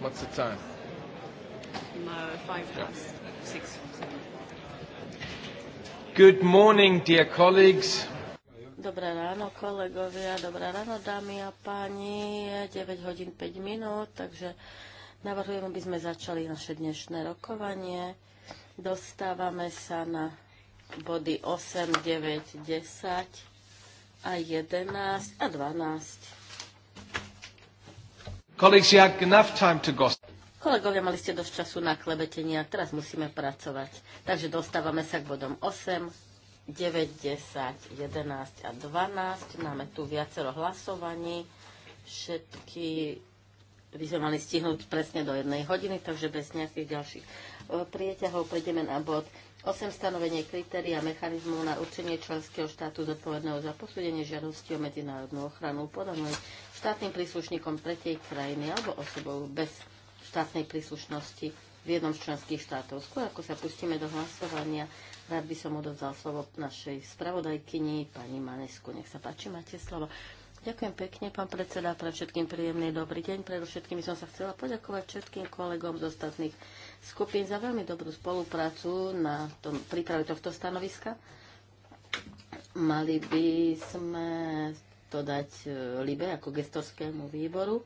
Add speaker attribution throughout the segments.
Speaker 1: What's the time?
Speaker 2: Uh, five yeah. past six.
Speaker 1: Good morning, dear colleagues.
Speaker 2: Dobré ráno, kolegovia, dobré ráno, dámy a páni. 9 hodín 5 minút, takže navrhujem, aby sme začali naše dnešné rokovanie. Dostávame sa na body 8, 9, 10 a 11 a 12.
Speaker 1: Kolegovia,
Speaker 2: mali ste dosť času na klebetenie a teraz musíme pracovať. Takže dostávame sa k bodom 8, 9, 10, 11 a 12. Máme tu viacero hlasovaní. Všetky by sme mali stihnúť presne do jednej hodiny, takže bez nejakých ďalších e, prieťahov prejdeme na bod 8 stanovenie kritérií a mechanizmov na určenie členského štátu zodpovedného za posúdenie žiadosti o medzinárodnú ochranu podanej štátnym príslušníkom tretej krajiny alebo osobou bez štátnej príslušnosti v jednom z členských štátov. Skôr ako sa pustíme do hlasovania, rád by som odovzal slovo našej spravodajkyni, pani Manesku. Nech sa páči, máte slovo. Ďakujem pekne, pán predseda, pre všetkým príjemný dobrý deň. všetkým som sa chcela poďakovať všetkým kolegom z ostatných skupín za veľmi dobrú spoluprácu na tom, príprave tohto stanoviska. Mali by sme to dať e, LIBE ako gestorskému výboru.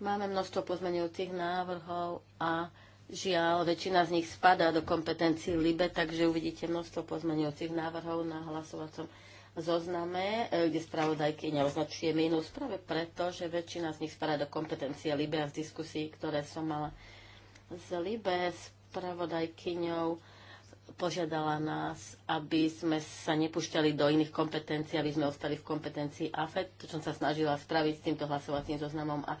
Speaker 2: Máme množstvo pozmenujúcich návrhov a žiaľ, väčšina z nich spadá do kompetencií LIBE, takže uvidíte množstvo pozmenujúcich návrhov na hlasovacom zozname, e, kde spravodajky neoznačuje mínus práve preto, že väčšina z nich spadá do kompetencie LIBE a z diskusí, ktoré som mala s LIBE, spravodajkyňou požiadala nás, aby sme sa nepúšťali do iných kompetencií, aby sme ostali v kompetencii AFED, to, čo som sa snažila spraviť s týmto hlasovacím zoznamom a e,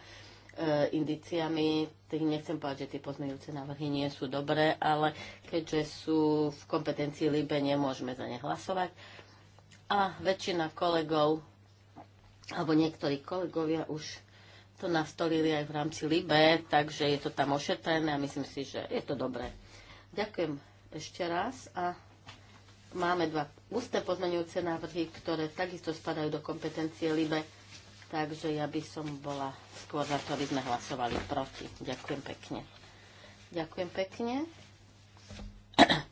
Speaker 2: indiciami. Tak nechcem povedať, že tie pozmeňujúce návrhy nie sú dobré, ale keďže sú v kompetencii LIBE, nemôžeme za ne hlasovať. A väčšina kolegov, alebo niektorí kolegovia už to nastolili aj v rámci LIBE, takže je to tam ošetrené a myslím si, že je to dobré. Ďakujem ešte raz a máme dva ústne pozmeňujúce návrhy, ktoré takisto spadajú do kompetencie LIBE, takže ja by som bola skôr za to, aby sme hlasovali proti. Ďakujem pekne. Ďakujem pekne.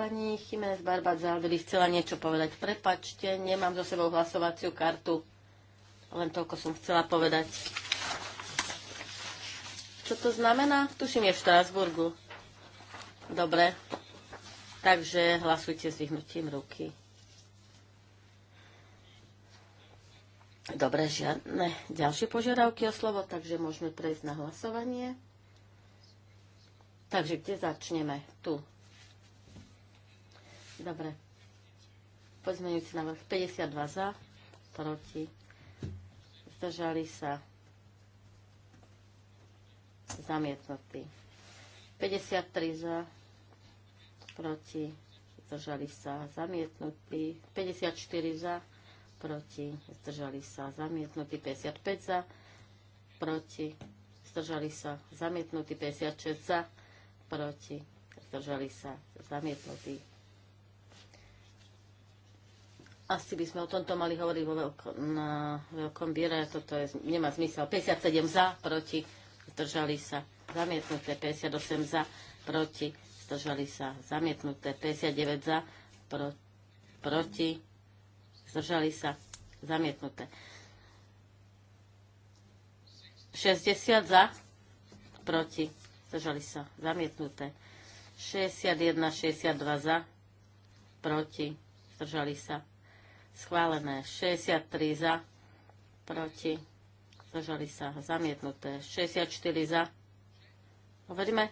Speaker 2: Pani Chimenez Barbadzal, by chcela niečo povedať. Prepačte, nemám so sebou hlasovaciu kartu. Len toľko som chcela povedať. Čo to znamená? Tuším, je v Štrásburgu. Dobre. Takže hlasujte s vyhnutím ruky. Dobre, žiadne ďalšie požiadavky o slovo, takže môžeme prejsť na hlasovanie. Takže kde začneme? Tu. Dobre. Pozmeňujúci návrh 52 za, proti. Zdržali sa zamietnutí. 53 za, proti, zdržali sa zamietnutí, 54 za, proti, zdržali sa zamietnutí, 55 za, proti, zdržali sa zamietnutí, 56 za, proti, zdržali sa zamietnutí. Asi by sme o tomto mali hovoriť vo veľko, na veľkom biere, toto je, nemá zmysel. 57 za, proti, zdržali sa zamietnuté, 58 za, proti, zdržali sa zamietnuté 59 za, pro, proti, zdržali sa zamietnuté 60 za, proti, zdržali sa zamietnuté 61, 62 za, proti, zdržali sa schválené 63 za, proti, zdržali sa zamietnuté 64 za, Overíme?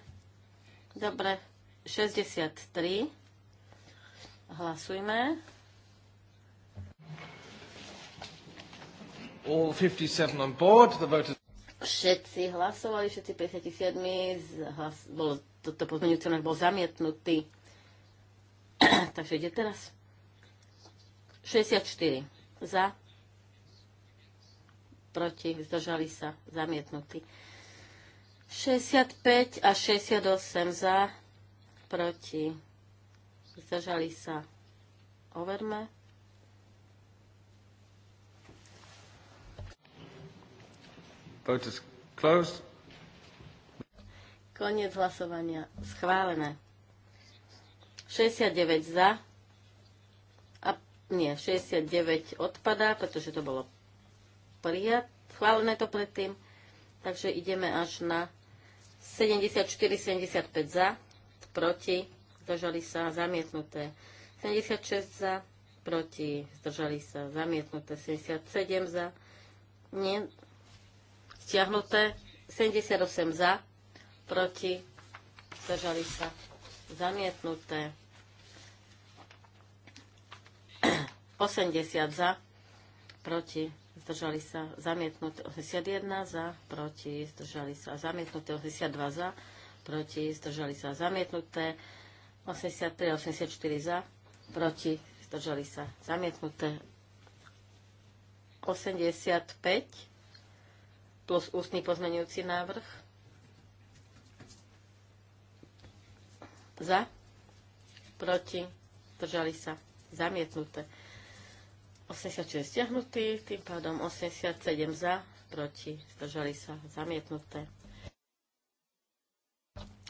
Speaker 2: Dobre, 63. Hlasujme.
Speaker 1: All 57 on board. The vote is...
Speaker 2: Všetci hlasovali, všetci 57. Hlas, bol, toto pozmeňujúce návrh bol zamietnutý. Takže ide teraz. 64. Za. Proti. Zdržali sa. Zamietnutý. 65 a 68 za proti, zdržali sa, overme.
Speaker 1: Vote is closed.
Speaker 2: Koniec hlasovania. Schválené. 69 za. A nie, 69 odpadá, pretože to bolo prijat. Schválené to predtým. Takže ideme až na 74, 75 za proti, zdržali sa, zamietnuté. 76 za, proti, zdržali sa, zamietnuté. 77 za, nie, stiahnuté. 78 za, proti, zdržali sa, zamietnuté. 80 za, proti, zdržali sa, zamietnuté 81 za, proti, zdržali sa, zamietnuté 82 za, proti, zdržali sa zamietnuté, 83 a 84 za, proti, zdržali sa zamietnuté, 85 plus ústny pozmenujúci návrh. Za, proti, zdržali sa zamietnuté. 86 stiahnutý, tým pádom 87 za, proti, zdržali sa zamietnuté.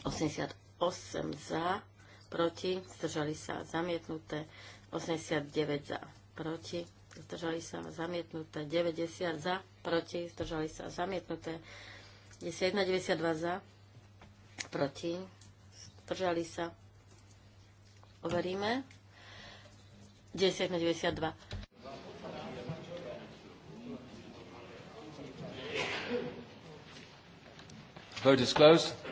Speaker 2: 88 za, proti, zdržali sa zamietnuté, 89 za, proti, zdržali sa zamietnuté, 90 za, proti, zdržali sa zamietnuté, 91, 92 za, proti, zdržali sa, overíme, 10 na 92.
Speaker 1: Vote is closed.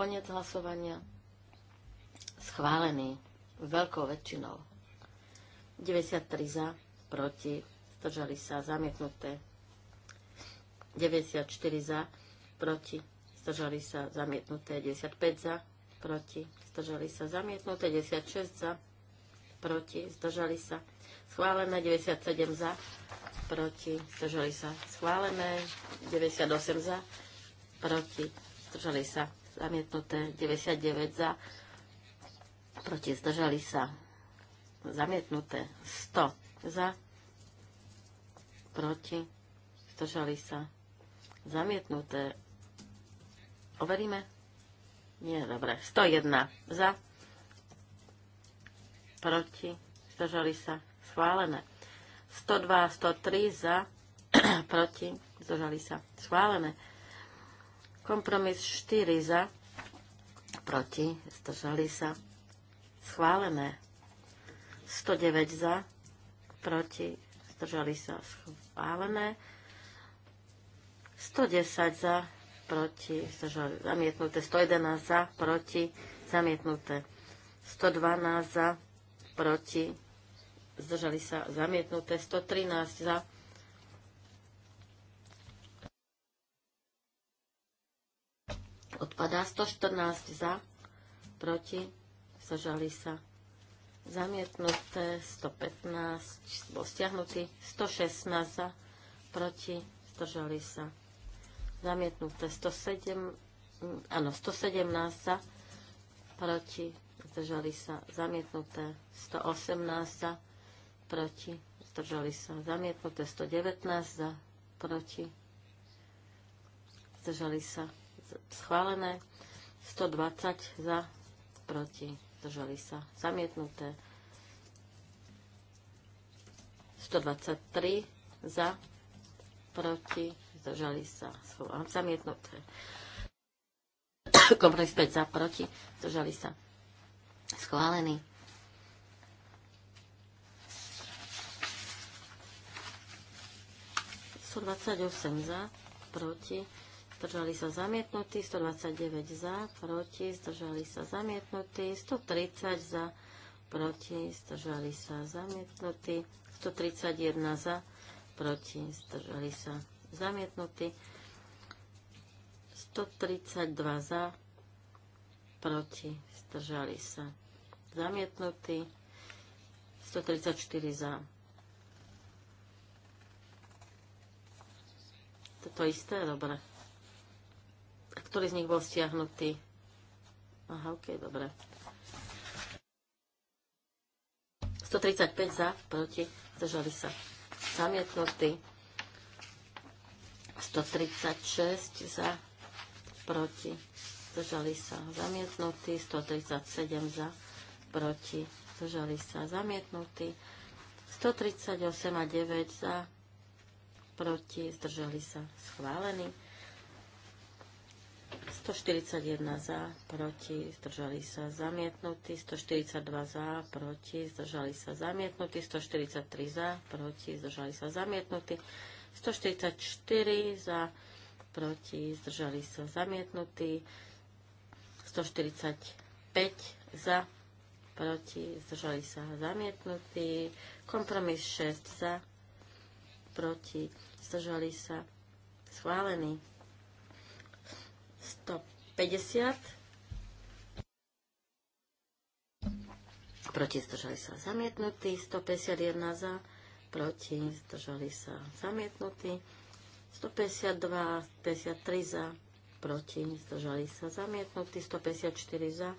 Speaker 2: Koniec hlasovania. Schválený veľkou väčšinou. 93 za, proti, zdržali sa, zamietnuté. 94 za, proti, zdržali sa, zamietnuté. 95 za, proti, zdržali sa, zamietnuté. 96 za, proti, zdržali sa, schválené. 97 za, proti, zdržali sa, schválené. 98 za, proti, zdržali sa, zamietnuté 99 za, proti zdržali sa zamietnuté 100 za, proti zdržali sa zamietnuté. Overíme? Nie, dobre. 101 za, proti zdržali sa schválené. 102 103 za, proti zdržali sa schválené. Kompromis 4 za, proti, zdržali sa, schválené. 109 za, proti, zdržali sa, schválené. 110 za, proti, zdržali, zamietnuté. 111 za, proti, zamietnuté. 112 za, proti, zdržali sa, zamietnuté. 113 za, proti, odpadá. 114 za, proti, zdržali sa. Zamietnuté 115, bol stiahnutý 116 za, proti, zdržali sa. Zamietnuté 107, áno, 117 za, proti, zdržali sa. Zamietnuté 118 za, proti, zdržali sa. Zamietnuté 119 za, proti, zdržali sa schválené. 120 za, proti, zdržali sa, zamietnuté. 123 za, proti, zdržali sa, zamietnuté. Kompromis 5 za, proti, zdržali sa, schválený. za, proti, zdržali sa zamietnutí, 129 za, proti, zdržali sa zamietnutí, 130 za, proti, zdržali sa zamietnutí, 131 za, proti, zdržali sa zamietnutí, 132 za, proti, zdržali sa zamietnutí, 134 za, to isté, dobre. Ktorý z nich bol stiahnutý? Aha, ok, dobre. 135 za, proti, zdržali sa. zamietnutí. 136 za, proti, zdržali sa. zamietnutí, 137 za, proti, zdržali sa. zamietnutí, 138 a 9 za, proti, zdržali sa. schválení. 141 za, proti, zdržali sa zamietnutí, 142 za, proti, zdržali sa zamietnutí, 143 za, proti, zdržali sa zamietnutí, 144 za, proti, zdržali sa zamietnutí, 145 za, proti, zdržali sa zamietnutí, kompromis 6 za, proti, zdržali sa schválený. 150. Proti zdržali sa zamietnutí. 151 za. Proti zdržali sa zamietnutí. 152, 53 za. Proti zdržali sa zamietnutí. 154 za.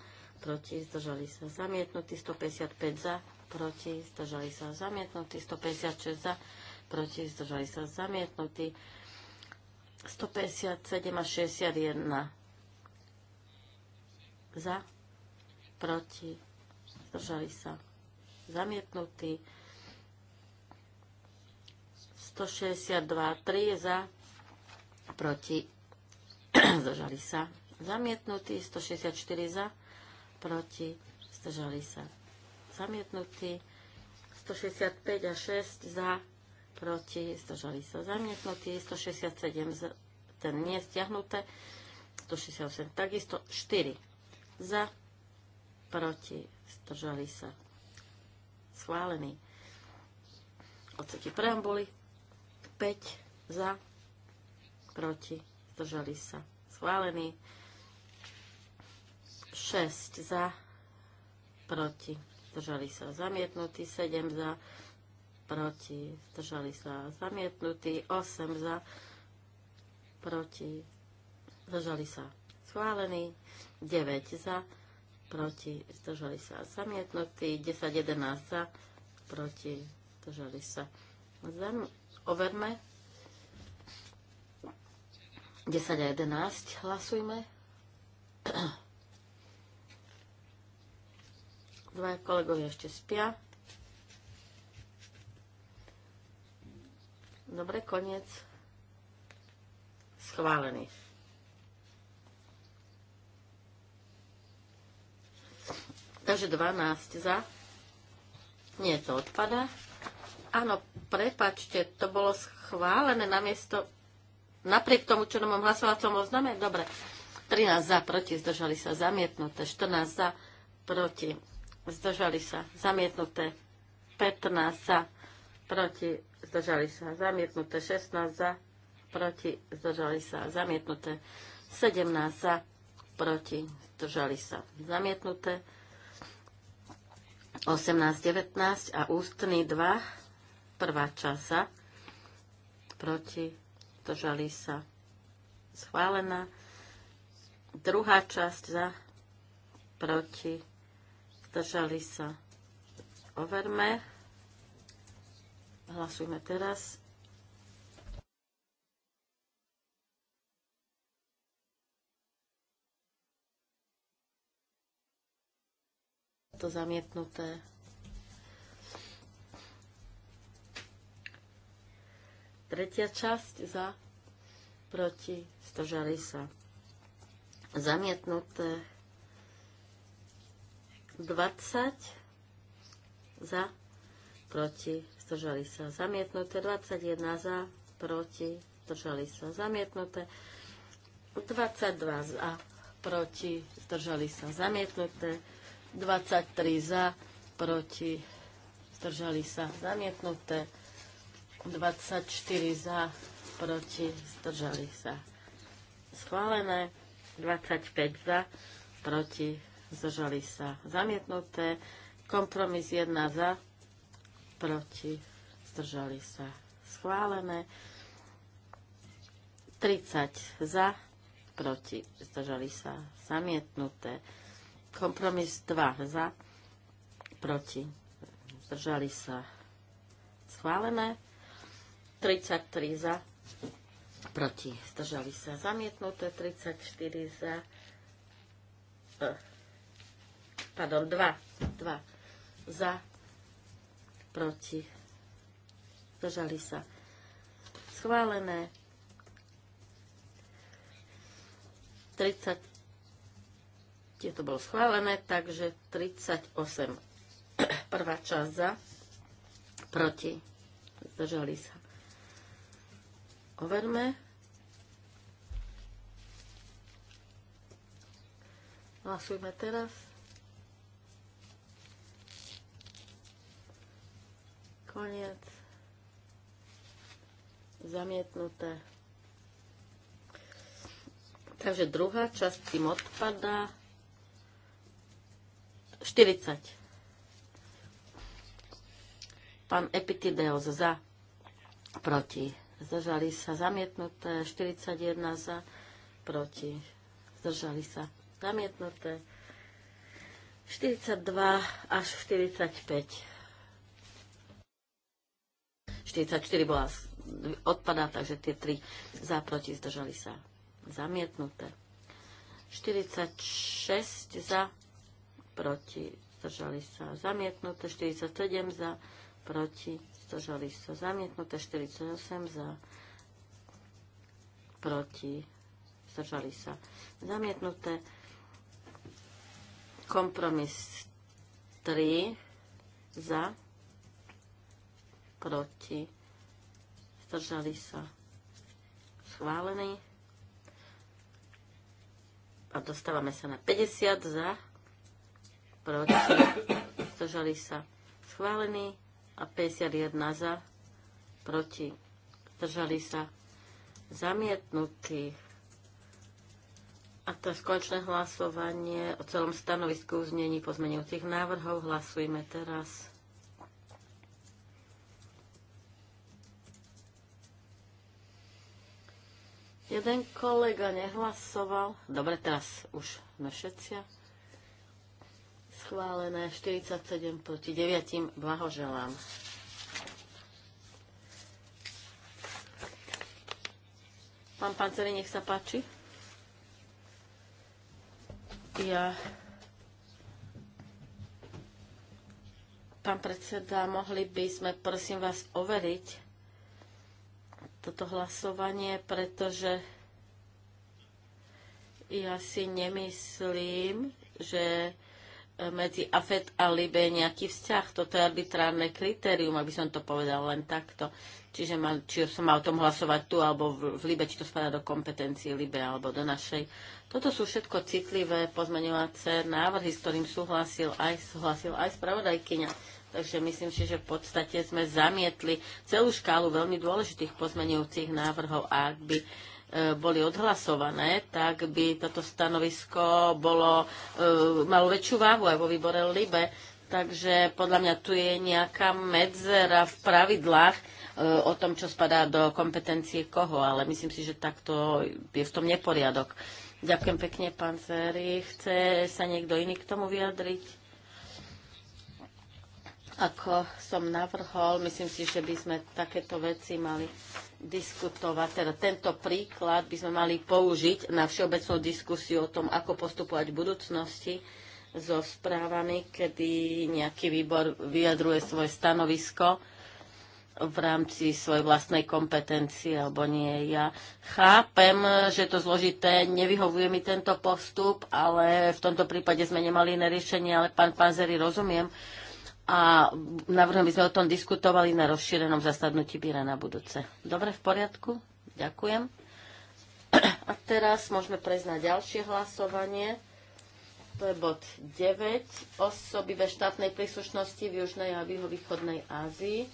Speaker 2: Proti zdržali sa zamietnutí. 155 za. Proti zdržali sa zamietnutí. 156 za. Proti zdržali sa zamietnutí. 157 a 61 za, proti, zdržali sa zamietnutí. 162, 3 je za, proti, zdržali sa zamietnutí. 164 za, proti, zdržali sa zamietnutí. 165 a 6 za, proti, zdržali sa zamietnutí, 167 ten nie stiahnuté, 168 takisto, 4 za, proti, zdržali sa. Schválený. Odsetí preambuly 5 za, proti, zdržali sa. Schválený. 6 za, proti, zdržali sa. Zamietnutý 7 za, proti, zdržali sa. Zamietnutý 8 za, proti, zdržali sa schválený, 9 za, proti, zdržali sa zamietnutí, 10, 11 za, proti, zdržali sa. zamietnutí. overme. 10 a 11 hlasujme. Dvaja kolegovia ešte spia. Dobre, koniec. Schválených. Takže 12 za. Nie, to odpada. Áno, prepačte, to bolo schválené namiesto, napriek tomu, čo nám to hlasovacom ozname. Dobre, 13 za, proti, zdržali sa, zamietnuté. 14 za, proti, zdržali sa, zamietnuté. 15 za, proti, zdržali sa, zamietnuté. 16 za, proti, zdržali sa, zamietnuté. 17 za, proti, zdržali sa, zamietnuté. 18, 19 a ústny 2, prvá časa, proti, držali sa, schválená. Druhá časť za, proti, zdržali sa, overme. Hlasujme teraz. to zamietnuté. Tretia časť za, proti, stožali sa. Zamietnuté 20 za, proti, stožali sa. Zamietnuté 21 za, proti, stožali sa. Zamietnuté 22 za, proti, zdržali sa. Zamietnuté 23 za, proti, zdržali sa zamietnuté, 24 za, proti, zdržali sa schválené, 25 za, proti, zdržali sa zamietnuté, kompromis 1 za, proti, zdržali sa schválené, 30 za, proti, zdržali sa zamietnuté, Kompromis 2 za, proti, zdržali sa schválené. 33 za, proti, zdržali sa zamietnuté. 34 za, e, pardon, 2, 2 za, proti, zdržali sa schválené. 35 tieto bolo schválené, takže 38. Prvá časť za, proti, zdržali sa. Overme. Hlasujme teraz. Koniec. Zamietnuté. Takže druhá časť tým odpadá. 40. Pán Epitideos za, proti. Zdržali sa zamietnuté. 41 za, proti. Zdržali sa zamietnuté. 42 až 45. 44 bola odpadá, takže tie tri za proti zdržali sa zamietnuté. 46 za proti, zdržali sa zamietnuté, 47 za, proti, zdržali sa zamietnuté, 48 za, proti, zdržali sa zamietnuté, kompromis 3 za, proti, zdržali sa schválený a dostávame sa na 50 za, proti, zdržali sa schválení a 51 za, proti,
Speaker 3: zdržali sa
Speaker 2: zamietnutí. A to skončné hlasovanie o celom stanovisku znení pozmenujúcich návrhov. Hlasujme teraz. Jeden kolega nehlasoval. Dobre, teraz už sme všetci schválené 47 proti 9. Blahoželám. Pán Panceri, nech sa páči. Ja Pán predseda, mohli by sme, prosím vás, overiť toto hlasovanie, pretože ja si nemyslím, že medzi AFET a Libé nejaký vzťah. Toto je arbitrárne kritérium, aby som to povedal len takto. Čiže mal, či som mal o tom hlasovať tu alebo v, v LIBE, či to spadá do kompetencií LIBE alebo do našej. Toto sú všetko citlivé pozmeňovace návrhy, s ktorým súhlasil aj, súhlasil aj spravodajkyňa. Takže myslím si, že v podstate sme zamietli celú škálu veľmi dôležitých pozmeňujúcich návrhov a ak by boli odhlasované, tak by toto stanovisko bolo, e, malo väčšiu váhu aj vo výbore LIBE. Takže podľa mňa tu je nejaká medzera v pravidlách e, o tom, čo spadá do kompetencie koho, ale myslím si, že takto je v tom neporiadok. Ďakujem pekne, pán Seri. Chce sa niekto iný k tomu vyjadriť? Ako som navrhol, myslím si, že by sme takéto veci mali diskutovať, teda tento príklad by sme mali použiť na všeobecnú diskusiu o tom, ako postupovať v budúcnosti so správami, kedy nejaký výbor vyjadruje svoje stanovisko v rámci svojej vlastnej kompetencie, alebo nie. Ja chápem, že to zložité, nevyhovuje mi tento postup, ale v tomto prípade sme nemali iné riešenie, ale pán Panzeri, rozumiem, a navrhujem, aby sme o tom diskutovali na rozšírenom zasadnutí Bíra na budúce. Dobre, v poriadku? Ďakujem. A teraz môžeme prejsť na ďalšie hlasovanie. To je bod 9. Osoby ve štátnej príslušnosti v Južnej a Východnej Ázii.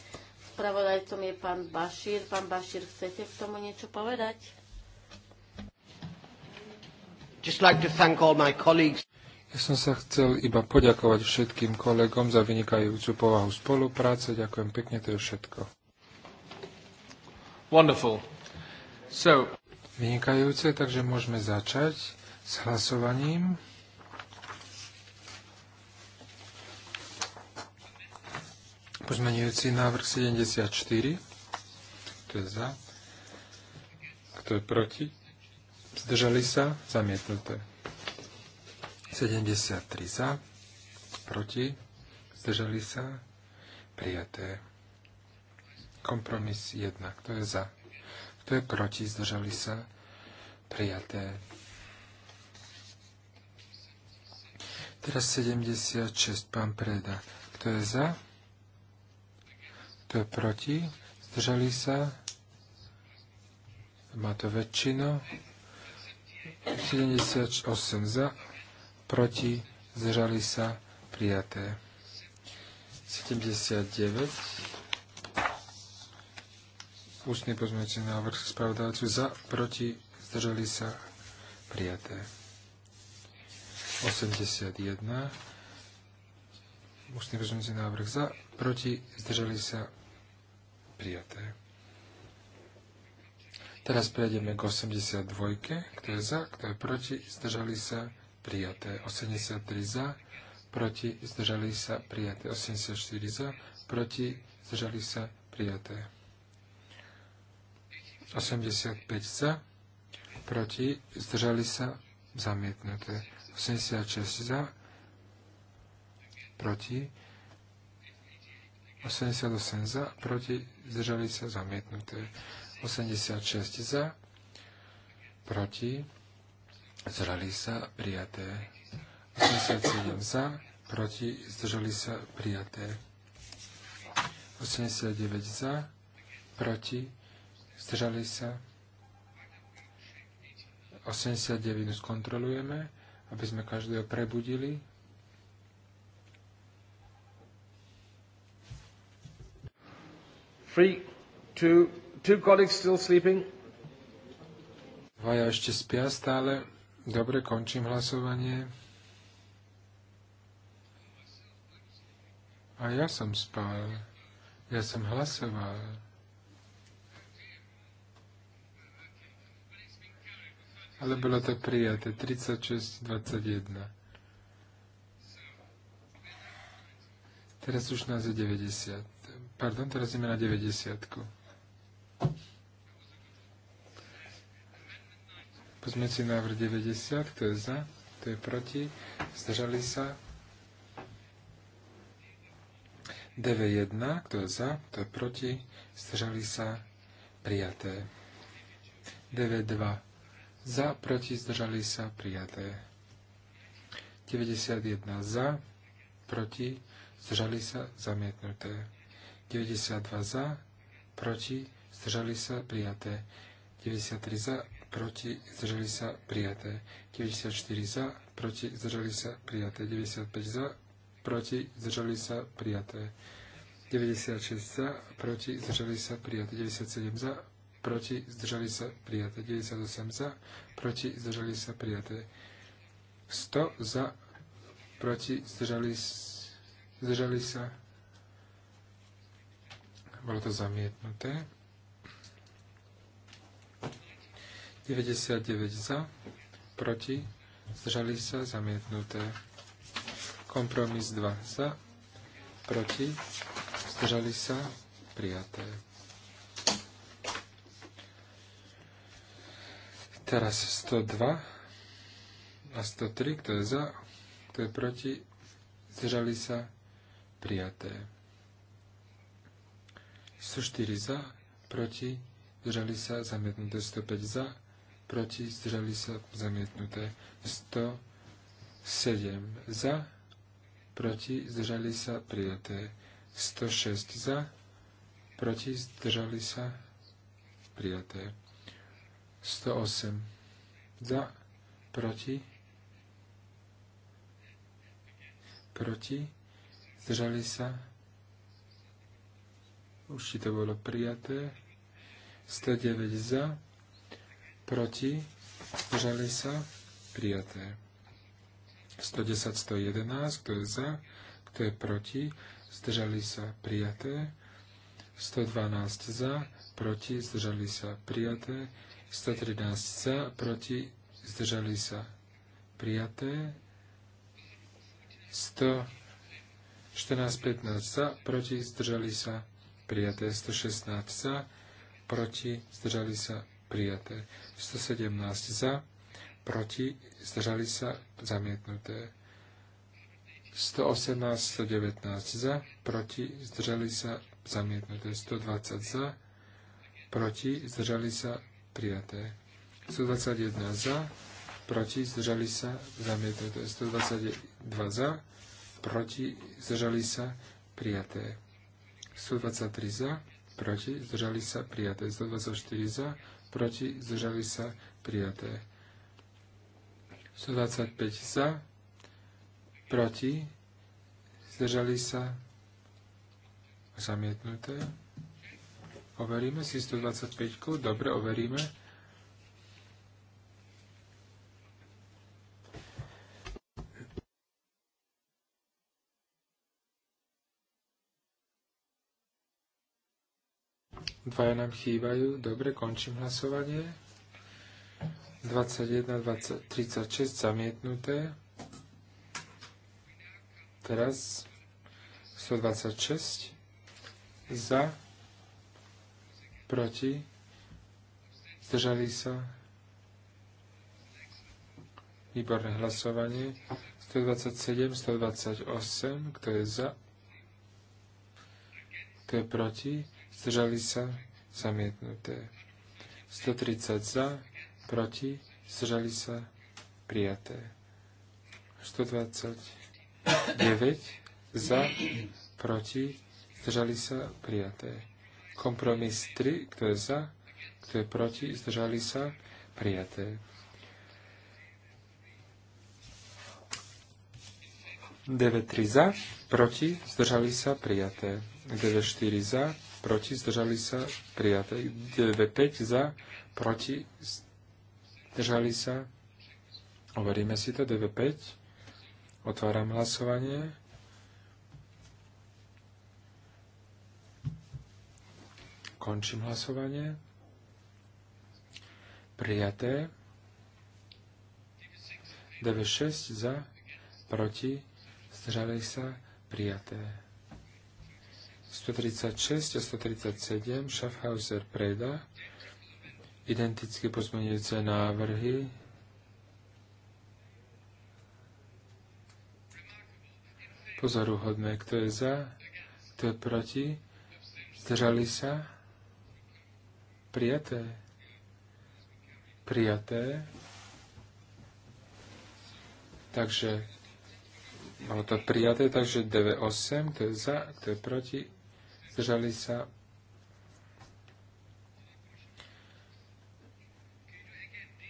Speaker 2: Spravodajcom je pán Bašír. Pán Bašír, chcete k tomu niečo povedať? Just like to thank
Speaker 1: all my colleagues. Ja som sa chcel iba poďakovať všetkým kolegom za vynikajúcu povahu spolupráce. Ďakujem pekne, to je všetko. Wonderful. So... Vynikajúce, takže môžeme začať s hlasovaním. Pozmenujúci návrh 74. Kto je za? Kto je proti? Zdržali sa? Zamietnuté. 73 za, proti, zdržali sa, prijaté. Kompromis 1, kto je za, kto je proti, zdržali sa, prijaté. Teraz 76, pán Preda, kto je za, kto je proti, zdržali sa, má to väčšinu, 78 za, proti, zdržali sa, prijaté. 79. Ústny pozmeňujúci návrh spravodajcu za, proti, zdržali sa, prijaté. 81. Ústny pozmeňujúci návrh za, proti, zdržali sa, prijaté. Teraz prejdeme k 82, kto je za, kto je proti, zdržali sa, prijaté prijaté. 83 za, proti, zdržali sa, prijaté. 84 za, proti, zdržali sa, prijaté. 85 za, proti, zdržali sa, zamietnuté. 86 za, proti, 88 za, proti, zdržali sa, zamietnuté. 86 za, proti, zdržali sa, prijaté. 87 za, proti, zdržali sa, prijaté. 89 za, proti, zdržali sa. 89 skontrolujeme, aby sme každého prebudili. Three, two, two colleagues still sleeping. Dvaja ešte spia stále. Dobre, končím hlasovanie. A ja som spal. Ja som hlasoval. Ale bolo to prijaté. 36-21. Teraz už nás je 90. Pardon, teraz ideme na 90. -ku. Pozmeňujúci návrh 90, kto je za, kto je proti, zdržali sa. DV1, kto je za, kto je proti, zdržali sa, prijaté. DV2, za, proti, zdržali sa, prijaté. 91 za, proti, zdržali sa, zamietnuté. 92 za, proti, zdržali sa, prijaté. 93 za, proti, zdržali sa, prijaté. 94 za, proti, zdržali sa, prijaté. 95 za, proti, zdržali sa, prijaté. 96 za, proti, zdržali sa, prijaté. 97 za, proti, zdržali sa, prijaté. 98 za, proti, zdržali sa, prijaté. 100 za, proti, zdržali, zdržali sa, bolo to zamietnuté. 99 za, proti, zdržali sa, zamietnuté. Kompromis 2 za, proti, zdržali sa, prijaté. Teraz 102 a 103, kto je za, kto je proti, zdržali sa, prijaté. 104 za, proti, zdržali sa, zamietnuté 105 za, proti, zdržali sa zamietnuté. 107 za, proti, zdržali sa prijaté. 106 za, proti, zdržali sa prijaté. 108 za, proti, proti, zdržali sa, už to bolo prijaté, 109 za, proti, zdržali sa, prijaté. 110, 111, kto je za, kto je proti, zdržali sa, prijaté. 112 za, proti, zdržali sa, prijaté. 113 za, proti, zdržali sa, prijaté. 114, 15 za, proti, zdržali sa, prijaté. 116 za, proti, zdržali sa, prijaté. 117 za, proti, zdržali sa, zamietnuté. 118, 119 za, proti, zdržali sa, zamietnuté. 120 za, proti, zdržali sa, prijaté. 121 za, proti, zdržali sa, zamietnuté. 122 za, proti, zdržali sa, prijaté. 123 za, proti, zdržali sa, prijaté. 124 za, proti, zdržali sa, prijaté. 125 za, proti, zdržali sa, zamietnuté. Overíme si 125, dobre, overíme. Dvaja nám chýbajú. Dobre, končím hlasovanie. 21, 20, 36 zamietnuté. Teraz 126 za, proti, zdržali sa. Výborné hlasovanie. 127, 128, kto je za, kto je proti zdržali sa, zamietnuté. 130 za, proti, zdržali sa, prijaté. 129 za, proti, zdržali sa, prijaté. Kompromis 3, kto je za, kto je proti, zdržali sa, prijaté. 9-3 za, proti, zdržali sa, prijaté. 9-4 za, proti, zdržali sa, prijaté. 9.5 za, proti, zdržali sa. Overíme si to, 9.5. Otváram hlasovanie. Končím hlasovanie. Prijaté. 9.6 za, proti, zdržali sa, prijaté. 136 a 137 Schaffhauser preda identické pozmeňujúce návrhy pozoruhodné, kto je za, kto je proti, zdržali sa, prijaté, prijaté, takže bolo to prijaté, takže 9.8, kto je za, kto je proti, zdržali sa.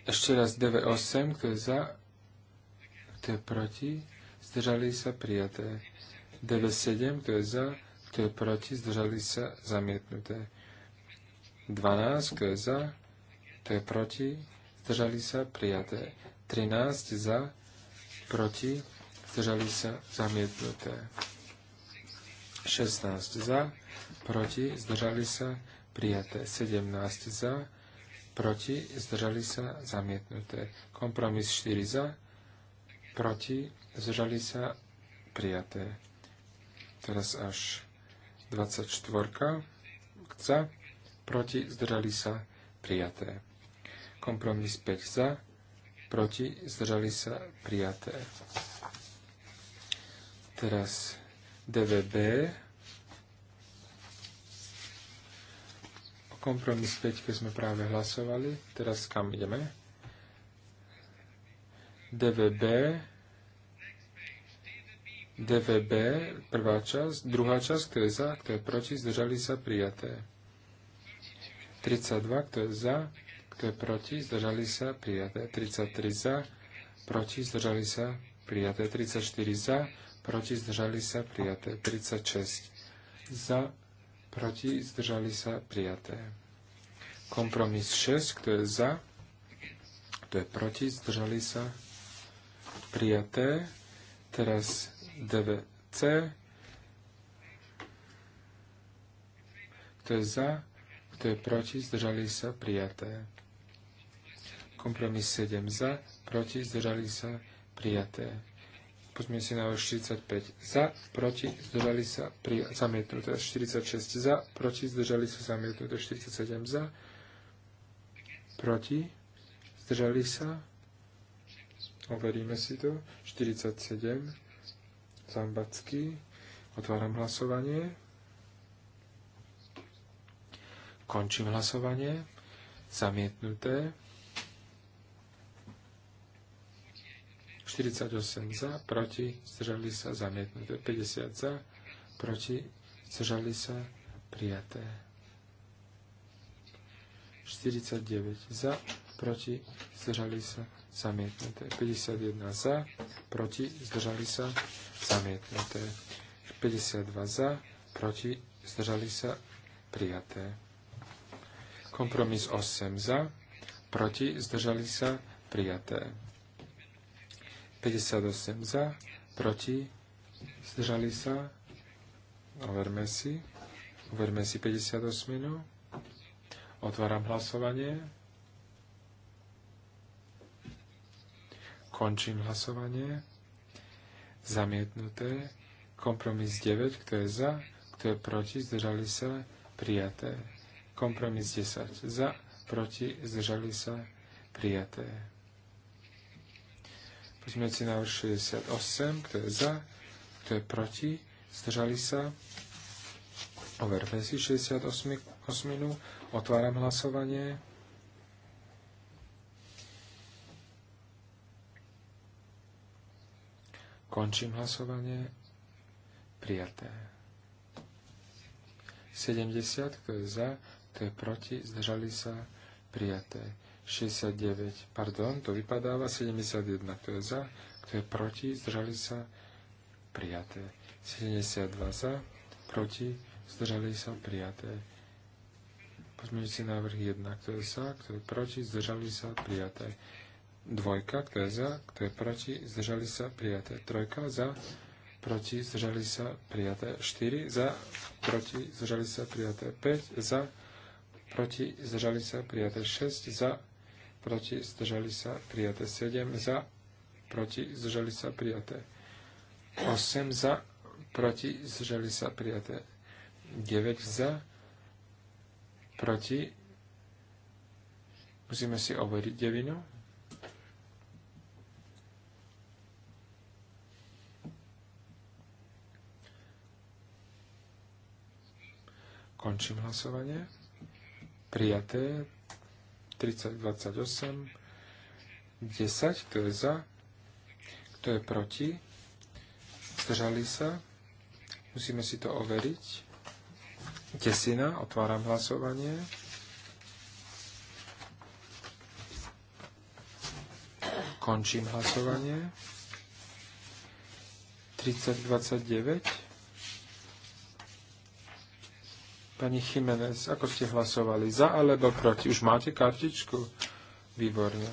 Speaker 1: Ešte raz 9.8, kto je za, kto je proti, zdržali sa prijaté. 9.7, kto je za, kto je proti, zdržali sa zamietnuté. 12, kto je za, kto je proti, zdržali sa prijaté. 13 za, proti, zdržali sa zamietnuté. 16 za, proti, zdržali sa, prijaté 17 za, proti, zdržali sa, zamietnuté. Kompromis 4 za, proti, zdržali sa, prijaté. Teraz až 24 za, proti, zdržali sa, prijaté. Kompromis 5 za, proti, zdržali sa, prijaté. Teraz DVB. O kompromis 5 sme práve hlasovali. Teraz kam ideme? DVB. DVB, prvá časť, druhá časť, kto je za, kto je proti, zdržali sa prijaté. 32, kto je za, kto je proti, zdržali sa prijaté. 33 za, proti, zdržali sa prijaté. 34 za, proti, zdržali sa, prijaté. 36 za, proti, zdržali sa, prijaté. Kompromis 6, kto je za, kto je proti, zdržali sa, prijaté. Teraz DVC, kto je za, kto je proti, zdržali sa, prijaté. Kompromis 7 za, proti, zdržali sa, prijaté. Poďme si na 45 za, proti, zdržali sa, pri, zamietnuté 46 za, proti, zdržali sa, zamietnuté 47 za, proti, zdržali sa, overíme si to, 47, Zambacký, otváram hlasovanie, končím hlasovanie, zamietnuté, 48 za, proti, zdržali sa, zamietnuté. 50 za, proti, zdržali sa, prijaté. 49 za, proti, zdržali sa, zamietnuté. 51 za, proti, zdržali sa, zamietnuté. 52 za, proti, zdržali sa, prijaté. Kompromis 8 za, proti, zdržali sa, prijaté. 58 za, proti, zdržali sa, overme si, overme si 58 minú, otváram hlasovanie, končím hlasovanie, zamietnuté, kompromis 9, kto je za, kto je proti, zdržali sa, prijaté. Kompromis 10, za, proti, zdržali sa, prijaté si návrh 68, kto je za, kto je proti, zdržali sa. Overme si 68. Osminu. Otváram hlasovanie. Končím hlasovanie. Prijaté. 70, kto je za, kto je proti, zdržali sa. Prijaté. 69, pardon, to vypadáva, 71, kto je za, kto je proti, zdržali sa, prijaté. 72 za, proti, zdržali sa, prijaté. Pozmeňujúci návrh 1, kto je za, kto je proti, zdržali sa, prijaté. Dvojka, kto je za, kto je proti, zdržali sa, prijaté. Trojka za, proti, zdržali sa, prijaté. 4 za, proti, zdržali sa, prijaté. 5 za, proti, zdržali sa, prijaté. 6 za, proti, zdržali sa prijaté 7 za, proti, zdržali sa prijaté 8 za, proti, zdržali sa prijaté 9 za, proti, musíme si overiť devinu. Končím hlasovanie. Prijaté 3028, 10, kto je za, kto je proti, zdržali sa, musíme si to overiť. Tesina, otváram hlasovanie. Končím hlasovanie. 3029. Pani Jiménez, ako ste hlasovali? Za alebo proti? Už máte kartičku? Výborne.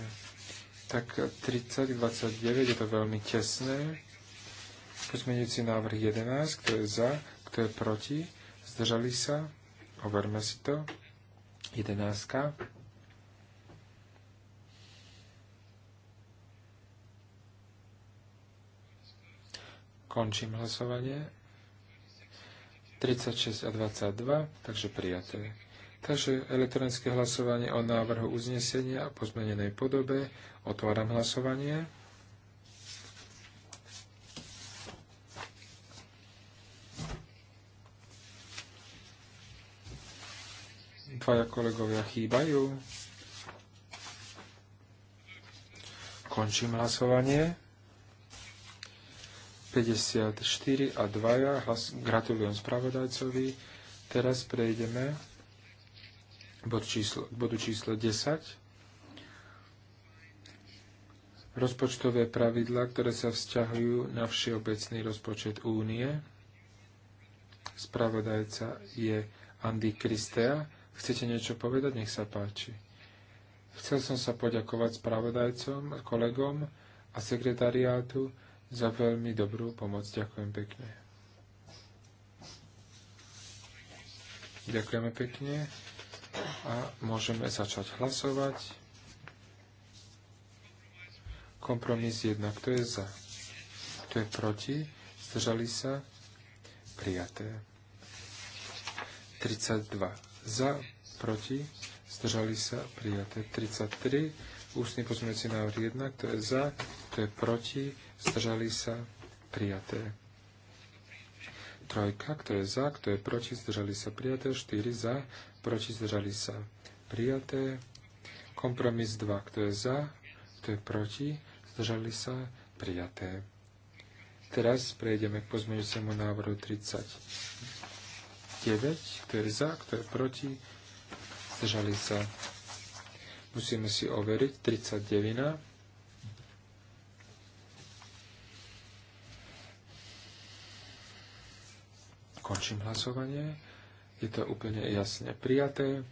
Speaker 1: Tak 30, 29, je to veľmi tesné. Pozmeňujúci návrh 11, kto je za, kto je proti? Zdržali sa? Overme si to. 11. Končím hlasovanie. 36 a 22, takže prijaté. Takže elektronické hlasovanie o návrhu uznesenia a pozmenenej podobe. Otváram hlasovanie. Dvaja kolegovia chýbajú. Končím hlasovanie. 54 a 2. Hlas, gratulujem spravodajcovi. Teraz prejdeme bod číslo, bodu číslo 10. Rozpočtové pravidla, ktoré sa vzťahujú na všeobecný rozpočet únie. Spravodajca je Andy Kristea. Chcete niečo povedať? Nech sa páči. Chcel som sa poďakovať spravodajcom, kolegom a sekretariátu za veľmi dobrú pomoc. Ďakujem pekne. Ďakujeme pekne a môžeme začať hlasovať. Kompromis 1. Kto je za? Kto je proti? Zdržali sa? Prijaté. 32. Za, proti, zdržali sa, prijaté. 33. Ústny pozmeňujúci návrh 1. Kto je za? Kto je proti? zdržali sa, prijaté. Trojka, kto je za, kto je proti, zdržali sa, prijaté. 4 za, proti, zdržali sa, prijaté. Kompromis 2, kto je za, kto je proti, zdržali sa, prijaté. Teraz prejdeme k pozmeňujúcemu návrhu 39, kto je za, kto je proti, zdržali sa. Musíme si overiť 39. Končím hlasovanie. Je to úplne jasne prijaté.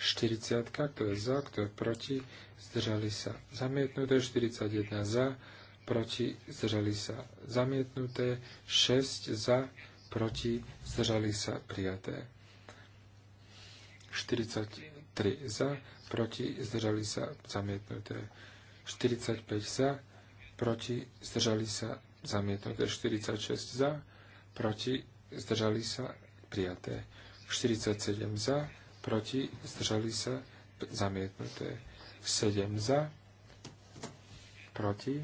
Speaker 1: 40, kto je za, kto je proti, zdržali sa zamietnuté, 41 za, proti, zdržali sa zamietnuté, 6 za, proti, zdržali sa prijaté. 43 za, proti, zdržali sa zamietnuté. 45 za, proti, zdržali sa zamietnuté 46 za, proti, zdržali sa, prijaté 47 za, proti, zdržali sa, zamietnuté 7 za, proti,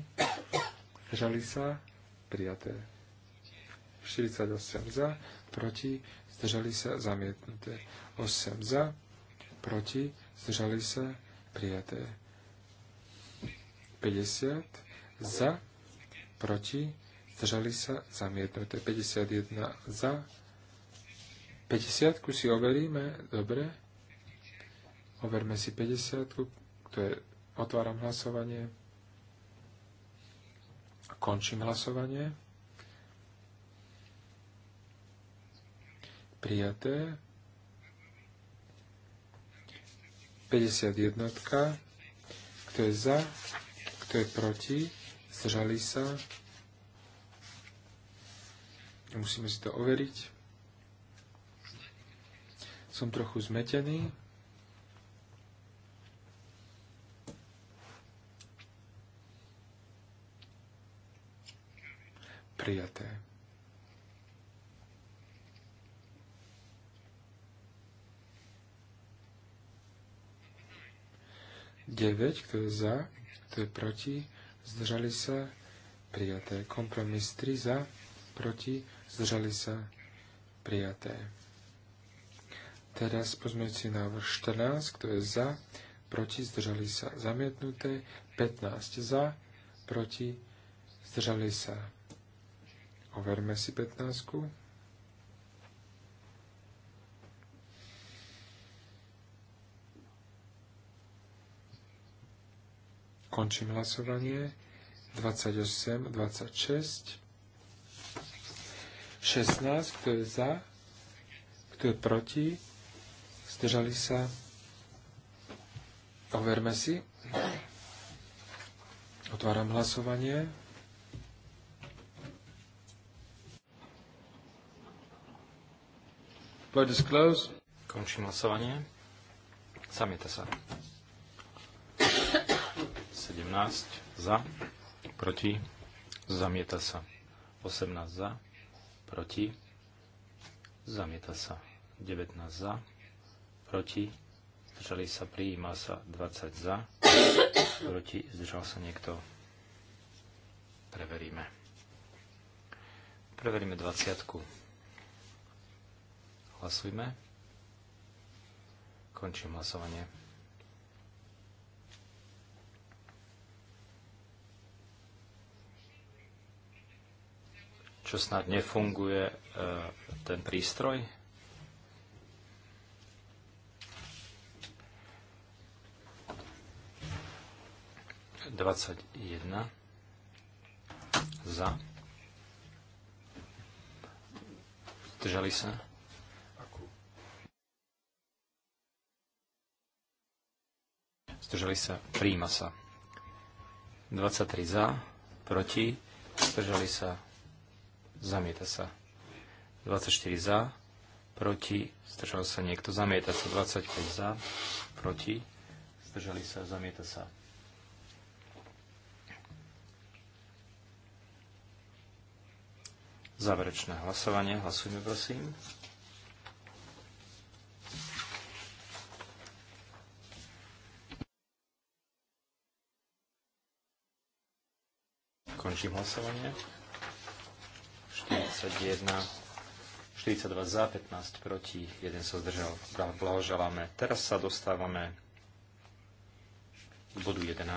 Speaker 1: zdržali sa, prijaté 48 za, proti, zdržali sa, zamietnuté 8 za, proti, zdržali sa, prijaté 50 za, proti, zdržali sa, zamietnuté. 51 za, 50 si overíme, dobre. Overme si 50, to je, otváram hlasovanie. Končím hlasovanie. Prijaté. 51. Kto je za? Kto je proti? zdržali sa. Musíme si to overiť. Som trochu zmetený. Prijaté. Deväť, kto je za, kto je proti, zdržali sa, prijaté. Kompromis 3 za, proti, zdržali sa, prijaté. Teraz pozmeňujúci návrh 14, kto je za, proti, zdržali sa, zamietnuté, 15 za, proti, zdržali sa. Overme si 15. Končím hlasovanie. 28, 26, 16, kto je za, kto je proti, zdržali sa, overme si. Otváram hlasovanie.
Speaker 3: Končím hlasovanie. Samiete sa. 17 za, proti, zamieta sa. 18 za, proti, zamieta sa. 19 za, proti, zdržali sa, prijíma sa. 20 za, proti, zdržal sa niekto. Preveríme. Preveríme 20. -ku. Hlasujme. Končím hlasovanie. čo snad nefunguje e, ten prístroj? Dvadsať jedna za. Zdržali sa. Zdržali sa. Príjma sa. 23 za. Proti. Zdržali sa zamieta sa. 24 za, proti, zdržal sa niekto, zamieta sa. 25 za, proti, zdržali sa, zamieta sa. Záverečné hlasovanie. Hlasujme, prosím. Končím hlasovanie. 31, 42 za, 15 proti, 1 sa zdržal. Blahoželáme. Teraz sa dostávame k bodu 11.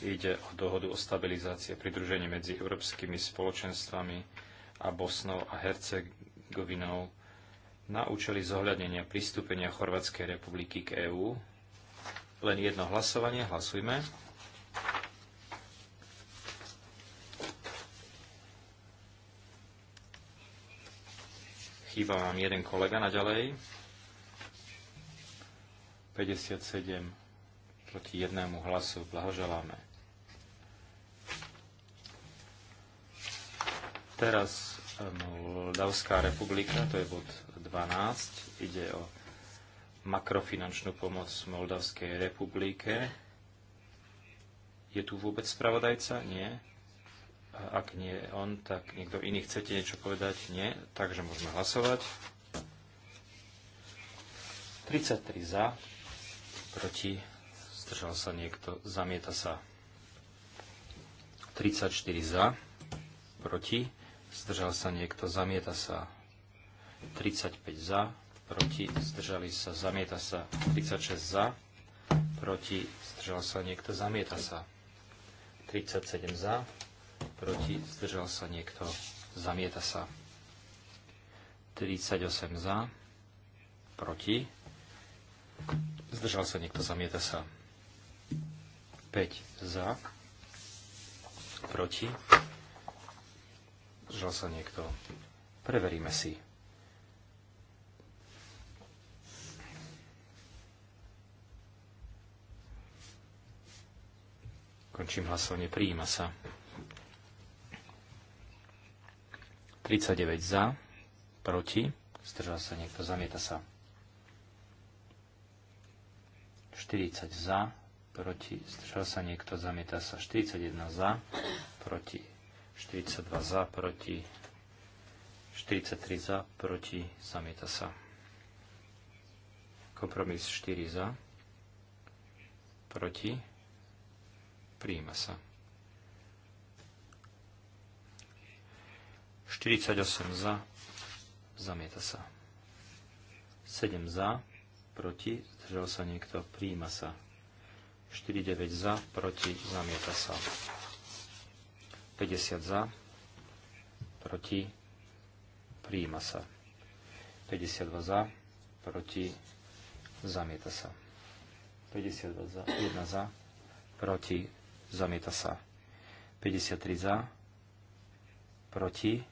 Speaker 3: Ide o dohodu o stabilizácii a pridružení medzi európskymi spoločenstvami a Bosnou a Hercegovinou na účely zohľadnenia pristúpenia Chorvátskej republiky k EÚ. Len jedno hlasovanie, hlasujme. chýba vám jeden kolega naďalej. 57 proti jednému hlasu. Blahoželáme. Teraz Moldavská republika, to je bod 12. Ide o makrofinančnú pomoc Moldavskej republike. Je tu vôbec spravodajca? Nie. A ak nie on, tak niekto iný chcete niečo povedať? Nie. Takže môžeme hlasovať. 33 za, proti, zdržal sa niekto, zamieta sa. 34 za, proti, zdržal sa niekto, zamieta sa. 35 za, proti, zdržali sa, zamieta sa. 36 za, proti, zdržal sa niekto, zamieta sa. 37 za, proti, zdržal sa niekto, zamieta sa. 38 za, proti, zdržal sa niekto, zamieta sa. 5 za, proti, zdržal sa niekto. Preveríme si. Končím hlasovanie, prijíma sa. 39 za, proti, zdržal sa niekto, zamieta sa. 40 za, proti, zdržal sa niekto, zamieta sa. 41 za, proti, 42 za, proti, 43 za, proti, zamieta sa. Kompromis 4 za, proti, príjima sa. 48 za, zamieta sa. 7 za, proti, zdržal sa niekto, príjima sa. 49 za, proti, zamieta sa. 50 za, proti, príjima sa. 52 za, proti, zamieta sa. 52 za, 1 za, proti, zamieta sa. 53 za, proti,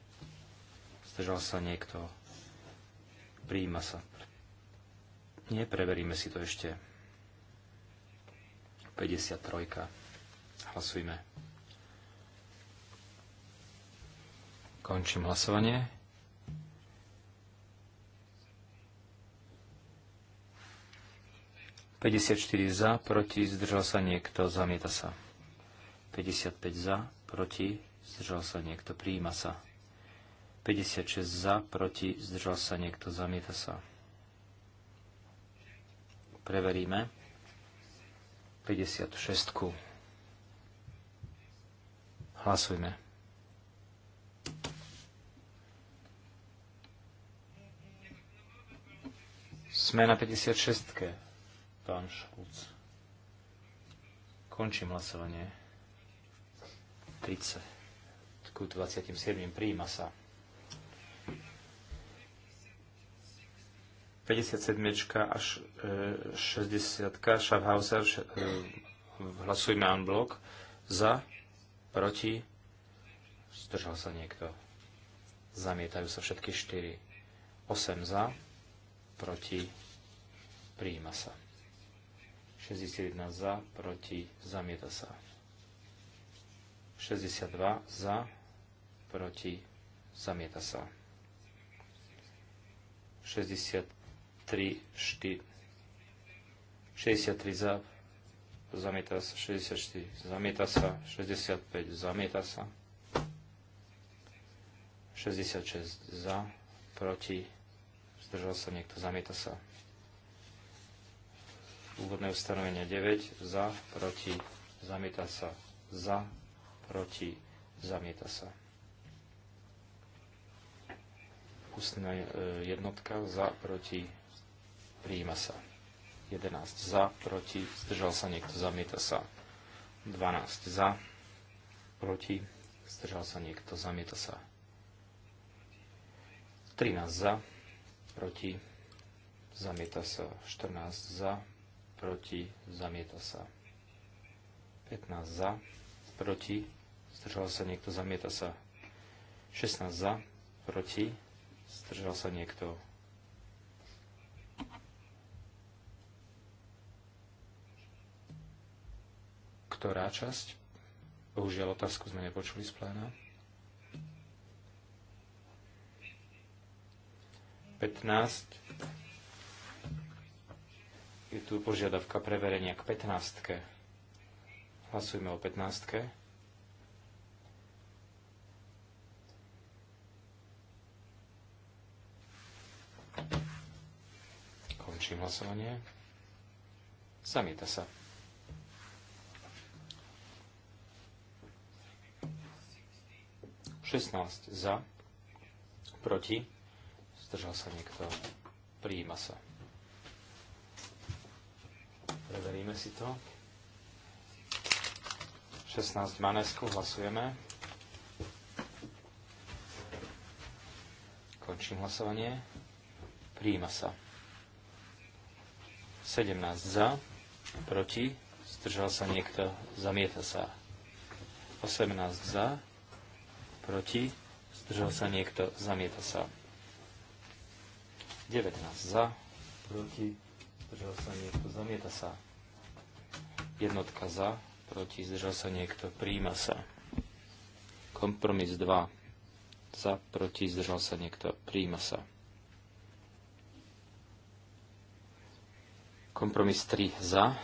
Speaker 3: Zdržal sa niekto? Príjima sa. Nie, preveríme si to ešte. 53. Hlasujme. Končím hlasovanie. 54 za, proti, zdržal sa niekto, zamieta sa. 55 za, proti, zdržal sa niekto, prijíma sa. 56 za, proti, zdržal sa niekto, zamieta sa. Preveríme. 56. -ku. Hlasujme. Sme na 56. -ke. Pán Šulc. Končím hlasovanie. 30 ku 27. Príjima sa. 57 až 60 e, Schaffhauser e, hlasujme en blok za, proti zdržal sa niekto zamietajú sa všetky 4 8 za proti prijíma sa 61 za proti zamieta sa 62 za proti zamieta sa 60 3, 4. 63 za, zamieta sa, 64 zamieta sa, 65 zamieta sa, 66 za, proti, zdržal sa niekto, zamieta sa. Úvodné ustanovenie 9, za, proti, zamieta sa, za, proti, zamieta sa. Ústna e, jednotka, za, proti, Príjima sa. 11 za, proti, zdržal sa niekto, zamieta sa. 12 za, proti, zdržal sa niekto, zamieta sa. 13 za, proti, zamieta sa. 14 za, proti, zamieta sa. 15 za, proti, zdržal sa niekto, zamieta sa. 16 za, proti, zdržal sa niekto, ktorá časť? Bohužiaľ, otázku sme nepočuli z pléna. 15. Je tu požiadavka preverenia k 15. Hlasujme o 15. Končím hlasovanie. Zamieta sa. 16 za, proti, zdržal sa niekto, prijíma sa. Preveríme si to. 16 manesku, hlasujeme. Končím hlasovanie. Prijíma sa. 17 za, proti, zdržal sa niekto, zamieta sa. 18 za, proti, zdržal sa niekto, zamieta sa. 19 za, proti, zdržal sa niekto, zamieta sa. Jednotka za, proti, zdržal sa niekto, príjma sa. Kompromis 2 za, proti, zdržal sa niekto, príjma sa. Kompromis 3 za,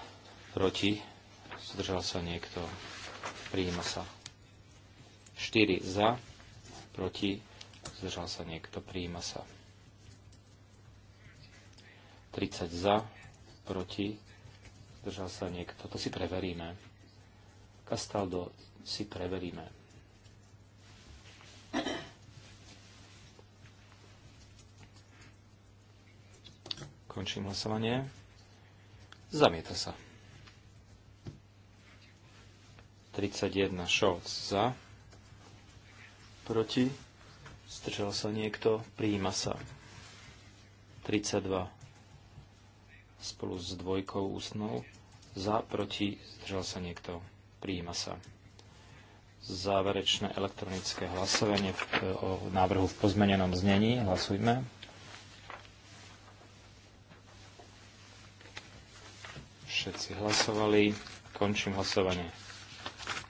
Speaker 3: proti, zdržal sa niekto, príjma sa. 4 za, proti, zdržal sa niekto, prijíma sa. 30 za, proti, zdržal sa niekto. To si preveríme. Castaldo si preveríme. Končím hlasovanie. Zamieta sa. 31 Scholz za proti, zdržal sa niekto, Príjima sa. 32 spolu s dvojkou ústnou, za, proti, zdržal sa niekto, Príjima sa. Záverečné elektronické hlasovanie e, o návrhu v pozmenenom znení, hlasujme. Všetci hlasovali, končím hlasovanie.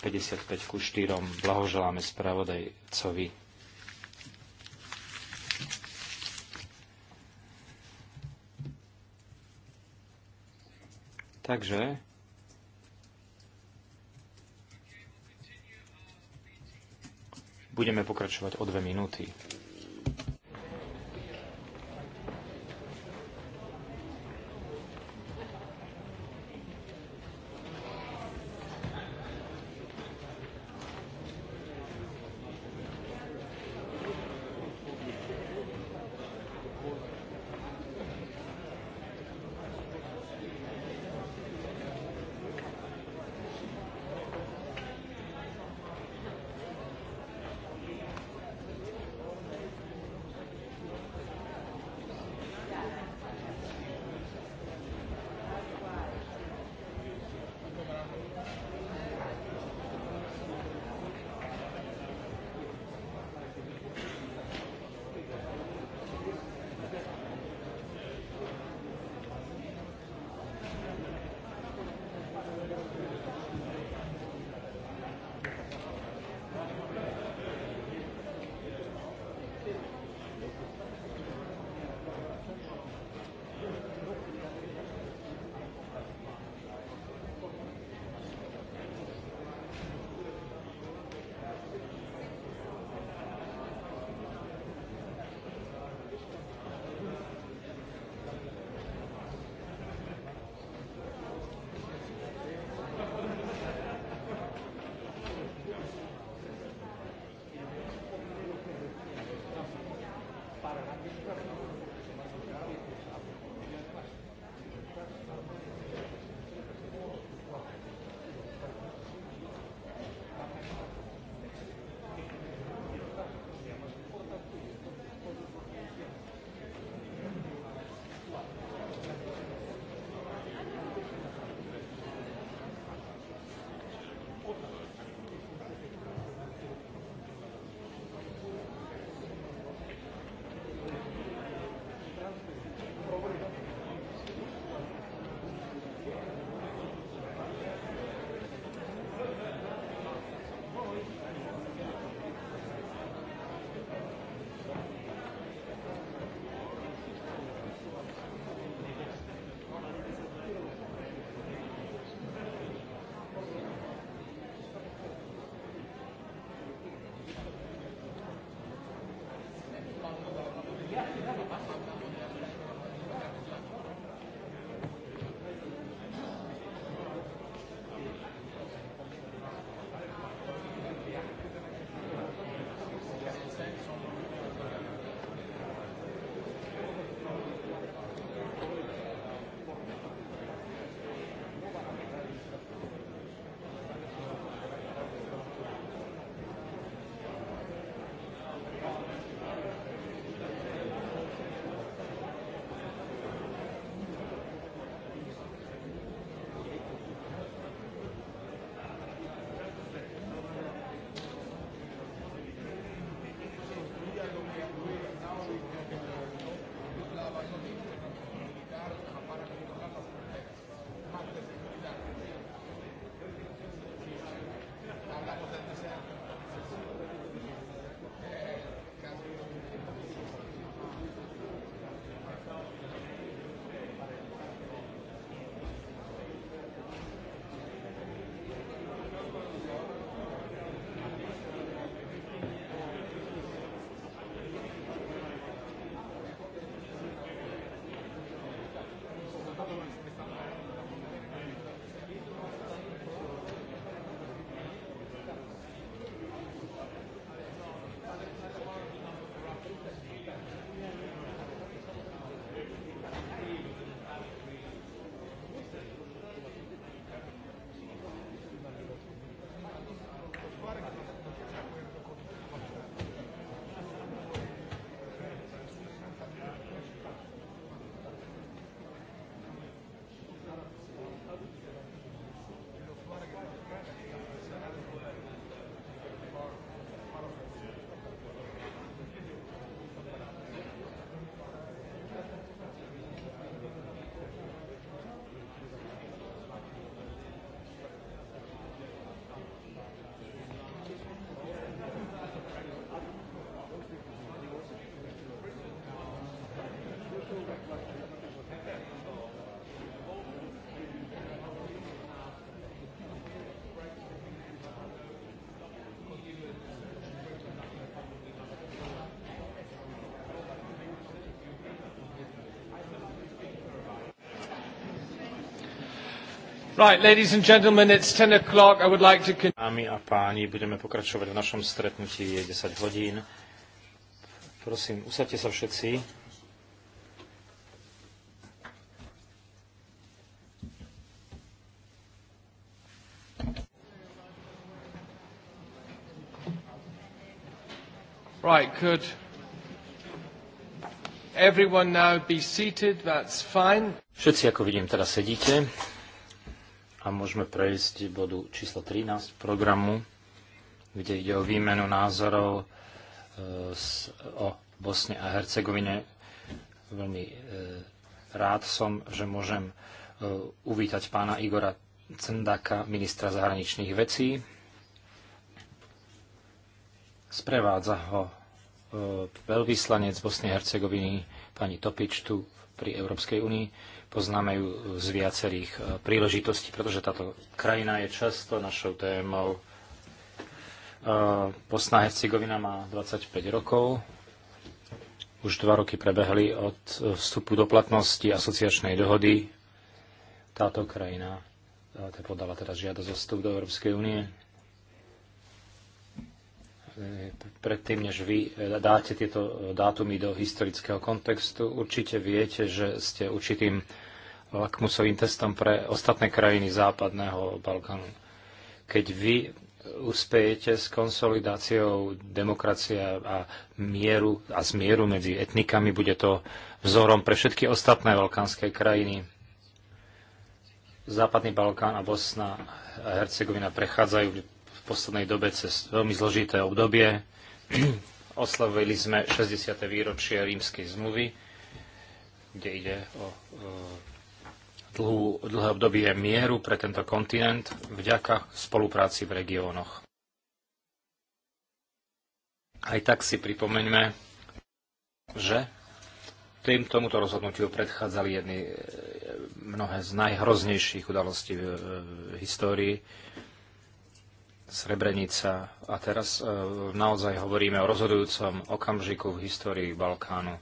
Speaker 3: 55 ku 4. Blahoželáme spravodajcovi. Takže budeme pokračovať o dve minúty. Right, ladies and gentlemen, it's 10 o'clock. I would like to... Dámy a páni, budeme pokračovať v našom stretnutí. Je 10 hodín. Prosím, usadte sa všetci.
Speaker 1: Right, could everyone now be seated? That's fine.
Speaker 3: Všetci, ako vidím, teda sedíte môžeme prejsť bodu číslo 13 programu, kde ide o výmenu názorov e, o Bosne a Hercegovine. Veľmi e, rád som, že môžem e, uvítať pána Igora Cendaka, ministra zahraničných vecí. Sprevádza ho veľvyslanec Bosny a Hercegoviny pani Topič tu pri Európskej únii. Poznáme ju z viacerých e, príležitostí, pretože táto krajina je často našou témou. E, Bosna Hercegovina má 25 rokov. Už dva roky prebehli od e, vstupu do platnosti asociačnej dohody. Táto krajina teda podala teda žiadosť o vstup do Európskej únie predtým, než vy eh, dáte tieto eh, dátumy do historického kontextu, určite viete, že ste určitým eh, lakmusovým testom pre ostatné krajiny západného Balkánu. Keď vy uspejete s konsolidáciou demokracia a mieru a zmieru medzi etnikami, bude to vzorom pre všetky ostatné balkánske krajiny. Západný Balkán a Bosna a Hercegovina prechádzajú poslednej dobe cez veľmi zložité obdobie. Oslavili sme 60. výročie rímskej zmluvy, kde ide o, e, dlhú, dlhé obdobie mieru pre tento kontinent vďaka spolupráci v regiónoch. Aj tak si pripomeňme, že tým tomuto rozhodnutiu predchádzali jedny e, mnohé z najhroznejších udalostí v, v, e, v histórii. Srebrenica. A teraz e, naozaj hovoríme o rozhodujúcom okamžiku v histórii Balkánu,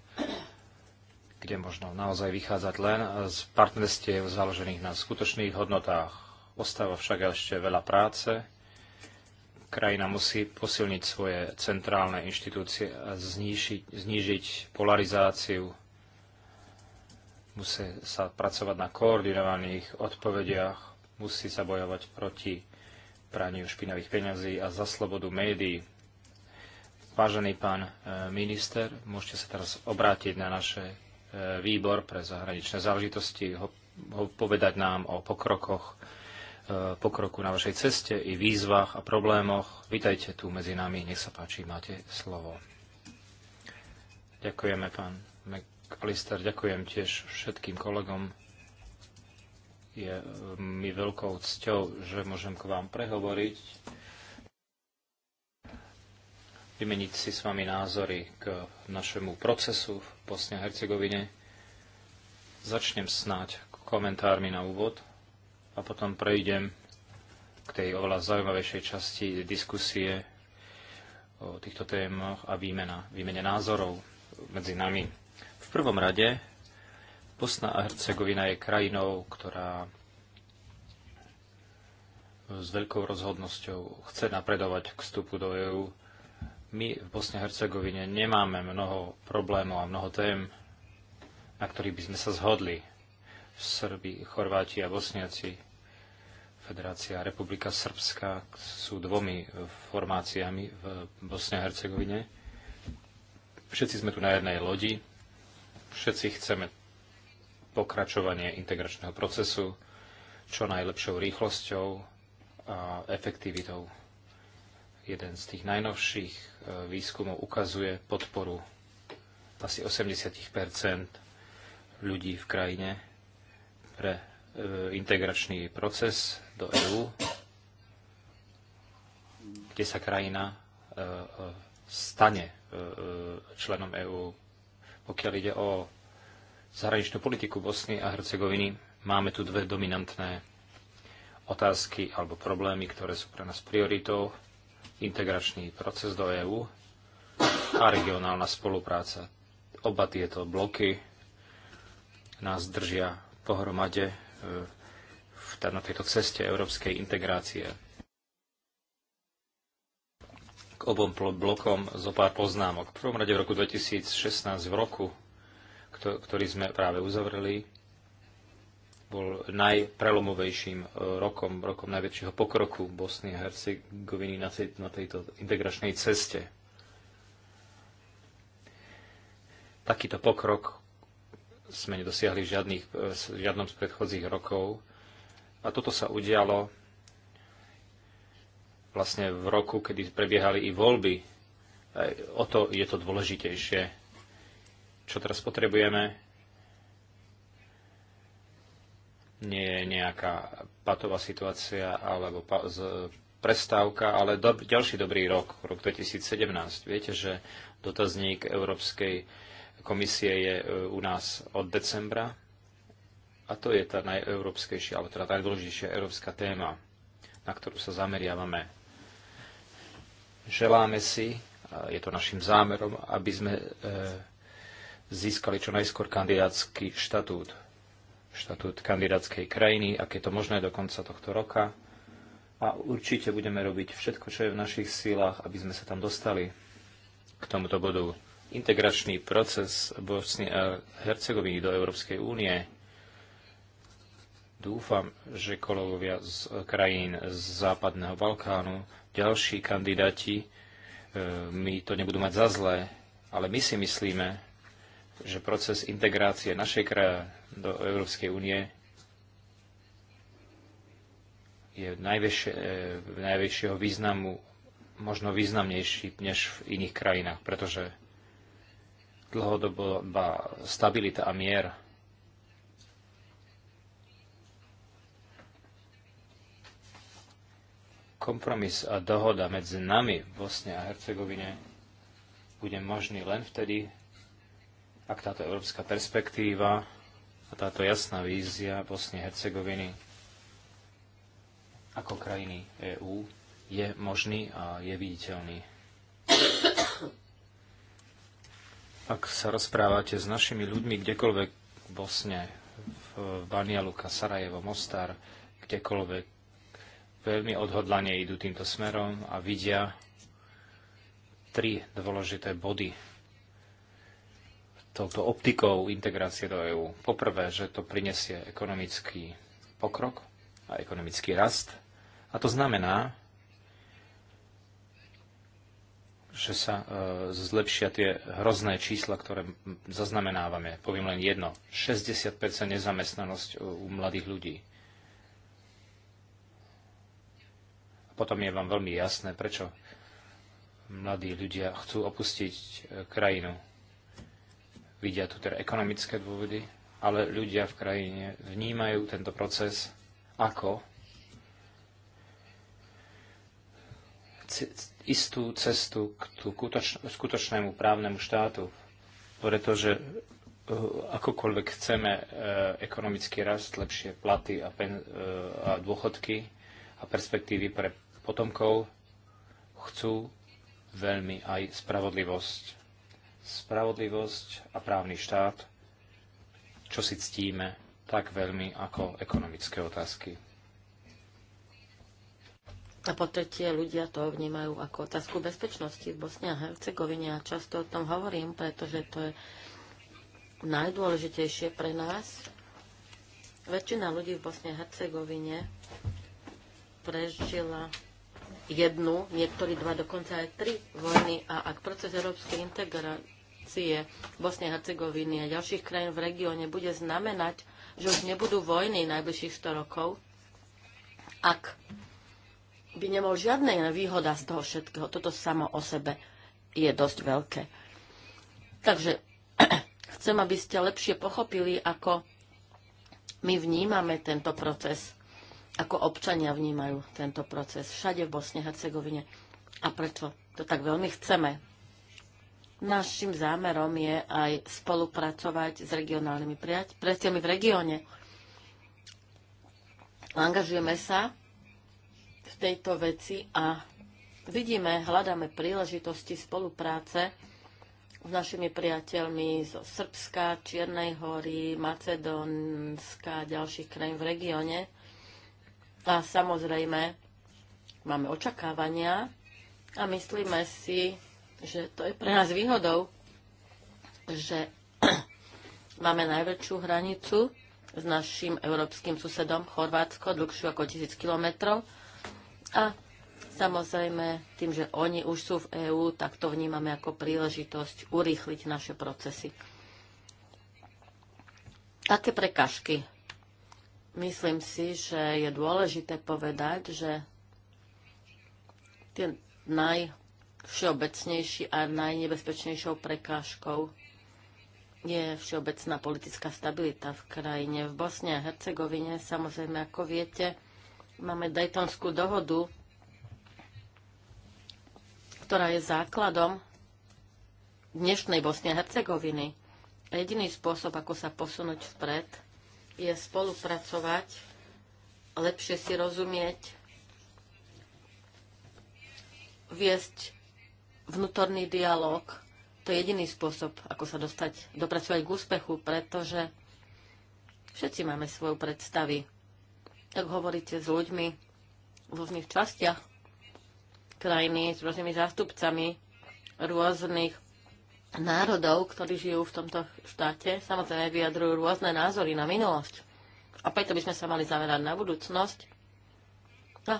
Speaker 3: kde možno naozaj vychádzať len z partnerstiev založených na skutočných hodnotách. Ostáva však ešte veľa práce. Krajina musí posilniť svoje centrálne inštitúcie a znížiť, znížiť polarizáciu. Musí sa pracovať na koordinovaných odpovediach, musí sa bojovať proti praniu špinavých peňazí a za slobodu médií. Vážený pán e, minister, môžete sa teraz obrátiť na naše e, výbor pre zahraničné záležitosti, ho, ho povedať nám o pokrokoch, e, pokroku na vašej ceste i výzvach a problémoch. Vítajte tu medzi nami, nech sa páči, máte slovo. Ďakujeme, pán McAllister, ďakujem tiež všetkým kolegom je e, mi veľkou cťou, že môžem k vám prehovoriť, vymeniť si s vami názory k našemu procesu v Bosne a Hercegovine. Začnem snáď komentármi na úvod a potom prejdem k tej oveľa zaujímavejšej časti diskusie o týchto témach a výmena, výmene názorov medzi nami. V prvom rade Bosna a Hercegovina je krajinou, ktorá s veľkou rozhodnosťou chce napredovať k vstupu do EÚ. My v Bosne a Hercegovine nemáme mnoho problémov a mnoho tém, na ktorých by sme sa zhodli. Srbi, Chorváti a Bosniaci, Federácia a Republika Srbska sú dvomi formáciami v Bosne a Hercegovine. Všetci sme tu na jednej lodi, všetci chceme pokračovanie integračného procesu čo najlepšou rýchlosťou a efektivitou. Jeden z tých najnovších e, výskumov ukazuje podporu asi 80 ľudí v krajine pre e, integračný proces do EÚ, kde sa krajina e, stane členom EÚ. Pokiaľ ide o zahraničnú politiku Bosny a Hercegoviny, máme tu dve dominantné otázky alebo problémy, ktoré sú pre nás prioritou. Integračný proces do EÚ a regionálna spolupráca. Oba tieto bloky nás držia pohromade e, na tejto ceste európskej integrácie. K obom blokom zo pár poznámok. V prvom rade v roku 2016 v roku ktorý sme práve uzavreli, bol najprelomovejším e, rokom, rokom najväčšieho pokroku Bosny a Hercegoviny na, tej, na tejto integračnej ceste. Takýto pokrok sme nedosiahli v, žiadnych, e, v žiadnom z predchodzích rokov a toto sa udialo vlastne v roku, kedy prebiehali i voľby. E, o to je to dôležitejšie čo teraz potrebujeme, nie je nejaká patová situácia alebo pa- z, prestávka, ale do- ďalší dobrý rok, rok 2017. Viete, že dotazník Európskej komisie je e, u nás od decembra a to je tá najeurópskejšia, alebo teda najdôležitejšia európska téma, na ktorú sa zameriavame. Želáme si, a je to našim zámerom, aby sme e, získali čo najskôr kandidátsky štatút, štatút kandidátskej krajiny, ak je to možné do konca tohto roka. A určite budeme robiť všetko, čo je v našich sílach, aby sme sa tam dostali k tomuto bodu. Integračný proces Bosny a Hercegoviny do Európskej únie. Dúfam, že kolegovia z krajín z Západného Balkánu, ďalší kandidáti, e, my to nebudú mať za zlé, ale my si myslíme, že proces integrácie našej kraja do Európskej únie je v e, najväčšieho významu, možno významnejší než v iných krajinách, pretože dlhodobá stabilita a mier kompromis a dohoda medzi nami v Bosne a Hercegovine bude možný len vtedy, ak táto európska perspektíva a táto jasná vízia Bosne Hercegoviny ako krajiny EÚ je možný a je viditeľný. Ak sa rozprávate s našimi ľuďmi kdekoľvek v Bosne, v Banialuka, Sarajevo, Mostar, kdekoľvek, veľmi odhodlane idú týmto smerom a vidia tri dôležité body touto optikou integrácie do EÚ. Poprvé, že to prinesie ekonomický pokrok a ekonomický rast. A to znamená, že sa e, zlepšia tie hrozné čísla, ktoré zaznamenávame. Poviem len jedno. 60 nezamestnanosť u, u mladých ľudí. A potom je vám veľmi jasné, prečo mladí ľudia chcú opustiť e, krajinu vidia tu teda ekonomické dôvody, ale ľudia v krajine vnímajú tento proces ako istú cestu k tú skutočnému právnemu štátu, pretože eh, akokoľvek chceme eh, ekonomický rast, lepšie platy a, pen, eh, a dôchodky a perspektívy pre potomkov, chcú veľmi aj spravodlivosť spravodlivosť a právny štát, čo si ctíme tak veľmi ako ekonomické otázky.
Speaker 2: A po tretie, ľudia to vnímajú ako otázku bezpečnosti v Bosne a Hercegovine a často o tom hovorím, pretože to je najdôležitejšie pre nás. Väčšina ľudí v Bosne a Hercegovine prežila jednu, niektorí dva, dokonca aj tri vojny a ak proces európskej integrácie Bosne, Hercegoviny a ďalších krajín v regióne bude znamenať, že už nebudú vojny najbližších 100 rokov, ak by nebol žiadna výhoda z toho všetkého, toto samo o sebe je dosť veľké. Takže chcem, aby ste lepšie pochopili, ako my vnímame tento proces ako občania vnímajú tento proces všade v Bosne, Hercegovine a prečo to tak veľmi chceme. Našim zámerom je aj spolupracovať s regionálnymi priateľmi v regióne. Angažujeme sa v tejto veci a vidíme, hľadáme príležitosti spolupráce s našimi priateľmi zo Srbska, Čiernej hory, Macedónska a ďalších krajín v regióne a samozrejme, máme očakávania a myslíme si, že to je pre nás výhodou, že máme najväčšiu hranicu s našim európskym susedom Chorvátsko, dlhšiu ako tisíc kilometrov. A samozrejme, tým, že oni už sú v EÚ, tak to vnímame ako príležitosť urýchliť naše procesy. Také prekažky Myslím si, že je dôležité povedať, že tie najvšeobecnejší a najnebezpečnejšou prekážkou je všeobecná politická stabilita v krajine. V Bosne a Hercegovine, samozrejme, ako viete, máme Daytonskú dohodu, ktorá je základom dnešnej Bosne a Hercegoviny. jediný spôsob, ako sa posunúť vpred, je spolupracovať, lepšie si rozumieť, viesť vnútorný dialog. To je jediný spôsob, ako sa dostať, dopracovať k úspechu, pretože všetci máme svoju predstavy. Ak hovoríte s ľuďmi v rôznych častiach krajiny, s rôznymi zástupcami rôznych národov, ktorí žijú v tomto štáte, samozrejme vyjadrujú rôzne názory na minulosť. A preto by sme sa mali zamerať na budúcnosť a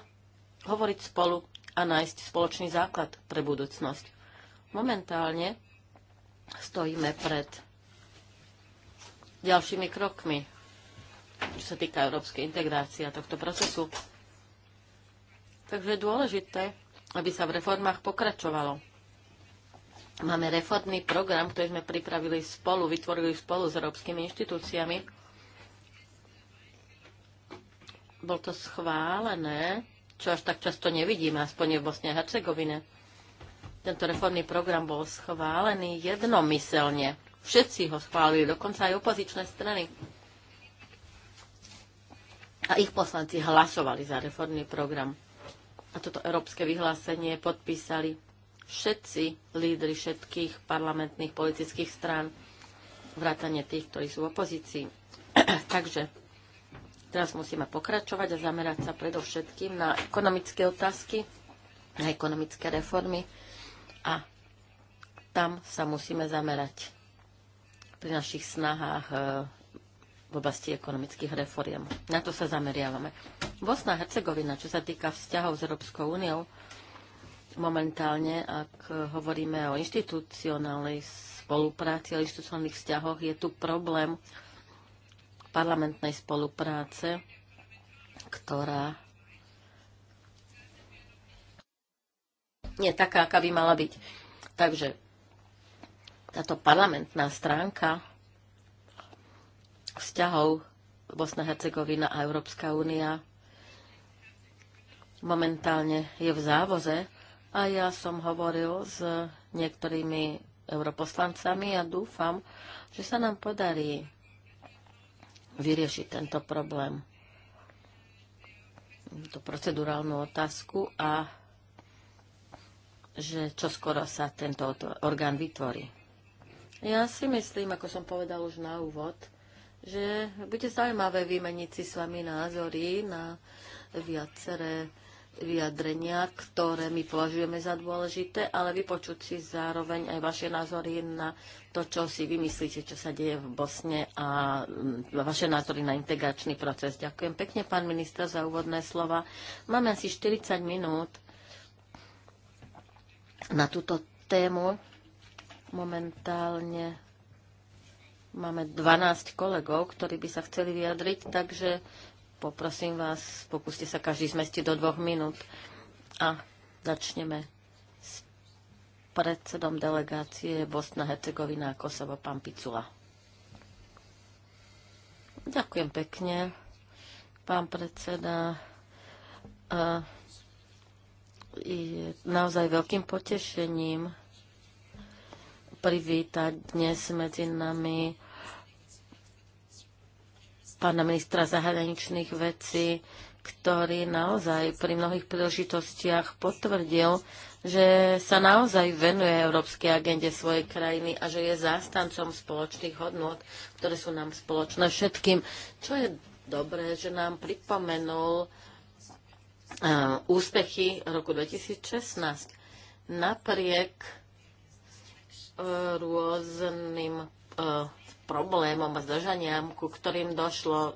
Speaker 2: hovoriť spolu a nájsť spoločný základ pre budúcnosť. Momentálne stojíme pred ďalšími krokmi, čo sa týka európskej integrácie a tohto procesu. Takže je dôležité, aby sa v reformách pokračovalo Máme reformný program, ktorý sme pripravili spolu, vytvorili spolu s európskymi inštitúciami. Bol to schválené, čo až tak často nevidíme, aspoň v Bosne a Hercegovine. Tento reformný program bol schválený jednomyselne. Všetci ho schválili, dokonca aj opozičné strany. A ich poslanci hlasovali za reformný program. A toto európske vyhlásenie podpísali všetci lídry všetkých parlamentných politických strán, vrátane tých, ktorí sú v opozícii. Takže teraz musíme pokračovať a zamerať sa predovšetkým na ekonomické otázky, na ekonomické reformy a tam sa musíme zamerať pri našich snahách e, v oblasti ekonomických reforiem. Na to sa zameriavame. Bosna a Hercegovina, čo sa týka vzťahov s Európskou úniou, momentálne, ak hovoríme o inštitucionálnej spolupráci, o inštitucionálnych vzťahoch, je tu problém parlamentnej spolupráce, ktorá nie taká, aká by mala byť. Takže táto parlamentná stránka vzťahov Bosna Hercegovina a Európska únia momentálne je v závoze a ja som hovoril s niektorými europoslancami a dúfam, že sa nám podarí vyriešiť tento problém, tú procedurálnu otázku a že čoskoro sa tento orgán vytvorí. Ja si myslím, ako som povedal už na úvod, že bude zaujímavé vymeniť si s vami názory na viaceré vyjadrenia, ktoré my považujeme za dôležité, ale vypočuť si zároveň aj vaše názory na to, čo si vymyslíte, čo sa deje v Bosne a mm, vaše názory na integračný proces. Ďakujem pekne, pán minister, za úvodné slova. Máme asi 40 minút na túto tému. Momentálne máme 12 kolegov, ktorí by sa chceli vyjadriť, takže Poprosím vás, pokúste sa každý zmestiť do dvoch minút a začneme s predsedom delegácie Bosna, Hercegovina a Kosovo, pán Picula. Ďakujem pekne, pán predseda. Je naozaj veľkým potešením privítať dnes medzi nami pána ministra zahraničných vecí, ktorý naozaj pri mnohých príležitostiach potvrdil, že sa naozaj venuje európskej agende svojej krajiny a že je zástancom spoločných hodnot, ktoré sú nám spoločné všetkým. Čo je dobré, že nám pripomenul eh, úspechy roku 2016 napriek eh, rôznym eh, problémom a zdržaniam, ku ktorým došlo,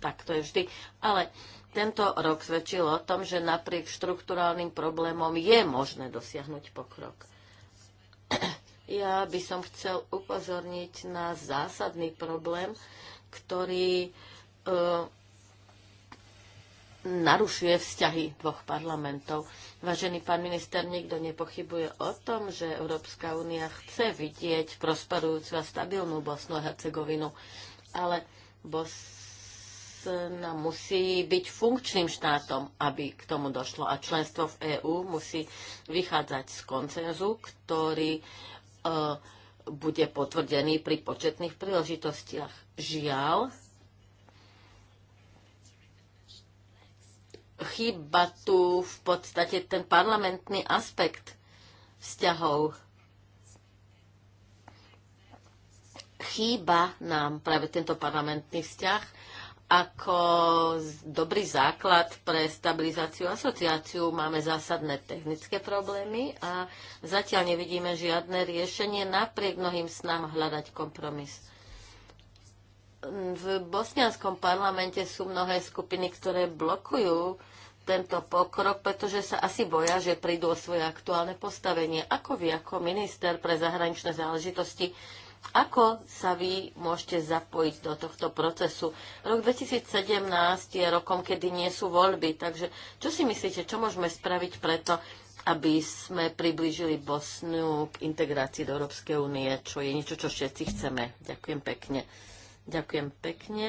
Speaker 2: tak to je vždy. Ale tento rok svedčil o tom, že napriek štruktúrálnym problémom je možné dosiahnuť pokrok. Ja by som chcel upozorniť na zásadný problém, ktorý eh, narušuje vzťahy dvoch parlamentov. Vážený pán minister, nikto nepochybuje o tom, že Európska únia chce vidieť prosperujúcu a stabilnú Bosnu a Hercegovinu, ale Bosna musí byť funkčným štátom, aby k tomu došlo a členstvo v EÚ musí vychádzať z koncenzu, ktorý e, bude potvrdený pri početných príležitostiach. Žiaľ, chýba tu v podstate ten parlamentný aspekt vzťahov. Chýba nám práve tento parlamentný vzťah ako dobrý základ pre stabilizáciu asociáciu. Máme zásadné technické problémy a zatiaľ nevidíme žiadne riešenie napriek mnohým snám hľadať kompromis v bosnianskom parlamente sú mnohé skupiny, ktoré blokujú tento pokrok, pretože sa asi boja, že prídu o svoje aktuálne postavenie. Ako vy, ako minister pre zahraničné záležitosti, ako sa vy môžete zapojiť do tohto procesu? Rok 2017 je rokom, kedy nie sú voľby, takže čo si myslíte, čo môžeme spraviť preto, aby sme priblížili Bosnu k integrácii do Európskej únie, čo je niečo, čo všetci chceme. Ďakujem pekne. Ďakujem pekne.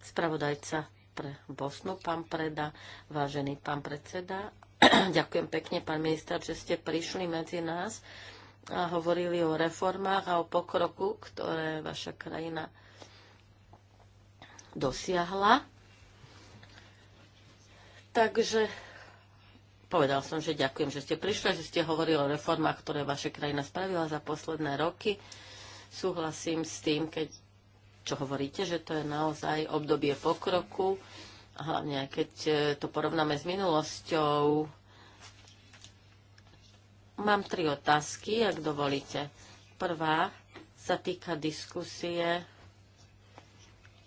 Speaker 2: Spravodajca pre Bosnu, pán Preda, vážený pán predseda. Ďakujem pekne, pán minister, že ste prišli medzi nás a hovorili o reformách a o pokroku, ktoré vaša krajina dosiahla. Takže povedal som, že ďakujem, že ste prišli, že ste hovorili o reformách, ktoré vaša krajina spravila za posledné roky. Súhlasím s tým, keď čo hovoríte, že to je naozaj obdobie pokroku, hlavne keď e, to porovnáme s minulosťou. Mám tri otázky, ak dovolíte. Prvá sa týka diskusie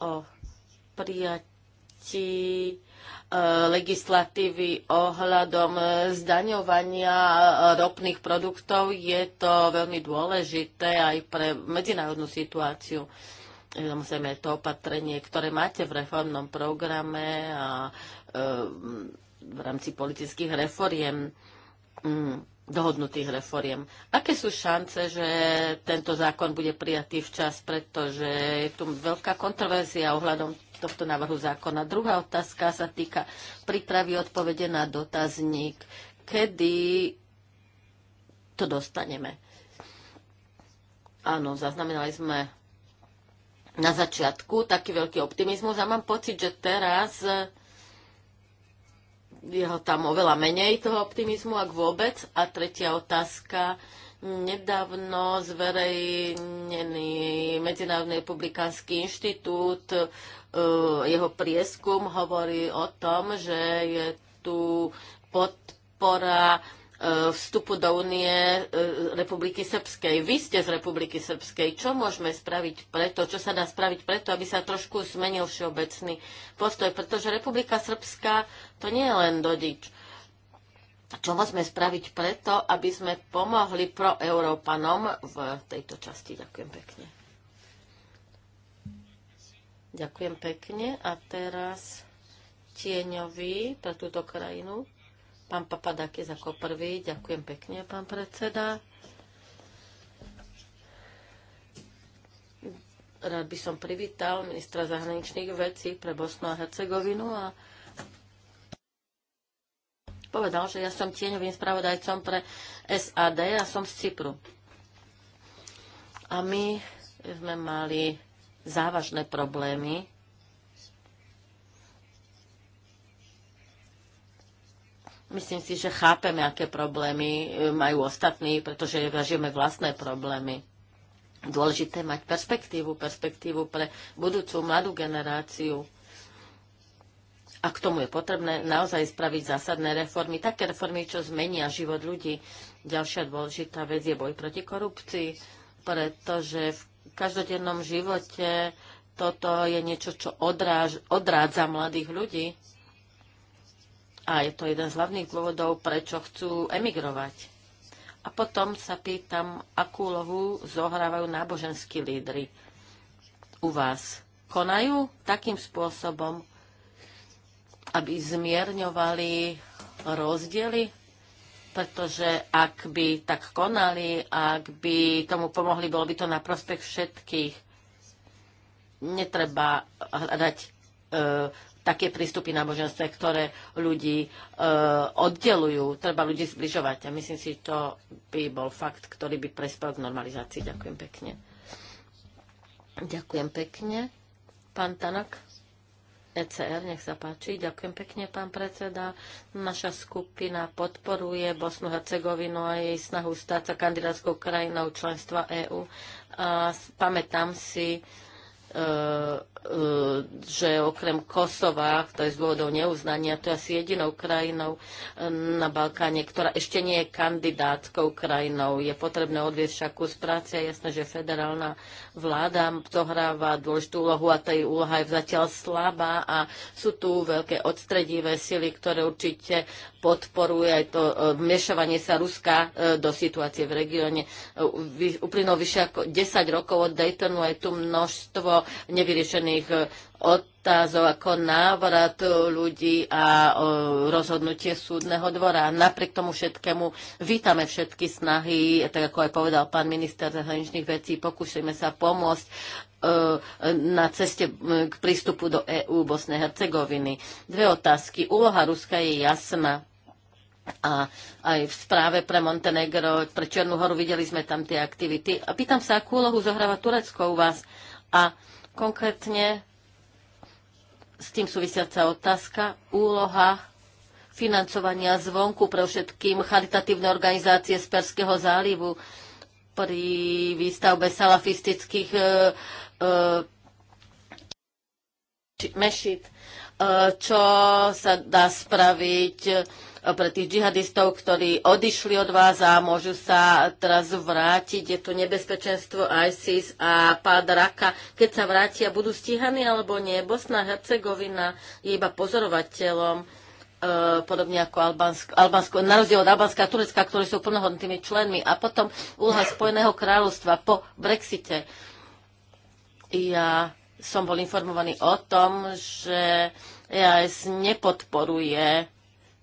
Speaker 2: o prijatí e, legislatívy ohľadom zdaňovania ropných produktov. Je to veľmi dôležité aj pre medzinárodnú situáciu. Samozrejme, to opatrenie, ktoré máte v reformnom programe a e, v rámci politických reforiem, mm, dohodnutých reforiem. Aké sú šance, že tento zákon bude prijatý včas, pretože je tu veľká kontroverzia ohľadom tohto návrhu zákona. Druhá otázka sa týka prípravy odpovede na dotazník. Kedy to dostaneme? Áno, zaznamenali sme na začiatku taký veľký optimizmus a mám pocit, že teraz e, je ho tam oveľa menej toho optimizmu, ak vôbec. A tretia otázka. Nedávno zverejnený Medzinárodný republikánsky inštitút, e, jeho prieskum hovorí o tom, že je tu podpora Eh, vstupu do únie eh, Republiky Srbskej. Vy ste z Republiky Srbskej. Čo môžeme spraviť preto? Čo sa dá spraviť preto, aby sa trošku zmenil všeobecný postoj? Pretože Republika Srbská to nie je len dodič. Čo môžeme spraviť preto, aby sme pomohli pro Európanom v tejto časti? Ďakujem pekne. Ďakujem pekne. A teraz tieňový pre túto krajinu. Pán Papadakis ako prvý. Ďakujem pekne, pán predseda. Rád by som privítal ministra zahraničných vecí pre Bosnu a Hercegovinu a povedal, že ja som tieňovým spravodajcom pre SAD a som z Cypru. A my sme mali závažné problémy Myslím si, že chápeme, aké problémy e, majú ostatní, pretože zažijeme vlastné problémy. Dôležité mať perspektívu, perspektívu pre budúcu mladú generáciu. A k tomu je potrebné naozaj spraviť zásadné reformy, také reformy, čo zmenia život ľudí. Ďalšia dôležitá vec je boj proti korupcii, pretože v každodennom živote toto je niečo, čo odráž, odrádza mladých ľudí a je to jeden z hlavných dôvodov, prečo chcú emigrovať. A potom sa pýtam, akú lohu zohrávajú náboženskí lídry u vás. Konajú takým spôsobom, aby zmierňovali rozdiely? Pretože ak by tak konali, ak by tomu pomohli, bolo by to na prospech všetkých. Netreba hľadať e, také prístupy náboženstve, ktoré ľudí e, oddelujú. Treba ľudí zbližovať. A myslím si, že to by bol fakt, ktorý by prespel k normalizácii. Ďakujem pekne. Ďakujem pekne. Pán Tanak, ECR, nech sa páči. Ďakujem pekne, pán predseda. Naša skupina podporuje Bosnu Hercegovinu a jej snahu stať sa kandidátskou krajinou členstva EÚ. pamätám si, E, e, že okrem Kosova, to je z dôvodov neuznania, to je asi jedinou krajinou na Balkáne, ktorá ešte nie je kandidátkou krajinou. Je potrebné odvieť však kus práce. jasné, že federálna vláda dohráva dôležitú úlohu a tá úloha je zatiaľ slabá a sú tu veľké odstredivé sily, ktoré určite podporuje aj to e, vmešovanie sa Ruska e, do situácie v regióne. E, Uplynulo vyše ako 10 rokov od Daytonu je tu množstvo nevyriešených otázov ako návrat ľudí a rozhodnutie súdneho dvora. Napriek tomu všetkému vítame všetky snahy, tak ako aj povedal pán minister zahraničných vecí, pokúšajme sa pomôcť na ceste k prístupu do EÚ Bosnej Hercegoviny. Dve otázky. Úloha Ruska je jasná a aj v správe pre Montenegro, pre Černú horu videli sme tam tie aktivity. A pýtam sa, akú úlohu zohráva Turecko u vás a konkrétne s tým súvisiaca otázka, úloha financovania zvonku pre všetkým charitatívne organizácie z Perského zálivu pri výstavbe salafistických e, e, mešit, e, čo sa dá spraviť pre tých džihadistov, ktorí odišli od vás a môžu sa teraz vrátiť. Je tu nebezpečenstvo ISIS a pád Raka. Keď sa vrátia, budú stíhaní alebo nie? Bosna a Hercegovina je iba pozorovateľom e, podobne ako Albánsko, Albánsko, na rozdiel od Albánska a Turecka, ktorí sú plnohodnými členmi. A potom úloha Spojeného kráľovstva po Brexite. Ja som bol informovaný o tom, že EAS nepodporuje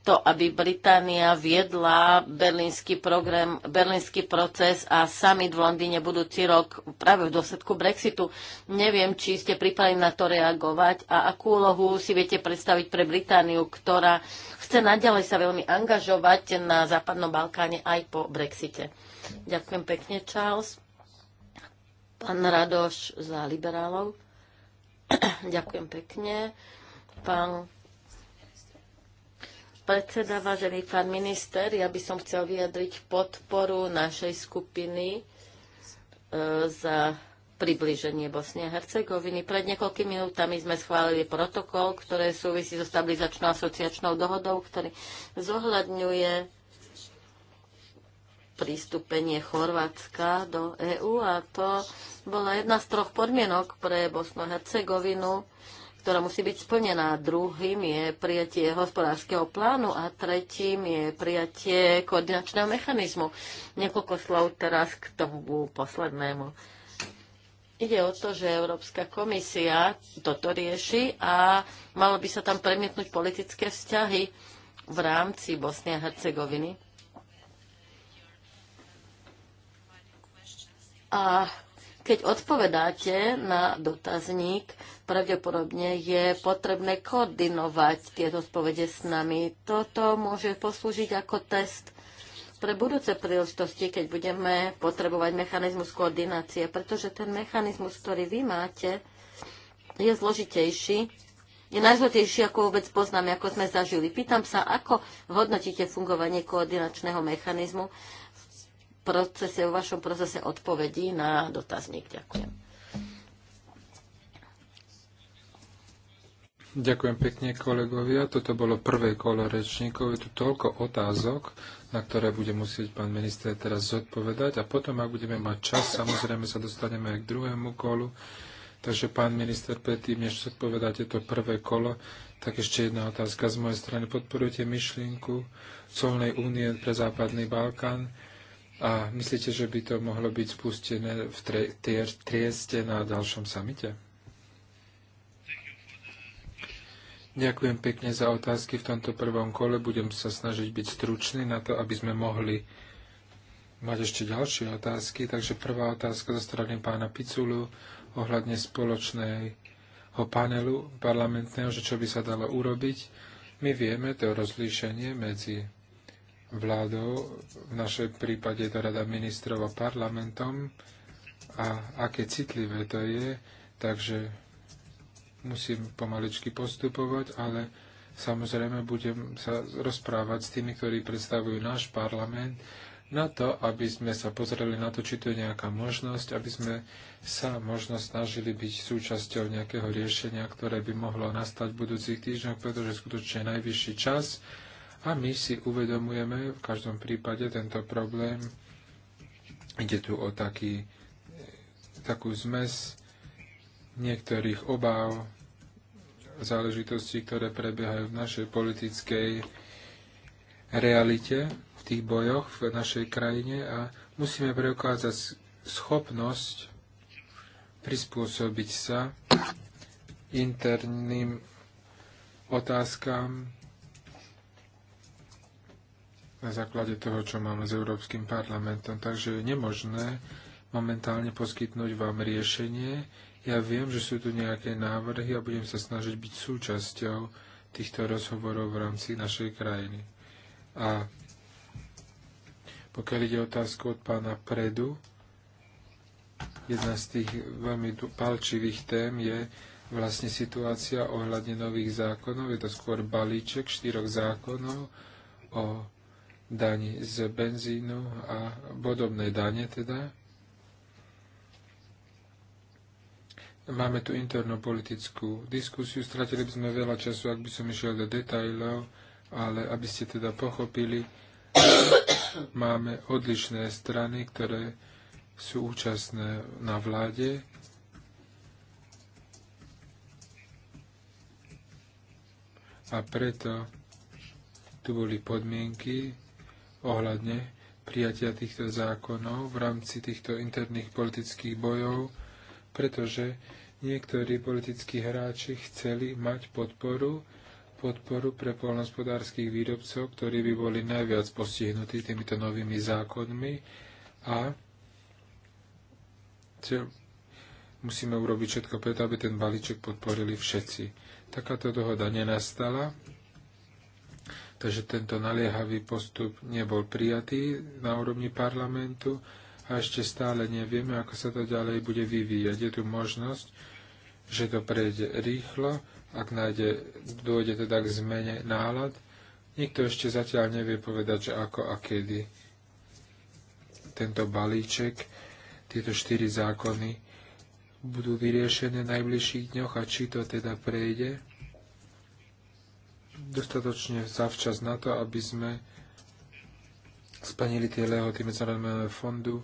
Speaker 2: to, aby Británia viedla berlínsky, program, berlínsky proces a summit v Londýne budúci rok práve v dôsledku Brexitu. Neviem, či ste pripravení na to reagovať a akú úlohu si viete predstaviť pre Britániu, ktorá chce naďalej sa veľmi angažovať na Západnom Balkáne aj po Brexite. Ďakujem pekne, Charles. Pán Radoš za liberálov. Ďakujem pekne. Pán predseda, vážený pán minister, ja by som chcel vyjadriť podporu našej skupiny e, za približenie Bosne a Hercegoviny. Pred niekoľkými minútami sme schválili protokol, ktoré súvisí so stabilizačnou asociačnou dohodou, ktorý zohľadňuje prístupenie Chorvátska do EÚ a to bola jedna z troch podmienok pre Bosnu a Hercegovinu ktorá musí byť splnená. Druhým je prijatie hospodárskeho plánu a tretím je prijatie koordinačného mechanizmu. Niekoľko slov teraz k tomu poslednému. Ide o to, že Európska komisia toto rieši a malo by sa tam premietnúť politické vzťahy v rámci Bosny a Hercegoviny. A keď odpovedáte na dotazník, pravdepodobne je potrebné koordinovať tieto odpovede s nami. Toto môže poslúžiť ako test pre budúce príležitosti, keď budeme potrebovať mechanizmus koordinácie, pretože ten mechanizmus, ktorý vy máte, je zložitejší, je najzložitejší, ako vôbec poznáme, ako sme zažili. Pýtam sa, ako hodnotíte fungovanie koordinačného mechanizmu procese, vo vašom procese odpovedí na dotazník. Ďakujem.
Speaker 1: Ďakujem pekne kolegovia. Toto bolo prvé kolo rečníkov. Je tu toľko otázok, na ktoré bude musieť pán minister teraz zodpovedať. A potom, ak budeme mať čas, samozrejme sa dostaneme aj k druhému kolu. Takže pán minister, predtým, než zodpovedáte to prvé kolo, tak ešte jedna otázka z mojej strany. Podporujete myšlienku colnej únie pre Západný Balkán? A myslíte, že by to mohlo byť spustené v Trieste na ďalšom samite? Ďakujem pekne za otázky v tomto prvom kole. Budem sa snažiť byť stručný na to, aby sme mohli mať ešte ďalšie otázky. Takže prvá otázka zo strany pána Piculu ohľadne spoločného panelu parlamentného, že čo by sa dalo urobiť. My vieme to rozlíšenie medzi vládou, v našej prípade je to Rada ministrov a parlamentom a aké citlivé to je, takže musím pomaličky postupovať, ale samozrejme budem sa rozprávať s tými, ktorí predstavujú náš parlament, na to, aby sme sa pozreli na to, či to je nejaká možnosť, aby sme sa možno snažili byť súčasťou nejakého riešenia, ktoré by mohlo nastať v budúcich týždňoch, pretože skutočne najvyšší čas a my si uvedomujeme v každom prípade tento problém. Ide tu o taký, takú zmes niektorých obáv, záležitostí, ktoré prebiehajú v našej politickej realite, v tých bojoch v našej krajine a musíme preukázať schopnosť prispôsobiť sa interným otázkam na základe toho, čo máme s Európskym parlamentom. Takže je nemožné momentálne poskytnúť vám riešenie. Ja viem, že sú tu nejaké návrhy a budem sa snažiť byť súčasťou týchto rozhovorov v rámci našej krajiny. A pokiaľ ide otázku od pána Predu, jedna z tých veľmi palčivých tém je vlastne situácia ohľadne nových zákonov. Je to skôr balíček štyroch zákonov o daň z benzínu a podobné dane teda. Máme tu politickú diskusiu, stratili by sme veľa času, ak by som išiel do detajlov, ale aby ste teda pochopili, máme odlišné strany, ktoré sú účastné na vláde. A preto tu boli podmienky, ohľadne prijatia týchto zákonov v rámci týchto interných politických bojov, pretože niektorí politickí hráči chceli mať podporu, podporu pre polnospodárských výrobcov, ktorí by boli najviac postihnutí týmito novými zákonmi a musíme urobiť všetko preto, aby ten balíček podporili všetci. Takáto dohoda nenastala Takže tento naliehavý postup nebol prijatý na úrovni parlamentu a ešte stále nevieme, ako sa to ďalej bude vyvíjať. Je tu možnosť, že to prejde rýchlo, ak nájde, dôjde teda k zmene nálad. Nikto ešte zatiaľ nevie povedať, že ako a kedy tento balíček, tieto štyri zákony budú vyriešené v najbližších dňoch a či to teda prejde dostatočne zavčas na to, aby sme splnili tie lehoty Medzinárodného fondu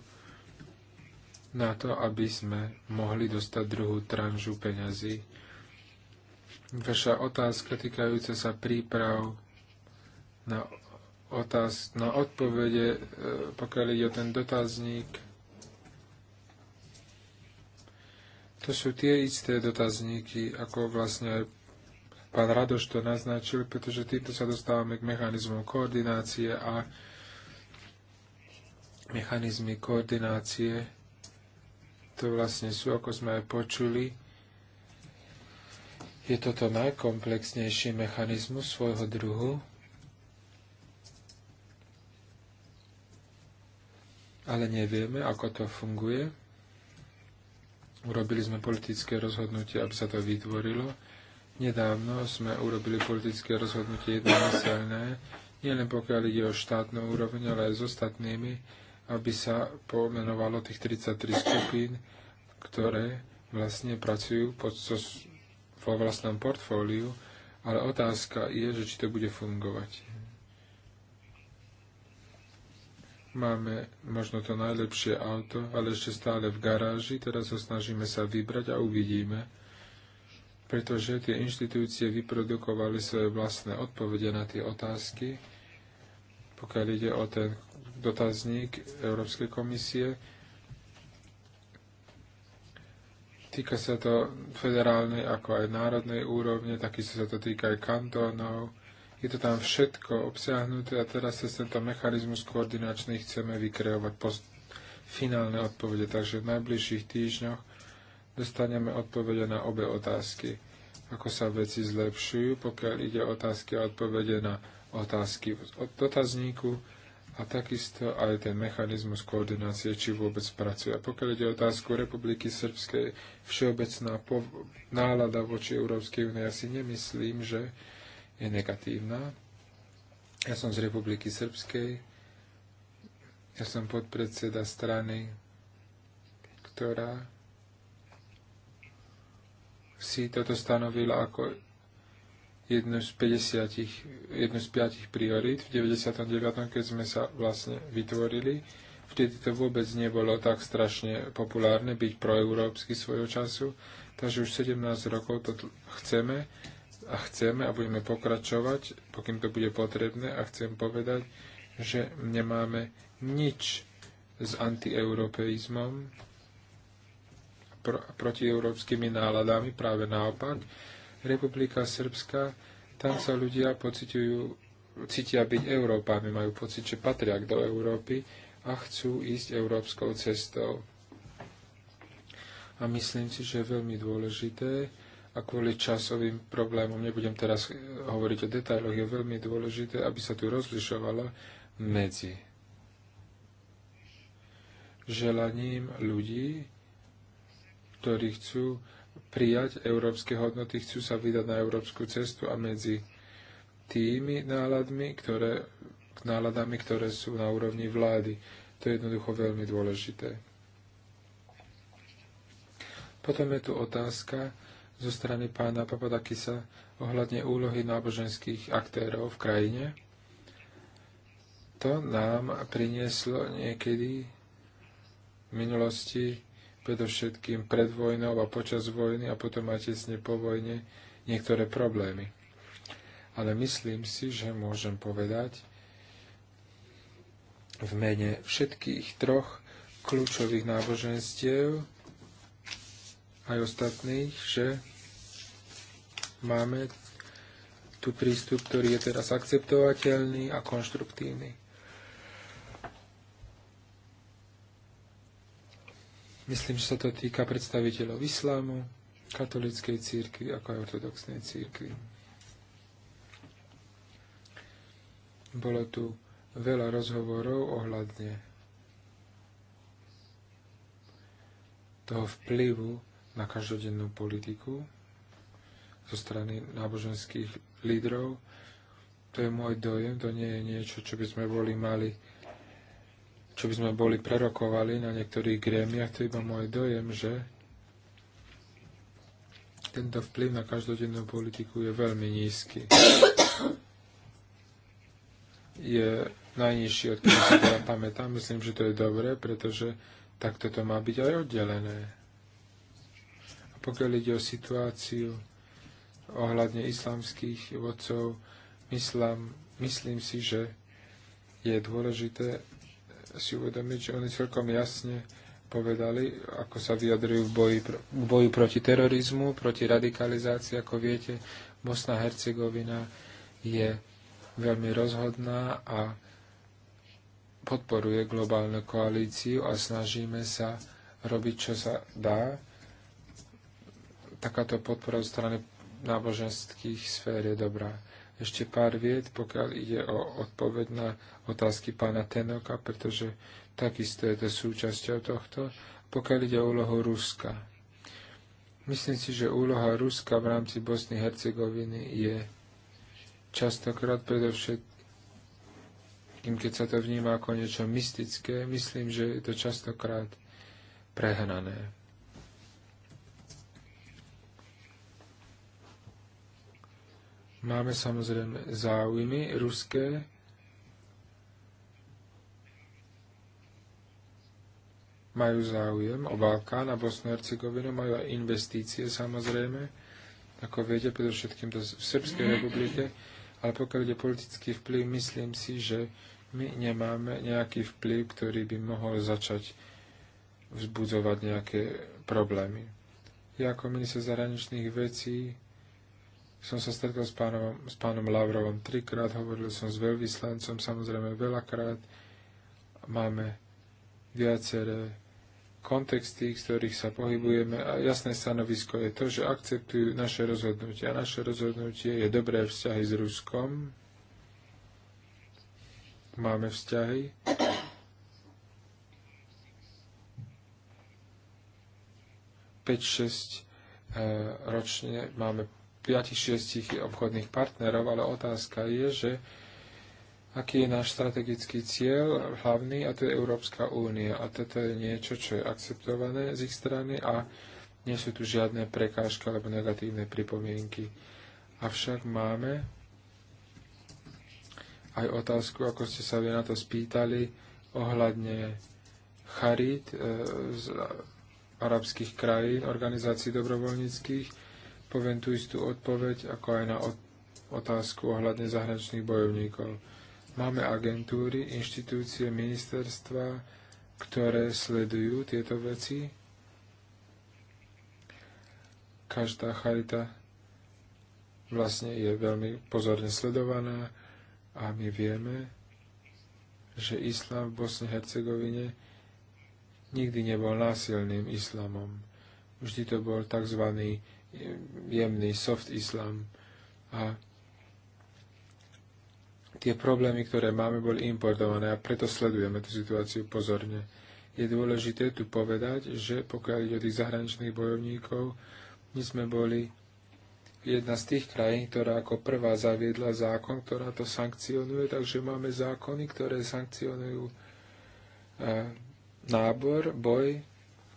Speaker 1: na to, aby sme mohli dostať druhú tranžu peňazí. Vaša otázka týkajúca sa príprav na, otáz- na odpovede, e, pokiaľ ide o ten dotazník, To sú tie isté dotazníky, ako vlastne aj pán Radoš to naznačil, pretože týmto sa dostávame k mechanizmom koordinácie a mechanizmy koordinácie to vlastne sú, ako sme aj počuli, je toto najkomplexnejší mechanizmus svojho druhu, ale nevieme, ako to funguje. Urobili sme politické rozhodnutie, aby sa to vytvorilo. Nedávno sme urobili politické rozhodnutie jednomyselné, nielen pokiaľ ide o štátnu úroveň, ale aj s ostatnými, aby sa pomenovalo tých 33 skupín, ktoré vlastne pracujú pod, so, vo vlastnom portfóliu, ale otázka je, že či to bude fungovať. Máme možno to najlepšie auto, ale ešte stále v garáži, teraz ho snažíme sa vybrať a uvidíme pretože tie inštitúcie vyprodukovali svoje vlastné odpovede na tie otázky, pokiaľ ide o ten dotazník Európskej komisie. Týka sa to federálnej ako aj národnej úrovne, takisto sa to týka aj kantónov. Je to tam všetko obsiahnuté a teraz sa tento mechanizmus koordinačný chceme vykreovať post finálne odpovede. Takže v najbližších týždňoch dostaneme odpovede na obe otázky. Ako sa veci zlepšujú, pokiaľ ide otázky a odpovede na otázky od dotazníku a takisto aj ten mechanizmus koordinácie, či vôbec pracuje. A pokiaľ ide otázku Republiky Srbskej, všeobecná nálada voči Európskej únie, ja si nemyslím, že je negatívna. Ja som z Republiky Srbskej, ja som podpredseda strany, ktorá si toto stanovila ako jednu z, 50, jednu z 5 priorít v 99. keď sme sa vlastne vytvorili. Vtedy to vôbec nebolo tak strašne populárne byť proeurópsky svojho času, takže už 17 rokov to chceme a chceme a budeme pokračovať, pokým to bude potrebné a chcem povedať, že nemáme nič s antieuropeizmom, pr- protieurópskymi náladami, práve naopak. Republika Srbska, tam sa ľudia pociťujú, cítia byť Európami, majú pocit, že patria do Európy a chcú ísť európskou cestou. A myslím si, že je veľmi dôležité, a kvôli časovým problémom, nebudem teraz eh, hovoriť o detailoch, je veľmi dôležité, aby sa tu rozlišovala medzi želaním ľudí, ktorí chcú prijať európske hodnoty, chcú sa vydať na európsku cestu a medzi tými náladmi, ktoré, náladami, ktoré sú na úrovni vlády. To je jednoducho veľmi dôležité. Potom je tu otázka zo strany pána Papadakisa ohľadne úlohy náboženských aktérov v krajine. To nám prinieslo niekedy v minulosti predovšetkým pred vojnou a počas vojny a potom aj tesne po vojne niektoré problémy. Ale myslím si, že môžem povedať v mene všetkých troch kľúčových náboženstiev aj ostatných, že máme tu prístup, ktorý je teraz akceptovateľný a konštruktívny. Myslím, že sa to týka predstaviteľov islámu, katolíckej církvy, ako aj ortodoxnej církvy. Bolo tu veľa rozhovorov ohľadne toho vplyvu na každodennú politiku zo strany náboženských lídrov. To je môj dojem, to nie je niečo, čo by sme boli mali čo by sme boli prerokovali na niektorých grémiach, to je iba môj dojem, že tento vplyv na každodennú politiku je veľmi nízky. Je najnižší, odkedy si teda pamätám. Myslím, že to je dobré, pretože takto to má byť aj oddelené. A pokiaľ ide o situáciu ohľadne islamských vodcov, myslím, myslím si, že je dôležité si uvedomiť, že oni celkom jasne povedali, ako sa vyjadrujú v boji, v boju proti terorizmu, proti radikalizácii. Ako viete, Bosna Hercegovina je veľmi rozhodná a podporuje globálnu koalíciu a snažíme sa robiť, čo sa dá. Takáto podpora zo strany náboženských sfér je dobrá ešte pár vied, pokiaľ ide o odpoveď na otázky pána Tenoka, pretože takisto je to súčasťou tohto, pokiaľ ide o úlohu Ruska. Myslím si, že úloha Ruska v rámci Bosny Hercegoviny je častokrát predovšetkým, keď sa to vníma ako niečo mystické, myslím, že je to častokrát prehnané. Máme samozrejme záujmy ruské, majú záujem o Balkán a Bosnu a Hercegovinu, majú aj investície samozrejme, ako viete, predovšetkým to v Srbskej republike, ale pokiaľ ide politický vplyv, myslím si, že my nemáme nejaký vplyv, ktorý by mohol začať vzbudzovať nejaké problémy. Ja ako minister zahraničných vecí som sa stretol s pánom, s pánom Lavrovom trikrát, hovoril som s veľvyslancom, samozrejme veľakrát. Máme viaceré kontexty, z ktorých sa pohybujeme a jasné stanovisko je to, že akceptujú naše rozhodnutie. A naše rozhodnutie je dobré vzťahy s Ruskom. Máme vzťahy. Eh, ročne máme 5-6 obchodných partnerov, ale otázka je, že aký je náš strategický cieľ hlavný a to je Európska únia. A toto je niečo, čo je akceptované z ich strany a nie sú tu žiadne prekážky alebo negatívne pripomienky. Avšak máme aj otázku, ako ste sa vy na to spýtali, ohľadne charít eh, z arabských krajín, organizácií dobrovoľníckých, poviem tú istú odpoveď, ako aj na otázku ohľadne zahraničných bojovníkov. Máme agentúry, inštitúcie, ministerstva, ktoré sledujú tieto veci. Každá charita vlastne je veľmi pozorne sledovaná a my vieme, že islám v Bosne-Hercegovine nikdy nebol násilným islamom. Vždy to bol tzv jemný soft islam A tie problémy, ktoré máme, boli importované a preto sledujeme tú situáciu pozorne. Je dôležité tu povedať, že pokiaľ ide o tých zahraničných bojovníkov, my sme boli jedna z tých krajín, ktorá ako prvá zaviedla zákon, ktorá to sankcionuje, takže máme zákony, ktoré sankcionujú e, nábor, boj,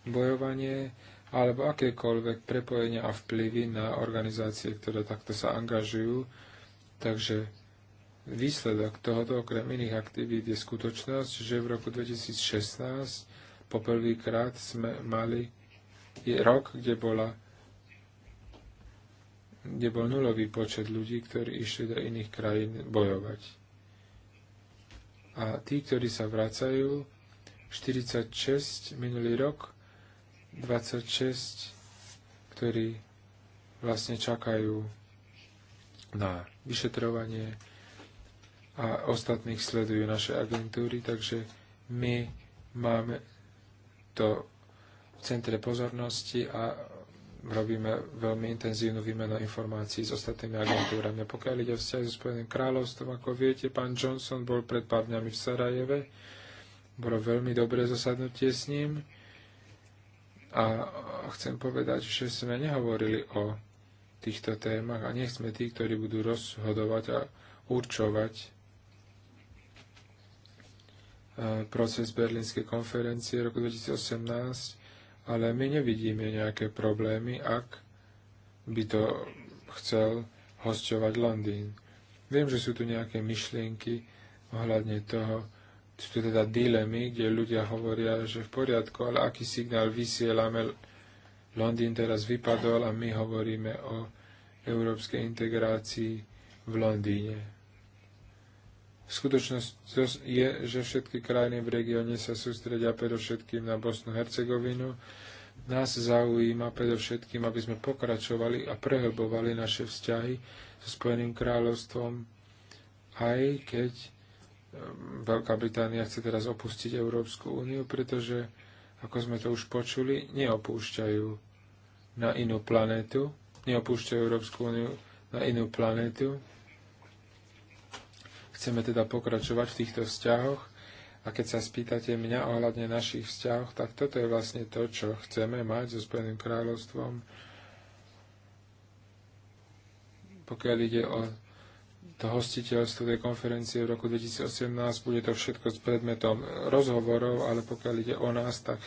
Speaker 1: bojovanie alebo akékoľvek prepojenia a vplyvy na organizácie, ktoré takto sa angažujú. Takže výsledok tohoto okrem iných aktivít je skutočnosť, že v roku 2016 poprvýkrát sme mali rok, kde bola kde bol nulový počet ľudí, ktorí išli do iných krajín bojovať. A tí, ktorí sa vracajú, 46 minulý rok, 26, ktorí vlastne čakajú na vyšetrovanie a ostatných sledujú naše agentúry, takže my máme to v centre pozornosti a robíme veľmi intenzívnu výmenu informácií s ostatnými agentúrami. A pokiaľ ide o vzťah so Spojeným kráľovstvom, ako viete, pán Johnson bol pred pár dňami v Sarajeve, bolo veľmi dobré zasadnutie s ním a chcem povedať, že sme nehovorili o týchto témach a nech sme tí, ktorí budú rozhodovať a určovať e, proces Berlínskej konferencie roku 2018, ale my nevidíme nejaké problémy, ak by to chcel hosťovať Londýn. Viem, že sú tu nejaké myšlienky ohľadne toho, sú tu teda dilemy, kde ľudia hovoria, že v poriadku, ale aký signál vysielame, Londýn teraz vypadol a my hovoríme o európskej integrácii v Londýne. Skutočnosť je, že všetky krajiny v regióne sa sústredia predovšetkým na Bosnu Hercegovinu. Nás zaujíma predovšetkým, aby sme pokračovali a prehlbovali naše vzťahy so Spojeným kráľovstvom, aj keď Ehm, Veľká Británia chce teraz opustiť Európsku úniu, pretože, ako sme to už počuli, neopúšťajú na inú planétu, neopúšťajú Európsku úniu na inú planétu. Chceme teda pokračovať v týchto vzťahoch a keď sa spýtate mňa ohľadne našich vzťahov, tak toto je vlastne to, čo chceme mať so Spojeným kráľovstvom, pokiaľ ide o to hostiteľstvo tej konferencie v roku 2018, bude to všetko s predmetom rozhovorov, ale pokiaľ ide o nás, tak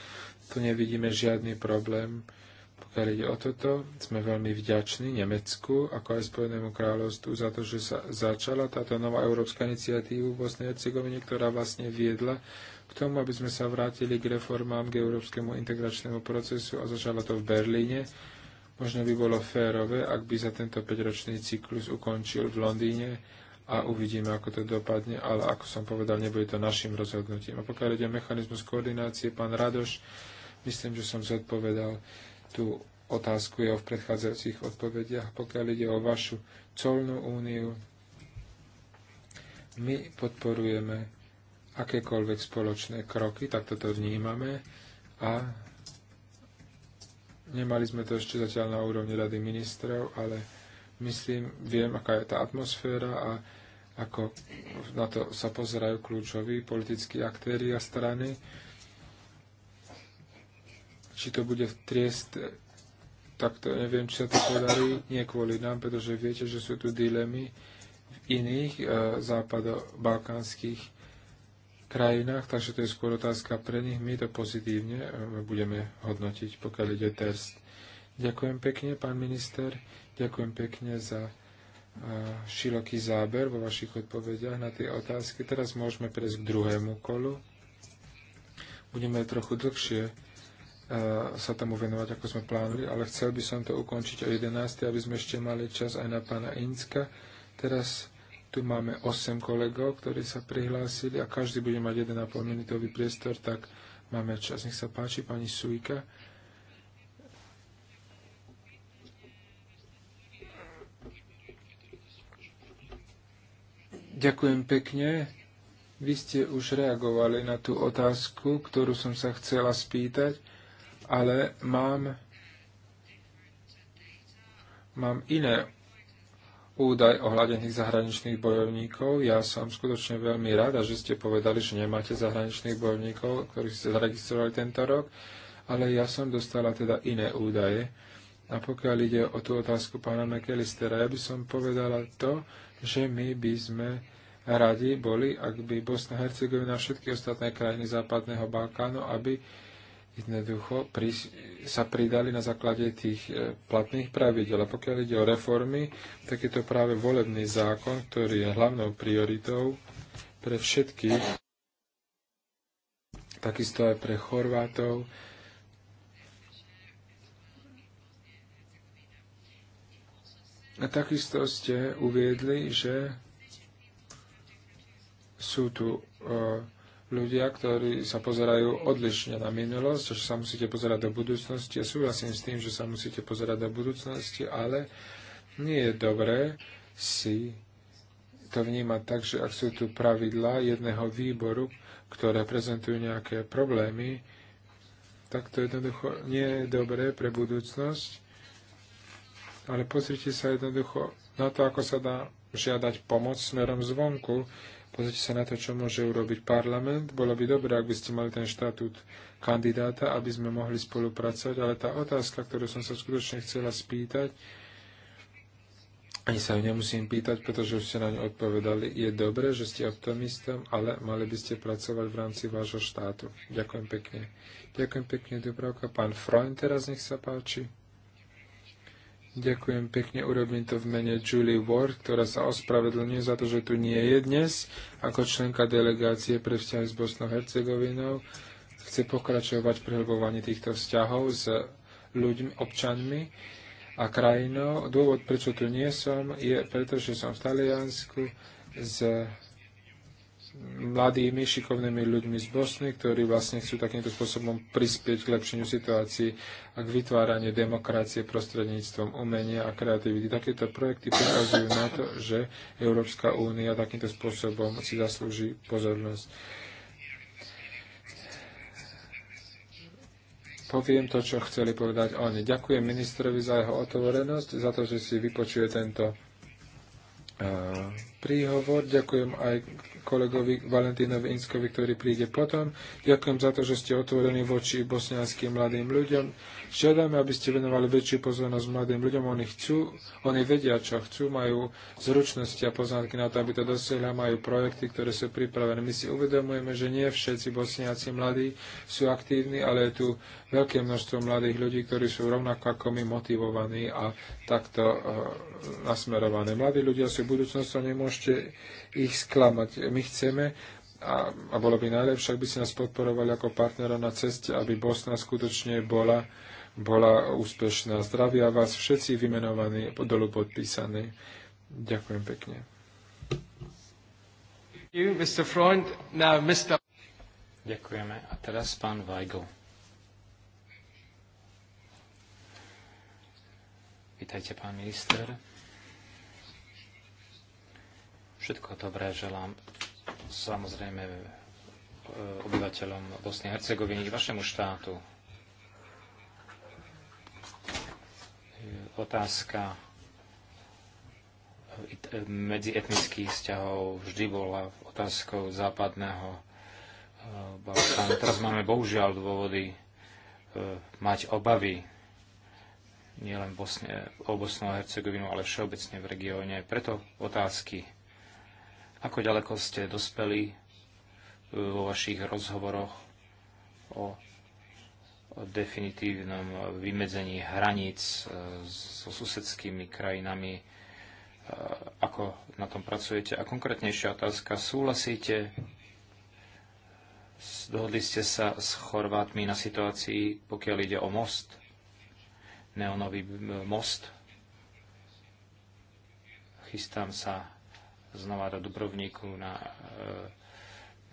Speaker 1: tu nevidíme žiadny problém. Pokiaľ ide o toto, sme veľmi vďační Nemecku, ako aj Spojenému kráľovstvu, za to, že sa začala táto nová európska iniciatíva v Bosnej Hercegovine, ktorá vlastne viedla k tomu, aby sme sa vrátili k reformám, k európskemu integračnému procesu a začala to v Berlíne Možno by bolo férové, ak by sa tento 5-ročný cyklus ukončil v Londýne a uvidíme, ako to dopadne, ale ako som povedal, nebude to našim rozhodnutím. A pokiaľ ide o mechanizmus koordinácie, pán Radoš, myslím, že som zodpovedal tú otázku jeho v predchádzajúcich odpovediach. Pokiaľ ide o vašu colnú úniu, my podporujeme akékoľvek spoločné kroky, tak toto vnímame a Nemali sme to ešte zatiaľ na úrovni Rady ministrov, ale myslím, viem, aká je tá atmosféra a ako na to sa pozerajú kľúčoví politickí aktéry a strany. Či to bude v triest, tak to neviem, či sa to podarí. Nie kvôli nám, pretože viete, že sú tu dilemy v iných e, západo-balkánskych krajinách, takže to je skôr otázka pre nich. My to pozitívne e, budeme hodnotiť, pokiaľ ide test. Ďakujem pekne, pán minister. Ďakujem pekne za e, široký záber vo vašich odpovediach na tie otázky. Teraz môžeme prejsť k druhému kolu. Budeme trochu dlhšie e, sa tomu venovať, ako sme plánovali, ale chcel by som to ukončiť o 11, aby sme ešte mali čas aj na pána Inska. Teraz tu máme 8 kolegov, ktorí sa prihlásili a každý bude mať 1,5 minútový priestor, tak máme čas. Nech sa páči, pani Sujka. Ďakujem pekne. Vy ste už reagovali na tú otázku, ktorú som sa chcela spýtať, ale mám, mám iné údaj ohľadených zahraničných bojovníkov. Ja som skutočne veľmi rada, že ste povedali, že nemáte zahraničných bojovníkov, ktorí ste zaregistrovali tento rok, ale ja som dostala teda iné údaje. A pokiaľ ide o tú otázku pána McAllistera, ja by som povedala to, že my by sme radi boli, ak by Bosna Hercegovina a všetky ostatné krajiny Západného Balkánu, aby jednoducho sa pridali na základe tých e, platných pravidel. A pokiaľ ide o reformy, tak je to práve volebný zákon, ktorý je hlavnou prioritou pre všetkých, takisto aj pre Chorvátov. A takisto ste uviedli, že sú tu uh, ľudia, ktorí sa pozerajú odlišne na minulosť, že sa musíte pozerať do budúcnosti. Ja súhlasím s tým, že sa musíte pozerať do budúcnosti, ale nie je dobré si to vnímať tak, že ak sú tu pravidlá jedného výboru, ktoré prezentujú nejaké problémy, tak to jednoducho nie je dobré pre budúcnosť. Ale pozrite sa jednoducho na to, ako sa dá žiadať pomoc smerom zvonku, Pozrite sa na to, čo môže urobiť parlament. Bolo by dobré, ak by ste mali ten štatút kandidáta, aby sme mohli spolupracovať, ale tá otázka, ktorú som sa skutočne chcela spýtať, ani sa ju nemusím pýtať, pretože už ste na ňu odpovedali. Je dobré, že ste optimistom, ale mali by ste pracovať v rámci vášho štátu. Ďakujem pekne. Ďakujem pekne, Dubravka. Pán Freund teraz nech sa páči. Ďakujem pekne, urobím to v mene Julie Ward, ktorá sa ospravedlňuje za to, že tu nie je dnes ako členka delegácie pre vzťahy s Bosnou-Hercegovinou. Chce pokračovať v týchto vzťahov s ľuďmi, občanmi a krajinou. Dôvod, prečo tu nie som, je preto, že som v Taliansku s mladými, šikovnými ľuďmi z Bosny, ktorí vlastne chcú takýmto spôsobom prispieť k lepšeniu situácii a k vytváraniu demokracie prostredníctvom umenia a kreativity. Takéto projekty pokazujú na to, že Európska únia takýmto spôsobom si zaslúži pozornosť. poviem to, čo chceli povedať oni. Ďakujem ministrovi za jeho otvorenosť, za to, že si vypočuje tento uh, príhovor. Ďakujem aj kolegovi Valentínovi Inskovi, ktorý príde potom. Ďakujem za to, že ste otvorení voči bosnianským mladým ľuďom. Žiadame, aby ste venovali väčšiu pozornosť mladým ľuďom. Oni chcú, oni vedia, čo chcú, majú zručnosti a poznatky na to, aby to dosiahli majú projekty, ktoré sú pripravené. My si uvedomujeme, že nie všetci bosniaci mladí sú aktívni, ale je tu veľké množstvo mladých ľudí, ktorí sú rovnako ako my motivovaní a takto uh, nasmerované. Mladí ľudia sú budúcnosťou, nemôžu nemôžete ich sklamať. My chceme, a, a bolo by najlepšie, ak by ste nás podporovali ako partnera na ceste, aby Bosna skutočne bola, bola úspešná. Zdravia vás všetci vymenovaní, dolu podpísaní. Ďakujem pekne.
Speaker 3: Ďakujeme. A teraz pán Weigl. Vítajte, pán minister. Všetko dobré želám samozrejme e, obyvateľom Bosny a Hercegoviny i vašemu štátu. E, otázka e, medzietnických vzťahov vždy bola otázkou západného Balkánu. Teraz máme bohužiaľ dôvody mať obavy nielen Bosne, o Bosnu a Hercegovinu, ale všeobecne v regióne. Preto otázky ako ďaleko ste dospeli e, vo vašich rozhovoroch o definitívnom vymedzení hraníc e, so susedskými krajinami, e, ako na tom pracujete. A konkrétnejšia otázka, súhlasíte, dohodli ste sa s Chorvátmi na situácii, pokiaľ ide o most, neonový most. Chystám sa znova do Dubrovníku na, e,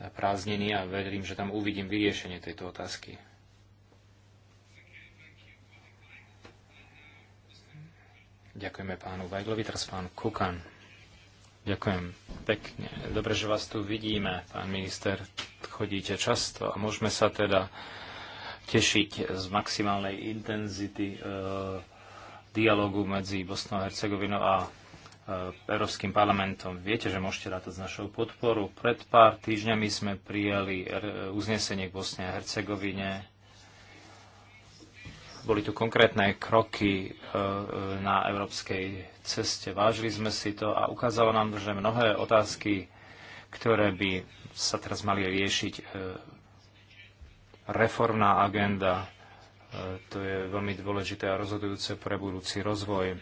Speaker 3: na prázdniny a verím, že tam uvidím vyriešenie tejto otázky. Ďakujeme pánu Vajglovi, teraz pán Kukan. Ďakujem pekne. Dobre, že vás tu vidíme, pán minister. Chodíte často a môžeme sa teda tešiť z maximálnej intenzity e, dialogu medzi Bosnou a Hercegovinou a Eh, Európskym parlamentom. Viete, že môžete rátať z našou podporu. Pred pár týždňami sme prijali uznesenie k Bosne a Hercegovine. Boli tu konkrétne kroky eh, eh, na európskej ceste. Vážili sme si to a ukázalo nám, že mnohé otázky, ktoré by sa teraz mali riešiť, reformná agenda, to je veľmi dôležité a rozhodujúce pre budúci rozvoj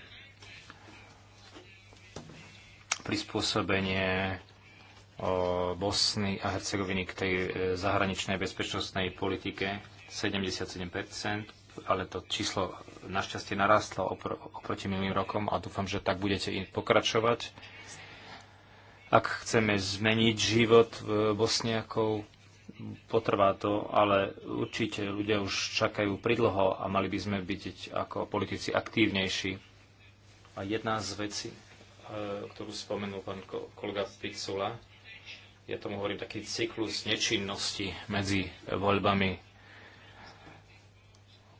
Speaker 3: prispôsobenie Bosny a Hercegoviny k tej e, zahraničnej bezpečnostnej politike 77%, ale to číslo našťastie narastlo opr- oproti minulým rokom a dúfam, že tak budete pokračovať. Ak chceme zmeniť život v Bosniakov, potrvá to, ale určite ľudia už čakajú pridlho a mali by sme byť ako politici aktívnejší. A jedna z vecí, E, ktorú spomenul pán kolega Picula. Ja tomu hovorím taký cyklus nečinnosti medzi voľbami.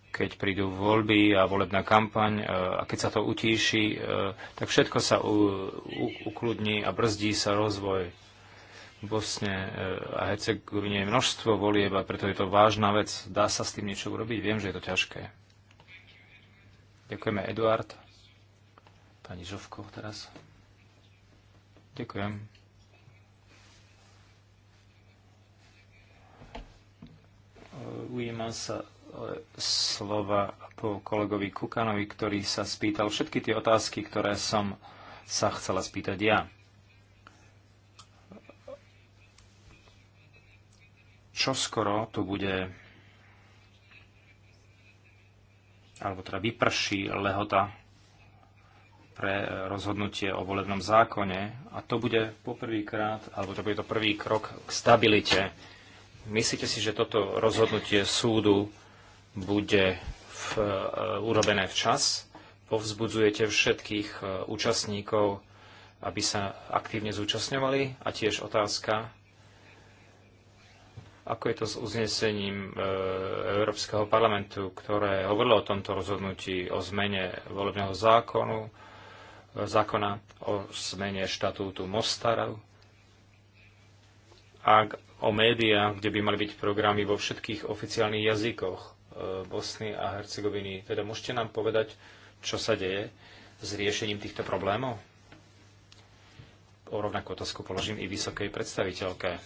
Speaker 3: Keď prídu voľby a volebná kampaň e, a keď sa to utíši, e, tak všetko sa ukludní a brzdí sa rozvoj. V Bosne a Hecegovine je množstvo volieb a preto je to vážna vec. Dá sa s tým niečo urobiť? Viem, že je to ťažké. Ďakujeme, Eduard. Pani Žovko teraz. Ďakujem. Ujímam sa e, slova po kolegovi Kukanovi, ktorý sa spýtal všetky tie otázky, ktoré som sa chcela spýtať ja. Čo skoro tu bude alebo teda vyprší lehota pre rozhodnutie o volebnom zákone a to bude poprvýkrát, alebo to bude to prvý krok k stabilite. Myslíte si, že toto rozhodnutie súdu bude v, uh, urobené včas? Povzbudzujete všetkých uh, účastníkov, aby sa aktívne zúčastňovali? A tiež otázka, ako je to s uznesením e, Európskeho parlamentu, ktoré hovorilo o tomto rozhodnutí o zmene volebného zákonu, zákona o zmene štatútu Mostarov a o médiá, kde by mali byť programy vo všetkých oficiálnych jazykoch e, Bosny a Hercegoviny. Teda môžete nám povedať, čo sa deje s riešením týchto problémov? O rovnakú otázku položím i vysokej predstaviteľke.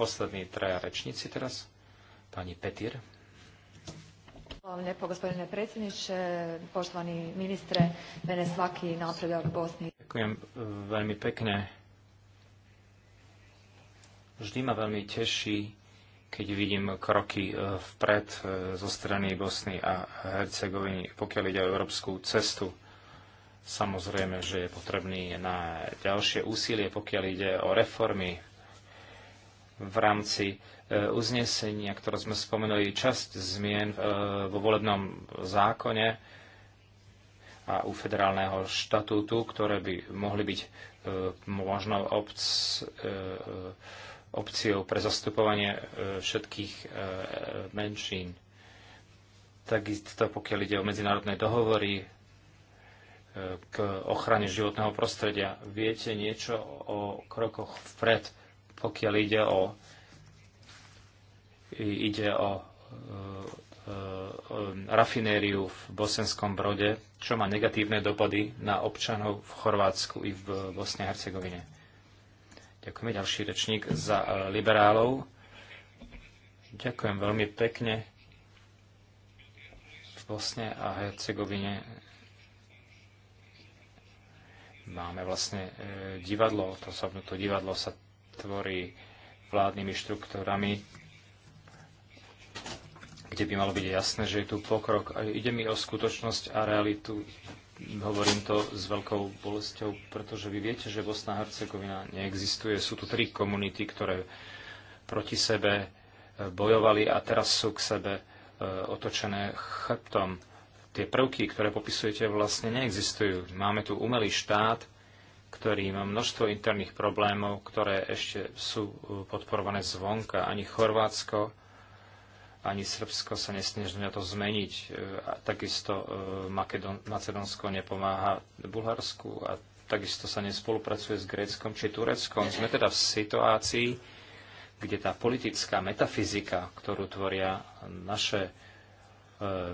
Speaker 3: Poslední traja rečníci teraz. Pani Petir. Hvala lijepo gospodine predsjedniče, poštovani ministre, mene
Speaker 2: svaki napredak Bosni.
Speaker 3: Ďakujem e, veľmi pekne. Vždy ma veľmi teší, keď vidím kroky e, vpred e, zo strany Bosny a Hercegoviny, pokiaľ ide o európsku cestu. Samozrejme, že je potrebný na ďalšie úsilie, pokiaľ ide o reformy v rámci E, uznesenia, ktoré sme spomenuli, časť zmien e, vo volebnom zákone a u federálneho štatútu, ktoré by mohli byť e, možno obc, opciou pre zastupovanie všetkých menšín. Takisto pokiaľ ide o medzinárodné dohovory k ochrane životného prostredia. Viete niečo o krokoch vpred, pokiaľ ide o Ide e, e, o rafinériu v Bosenskom Brode, čo má negatívne dopady na občanov v Chorvátsku i v Bosne a Hercegovine. Ďakujeme ďalší rečník za e, liberálov. Ďakujem veľmi pekne. V Bosne a Hercegovine máme vlastne divadlo, to, sa, to divadlo sa tvorí vládnymi štruktúrami, kde by malo byť jasné, že je tu pokrok. A ide mi o skutočnosť a realitu. Hovorím to s veľkou bolesťou, pretože vy viete, že Bosna a Hercegovina neexistuje. Sú tu tri komunity, ktoré proti sebe e, bojovali a teraz sú k sebe e, otočené chrbtom. Tie prvky, ktoré popisujete, vlastne neexistujú. Máme tu umelý štát, ktorý má množstvo interných problémov, ktoré ešte sú e, podporované zvonka. Ani Chorvátsko, ani Srbsko sa nesnaží na to zmeniť. E, a takisto e, Makedon, Macedonsko nepomáha Bulharsku a takisto sa nespolupracuje s Gréckom či Tureckom. Sme teda v situácii, kde tá politická metafyzika, ktorú tvoria naše e,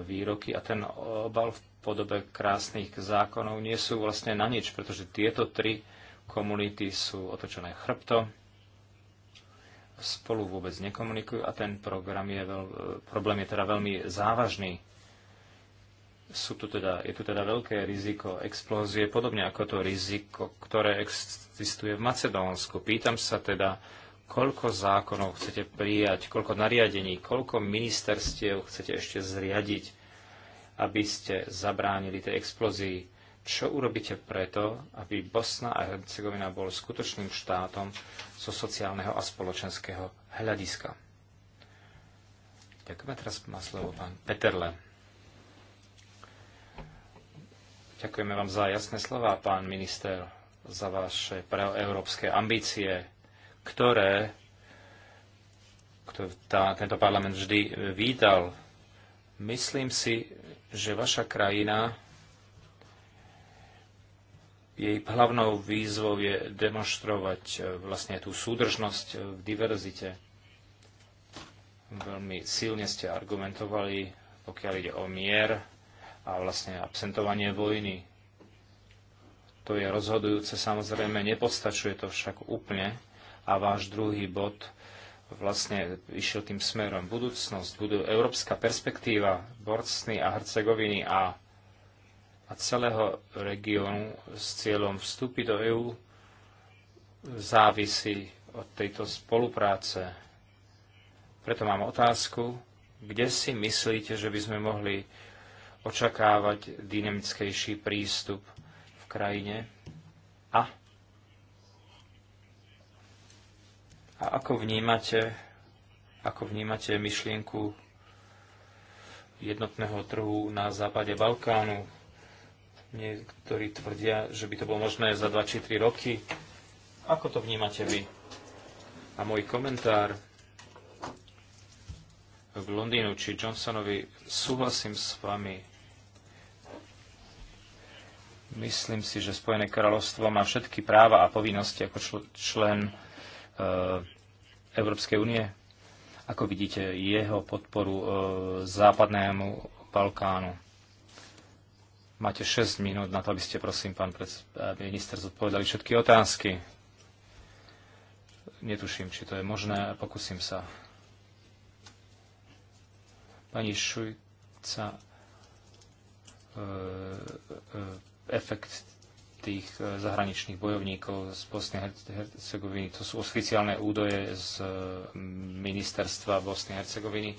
Speaker 3: výroky a ten obal v podobe krásnych zákonov nie sú vlastne na nič, pretože tieto tri komunity sú otočené chrbtom spolu vôbec nekomunikujú a ten program je veľ, problém je teda veľmi závažný. Sú tu teda, je tu teda veľké riziko explózie, podobne ako to riziko, ktoré existuje v Macedónsku. Pýtam sa teda, koľko zákonov chcete prijať, koľko nariadení, koľko ministerstiev chcete ešte zriadiť, aby ste zabránili tej explózii čo urobíte preto, aby Bosna a Hercegovina bol skutočným štátom zo sociálneho a spoločenského hľadiska? Ďakujeme. Teraz má slovo pán Peterle. Ďakujeme vám za jasné slova, pán minister, za vaše preeurópske ambície, ktoré tá, tento parlament vždy vítal. Myslím si, že vaša krajina jej hlavnou výzvou je demonstrovať e, vlastne tú súdržnosť v diverzite. Veľmi silne ste argumentovali, pokiaľ ide o mier a vlastne absentovanie vojny. To je rozhodujúce, samozrejme, nepostačuje to však úplne. A váš druhý bod vlastne išiel tým smerom. Budúcnosť, budú európska perspektíva Borcny a Hercegoviny a a celého regiónu s cieľom vstupy do EÚ závisí od tejto spolupráce. Preto mám otázku, kde si myslíte, že by sme mohli očakávať dynamickejší prístup v krajine a, a ako vnímate ako vnímate myšlienku jednotného trhu na západe Balkánu, Niektorí tvrdia, že by to bolo možné za 2 či 3 roky. Ako to vnímate vy? A môj komentár k Londýnu či Johnsonovi súhlasím s vami. Myslím si, že Spojené kráľovstvo má všetky práva a povinnosti ako čl člen e, Európskej únie. Ako vidíte jeho podporu e, západnému Balkánu? Máte 6 minút na to, aby ste, prosím, pán eh, minister, zodpovedali všetky otázky. Netuším, či to je možné, pokúsim sa. Pani Šujca, eh, eh, efekt tých zahraničných bojovníkov z Bosny a Hercegoviny. To sú oficiálne údoje z ministerstva Bosny a Hercegoviny.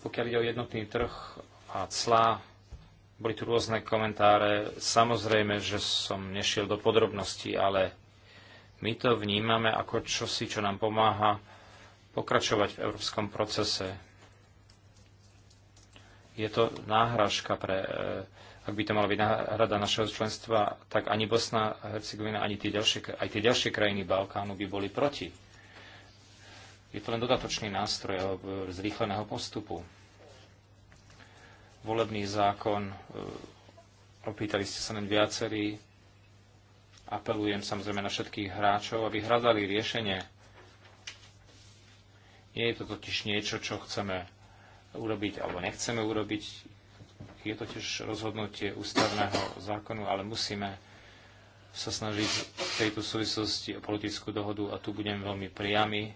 Speaker 3: Pokiaľ ide o jednotný trh a clá, boli tu rôzne komentáre. Samozrejme, že som nešiel do podrobností, ale my to vnímame ako čosi, čo nám pomáha pokračovať v európskom procese. Je to náhražka pre, eh, ak by to mala byť náhrada našeho členstva, tak ani Bosna, Hercegovina, ani tie ďalšie, aj tie ďalšie krajiny Balkánu by boli proti. Je to len dodatočný nástroj eh, zrýchleného postupu volebný zákon, e, opýtali ste sa len viacerí, apelujem samozrejme na všetkých hráčov, aby hľadali riešenie. Nie je to totiž niečo, čo chceme urobiť alebo nechceme urobiť. Je to tiež rozhodnutie ústavného zákonu, ale musíme sa snažiť v tejto súvislosti o politickú dohodu a tu budem veľmi priamy.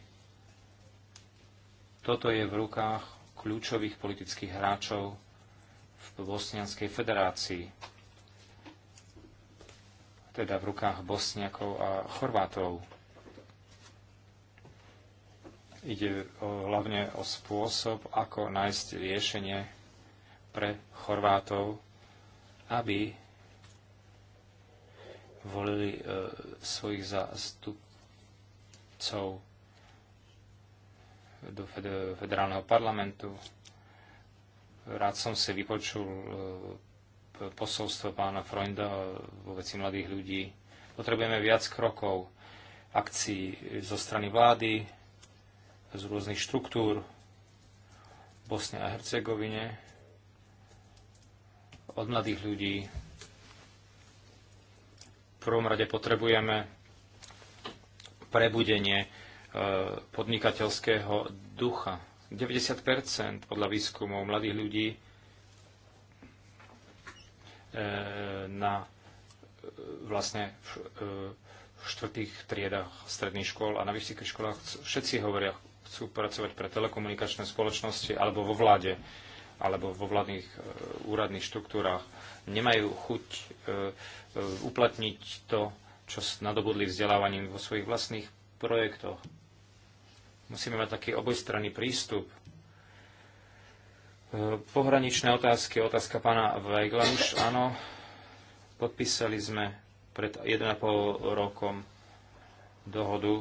Speaker 3: Toto je v rukách kľúčových politických hráčov Bosnianskej federácii, teda v rukách Bosniakov a Chorvátov. Ide o, hlavne o spôsob, ako nájsť riešenie pre Chorvátov, aby volili e, svojich zástupcov do federálneho parlamentu, Rád som si vypočul e, posolstvo pána Freunda vo veci mladých ľudí. Potrebujeme viac krokov, akcií zo strany vlády, z rôznych štruktúr v Bosne a Hercegovine, od mladých ľudí. V prvom rade potrebujeme prebudenie e, podnikateľského ducha 90 podľa výskumov mladých ľudí e, na e, vlastne e, v štvrtých triedach stredných škôl a na vysokých školách všetci hovoria, chcú pracovať pre telekomunikačné spoločnosti alebo vo vláde, alebo vo vládnych úradných štruktúrach. Nemajú chuť uplatniť to, čo nadobudli vzdelávaním vo svojich vlastných projektoch. Musíme mať taký obojstranný prístup. E, pohraničné otázky, otázka pána Vajgla už áno, podpísali sme pred 1,5 rokom dohodu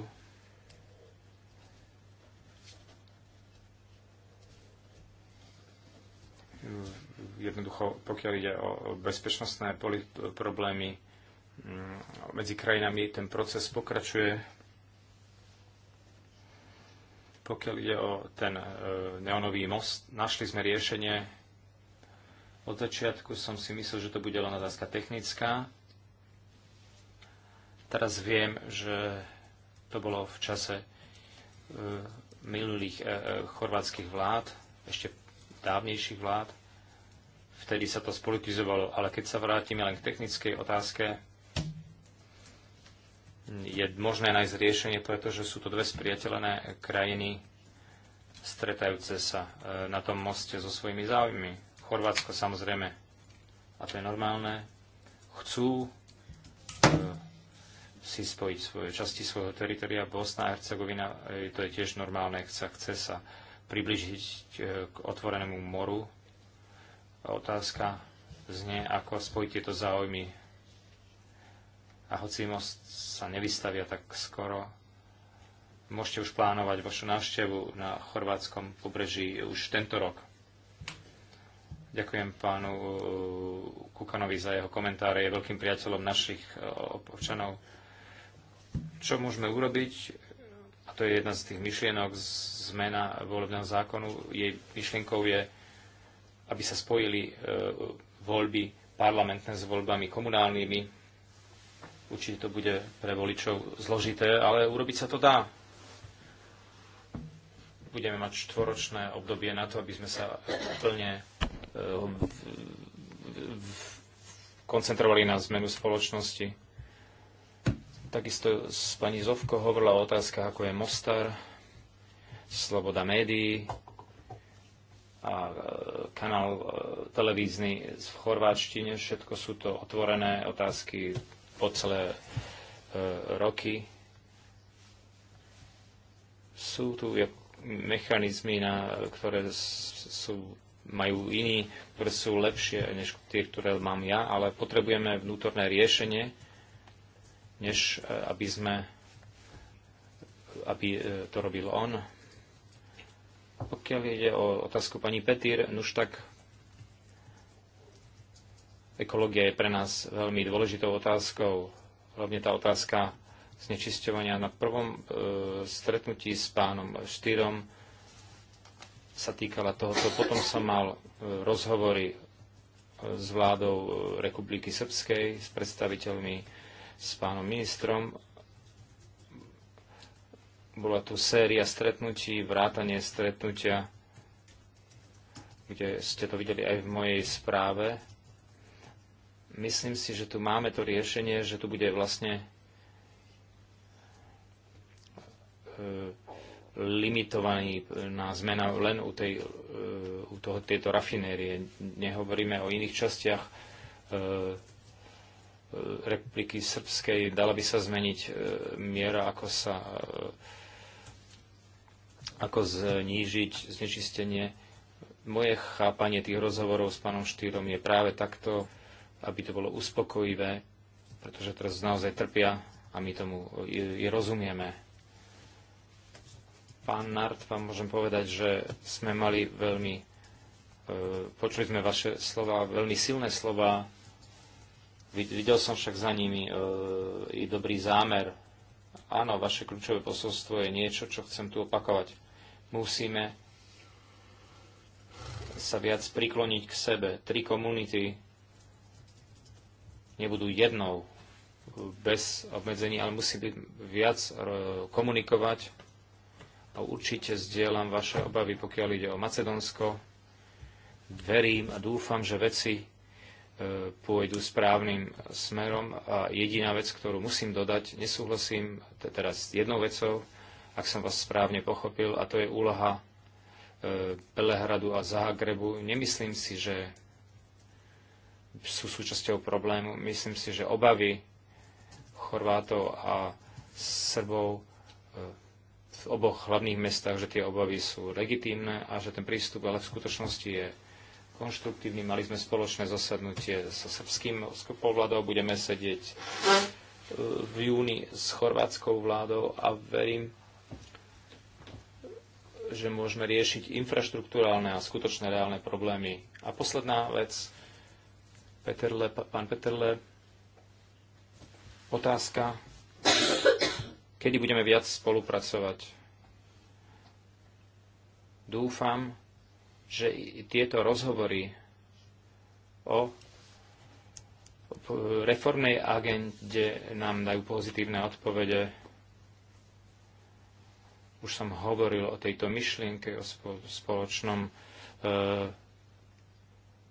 Speaker 3: jednoducho, pokiaľ ide o bezpečnostné problémy medzi krajinami, ten proces pokračuje. Pokiaľ ide o ten e, neonový most, našli sme riešenie. Od začiatku som si myslel, že to bude len otázka technická. Teraz viem, že to bolo v čase e, minulých e, chorvátskych vlád, ešte dávnejších vlád. Vtedy sa to spolitizovalo, ale keď sa vrátime len k technickej otázke, je možné nájsť riešenie, pretože sú to dve spriateľené krajiny stretajúce sa e, na tom moste so svojimi záujmy. Chorvátsko samozrejme, a to je normálne, chcú e, si spojiť svoje časti svojho teritoria. Bosna a Hercegovina, e, to je tiež normálne, chce, chce sa približiť k otvorenému moru. Otázka znie, ako spojiť tieto záujmy a hoci most sa nevystavia tak skoro, môžete už plánovať vašu návštevu na chorvátskom pobreží už tento rok. Ďakujem pánu uh, Kukanovi za jeho komentáre, je veľkým priateľom našich uh, občanov. Čo môžeme urobiť? A to je jedna z tých myšlienok zmena volebného zákonu. Jej myšlienkou je, aby sa spojili uh, voľby parlamentné s voľbami komunálnymi, Určite to bude pre voličov zložité, ale urobiť sa to dá. Budeme mať štvoročné obdobie na to, aby sme sa plne eh, koncentrovali na zmenu spoločnosti. Takisto s pani Zovko hovorila o otázkach, ako je Mostar, sloboda médií a eh, kanál eh, televízny v chorváčtine. Všetko sú to otvorené otázky po celé e, roky. Sú tu mechanizmy, na, ktoré sú, majú iní, ktoré sú lepšie než tie, ktoré mám ja, ale potrebujeme vnútorné riešenie, než e, aby sme aby e, to robil on. Pokiaľ ide o otázku pani Petýr, nuž tak Ekológia je pre nás veľmi dôležitou otázkou, hlavne tá otázka znečisťovania. Na prvom e, stretnutí s pánom Štyrom sa týkala tohoto. Potom som mal e, rozhovory e, s vládou e, Republiky Srbskej, s predstaviteľmi, s pánom ministrom. Bola tu séria stretnutí, vrátanie stretnutia, kde ste to videli aj v mojej správe Myslím si, že tu máme to riešenie, že tu bude vlastne e, limitovaný e, na zmena len u, tej, e, u toho, tejto rafinérie. Nehovoríme o iných častiach Republiky srbskej. Dala by sa zmeniť miera, ako sa ako znížiť znečistenie. Moje chápanie tých rozhovorov s pánom Štýrom je práve takto aby to bolo uspokojivé, pretože teraz naozaj trpia a my tomu i, i rozumieme. Pán Nart, vám môžem povedať, že sme mali veľmi, e, počuli sme vaše slova, veľmi silné slova, videl som však za nimi e, i dobrý zámer. Áno, vaše kľúčové posolstvo je niečo, čo chcem tu opakovať. Musíme sa viac prikloniť k sebe. Tri komunity, nebudú jednou bez obmedzení, ale musí byť viac e, komunikovať a určite zdieľam vaše obavy, pokiaľ ide o Macedónsko. Verím a dúfam, že veci e, pôjdu správnym smerom a jediná vec, ktorú musím dodať, nesúhlasím teraz s jednou vecou, ak som vás správne pochopil, a to je úloha e, Belehradu a Zágrebu. Nemyslím si, že sú súčasťou problému. Myslím si, že obavy Chorvátov a Srbov e, v oboch hlavných mestách, že tie obavy sú legitímne a že ten prístup ale v skutočnosti je konštruktívny. Mali sme spoločné zasadnutie so srbským vládou, budeme sedieť e, v júni s chorvátskou vládou a verím, že môžeme riešiť infraštruktúrálne a skutočné reálne problémy. A posledná vec, Peterle, pán Peterle, otázka, kedy budeme viac spolupracovať. Dúfam, že tieto rozhovory o reformnej agende nám dajú pozitívne odpovede. Už som hovoril o tejto myšlienke, o spoločnom e,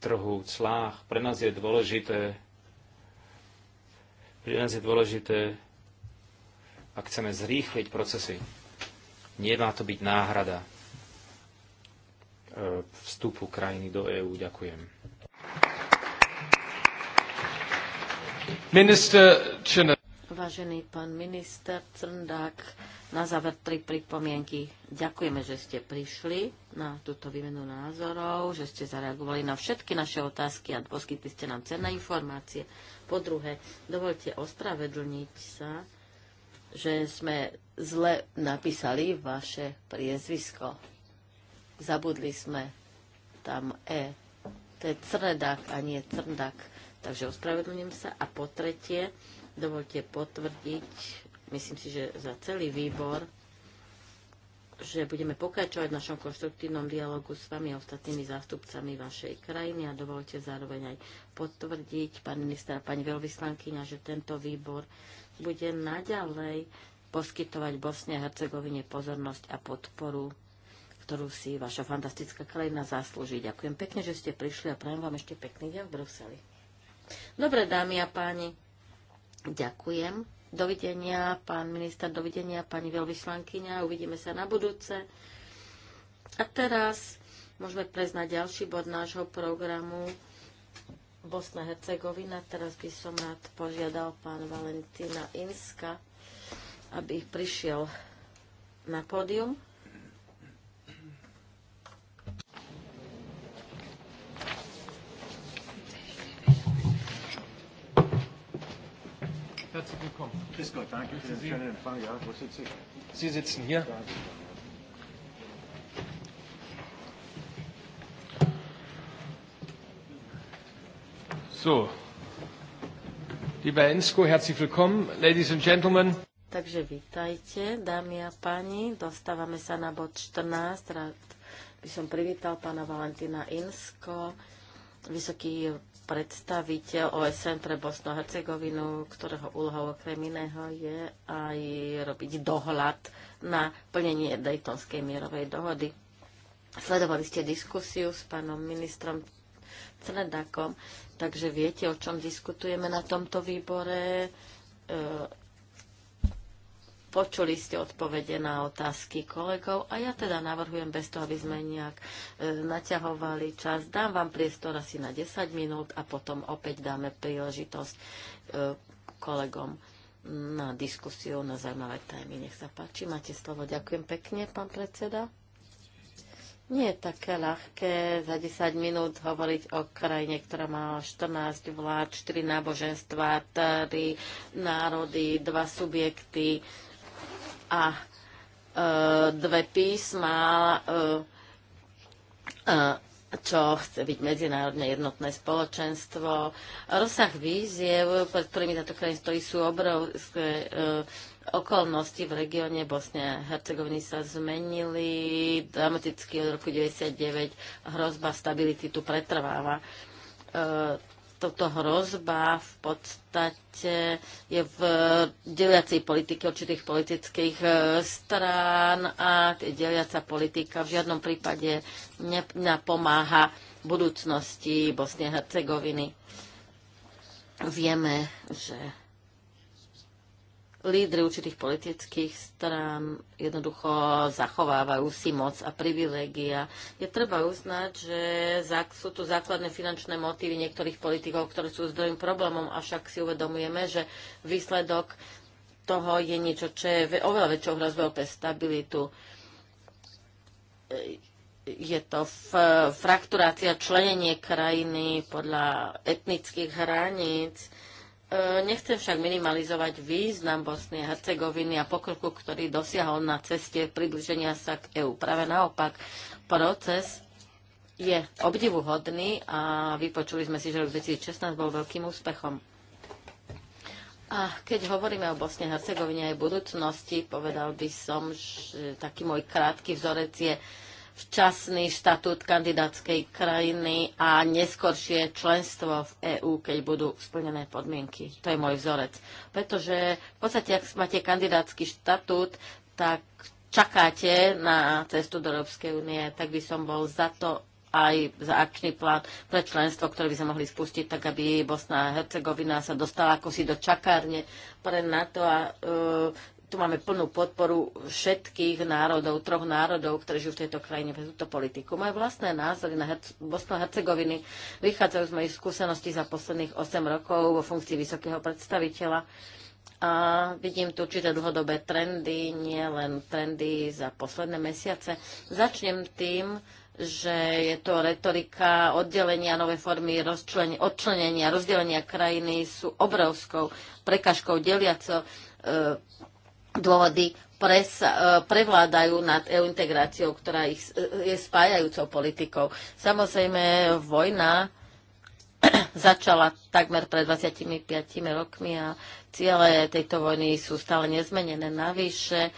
Speaker 3: trhu, clách. Pre nás je dôležité, pre nás je dôležité, ak chceme zrýchliť procesy, nemá to byť náhrada e, vstupu krajiny do EÚ. Ďakujem.
Speaker 1: Minister Čene.
Speaker 2: Vážený pán minister Crndák, na záver tri pripomienky. Ďakujeme, že ste prišli na túto výmenu názorov, že ste zareagovali na všetky naše otázky a poskytli ste nám cenné informácie. Po druhé, dovolte ospravedlniť sa, že sme zle napísali vaše priezvisko. Zabudli sme tam E. To je Crndák a nie Crndák. Takže ospravedlním sa. A po tretie, Dovolte potvrdiť, myslím si, že za celý výbor, že budeme pokračovať v našom konštruktívnom dialogu s vami a ostatnými zástupcami vašej krajiny a dovolte zároveň aj potvrdiť, pán minister a pani veľvyslankyňa, že tento výbor bude naďalej poskytovať Bosne a Hercegovine pozornosť a podporu, ktorú si vaša fantastická krajina zaslúži. Ďakujem pekne, že ste prišli a prajem vám ešte pekný deň v Bruseli. Dobre, dámy a páni, Ďakujem. Dovidenia, pán minister, dovidenia, pani veľvyslankyňa. Uvidíme sa na budúce. A teraz môžeme prejsť na ďalší bod nášho programu. Bosna Hercegovina. Teraz by som rád požiadal pán Valentína Inska, aby prišiel na pódium. Herzlich willkommen. Grüß Gott, danke für den schönen Empfang. Ja, wo sitze ich? Sie sitzen hier.
Speaker 1: So, lieber Ensko, herzlich willkommen, ladies and gentlemen.
Speaker 2: Takže vítajte, dámy a páni. Dostávame sa na bod 14. Rád by som privítal pána Valentina Insko, vysoký predstaviteľ OSN pre Bosnu a Hercegovinu, ktorého úlohou okrem iného je aj robiť dohľad na plnenie Daytonskej mierovej dohody. Sledovali ste diskusiu s pánom ministrom Cnedakom, takže viete, o čom diskutujeme na tomto výbore. E, Počuli ste odpovede na otázky kolegov a ja teda navrhujem bez toho, aby sme nejak e, naťahovali čas. Dám vám priestor asi na 10 minút a potom opäť dáme príležitosť e, kolegom na diskusiu, na zaujímavé témy. Nech sa páči, máte slovo. Ďakujem pekne, pán predseda. Nie je také ľahké za 10 minút hovoriť o krajine, ktorá má 14 vlád, 4 náboženstva, 3 národy, 2 subjekty, a e, dve písma, e, e, čo chce byť medzinárodne jednotné spoločenstvo. Rozsah víziev, pred ktorými táto krajina stojí, sú obrovské okolnosti v regióne Bosne a Hercegoviny sa zmenili dramaticky od roku 1999. Hrozba stability tu pretrváva toto hrozba v podstate je v deliacej politike určitých politických e, strán a deliaca politika v žiadnom prípade nepomáha budúcnosti Bosnie a Hercegoviny. Vieme, že lídry určitých politických strán jednoducho zachovávajú si moc a privilégia. Je treba uznať, že sú tu základné finančné motívy niektorých politikov, ktoré sú zdrojím problémom, avšak si uvedomujeme, že výsledok toho je niečo, čo je oveľa väčšou hrozbou pre stabilitu. Je to frakturácia, členenie krajiny podľa etnických hraníc, E, nechcem však minimalizovať význam Bosny a Hercegoviny a pokroku, ktorý dosiahol na ceste približenia sa k EÚ. Práve naopak, proces je obdivuhodný a vypočuli sme si, že rok 2016 bol veľkým úspechom. A keď hovoríme o Bosne a Hercegovine aj budúcnosti, povedal by som, že taký môj krátky vzorec je včasný štatút kandidátskej krajiny a neskoršie členstvo v EÚ, keď budú splnené podmienky. To je môj vzorec. Pretože v podstate, ak máte kandidátsky štatút, tak čakáte na cestu do Európskej únie, tak by som bol za to, aj za akčný plán pre členstvo, ktoré by sme mohli spustiť, tak aby Bosna a Hercegovina sa dostala ako si do čakárne pre NATO a uh, tu máme plnú podporu všetkých národov, troch národov, ktorí žijú v tejto krajine pre túto politiku. Moje vlastné názory na Herc- Bosnu a Hercegoviny vychádzajú z mojich skúseností za posledných 8 rokov vo funkcii vysokého predstaviteľa. A vidím tu určité dlhodobé trendy, nie len trendy za posledné mesiace. Začnem tým, že je to retorika oddelenia, nové formy odčlenenia, rozdelenia krajiny sú obrovskou prekažkou deliaco e, dôvody pres, e, prevládajú nad EU integráciou, ktorá ich e, je spájajúcou politikou. Samozrejme, vojna začala takmer pred 25 rokmi a ciele tejto vojny sú stále nezmenené. Navyše, e,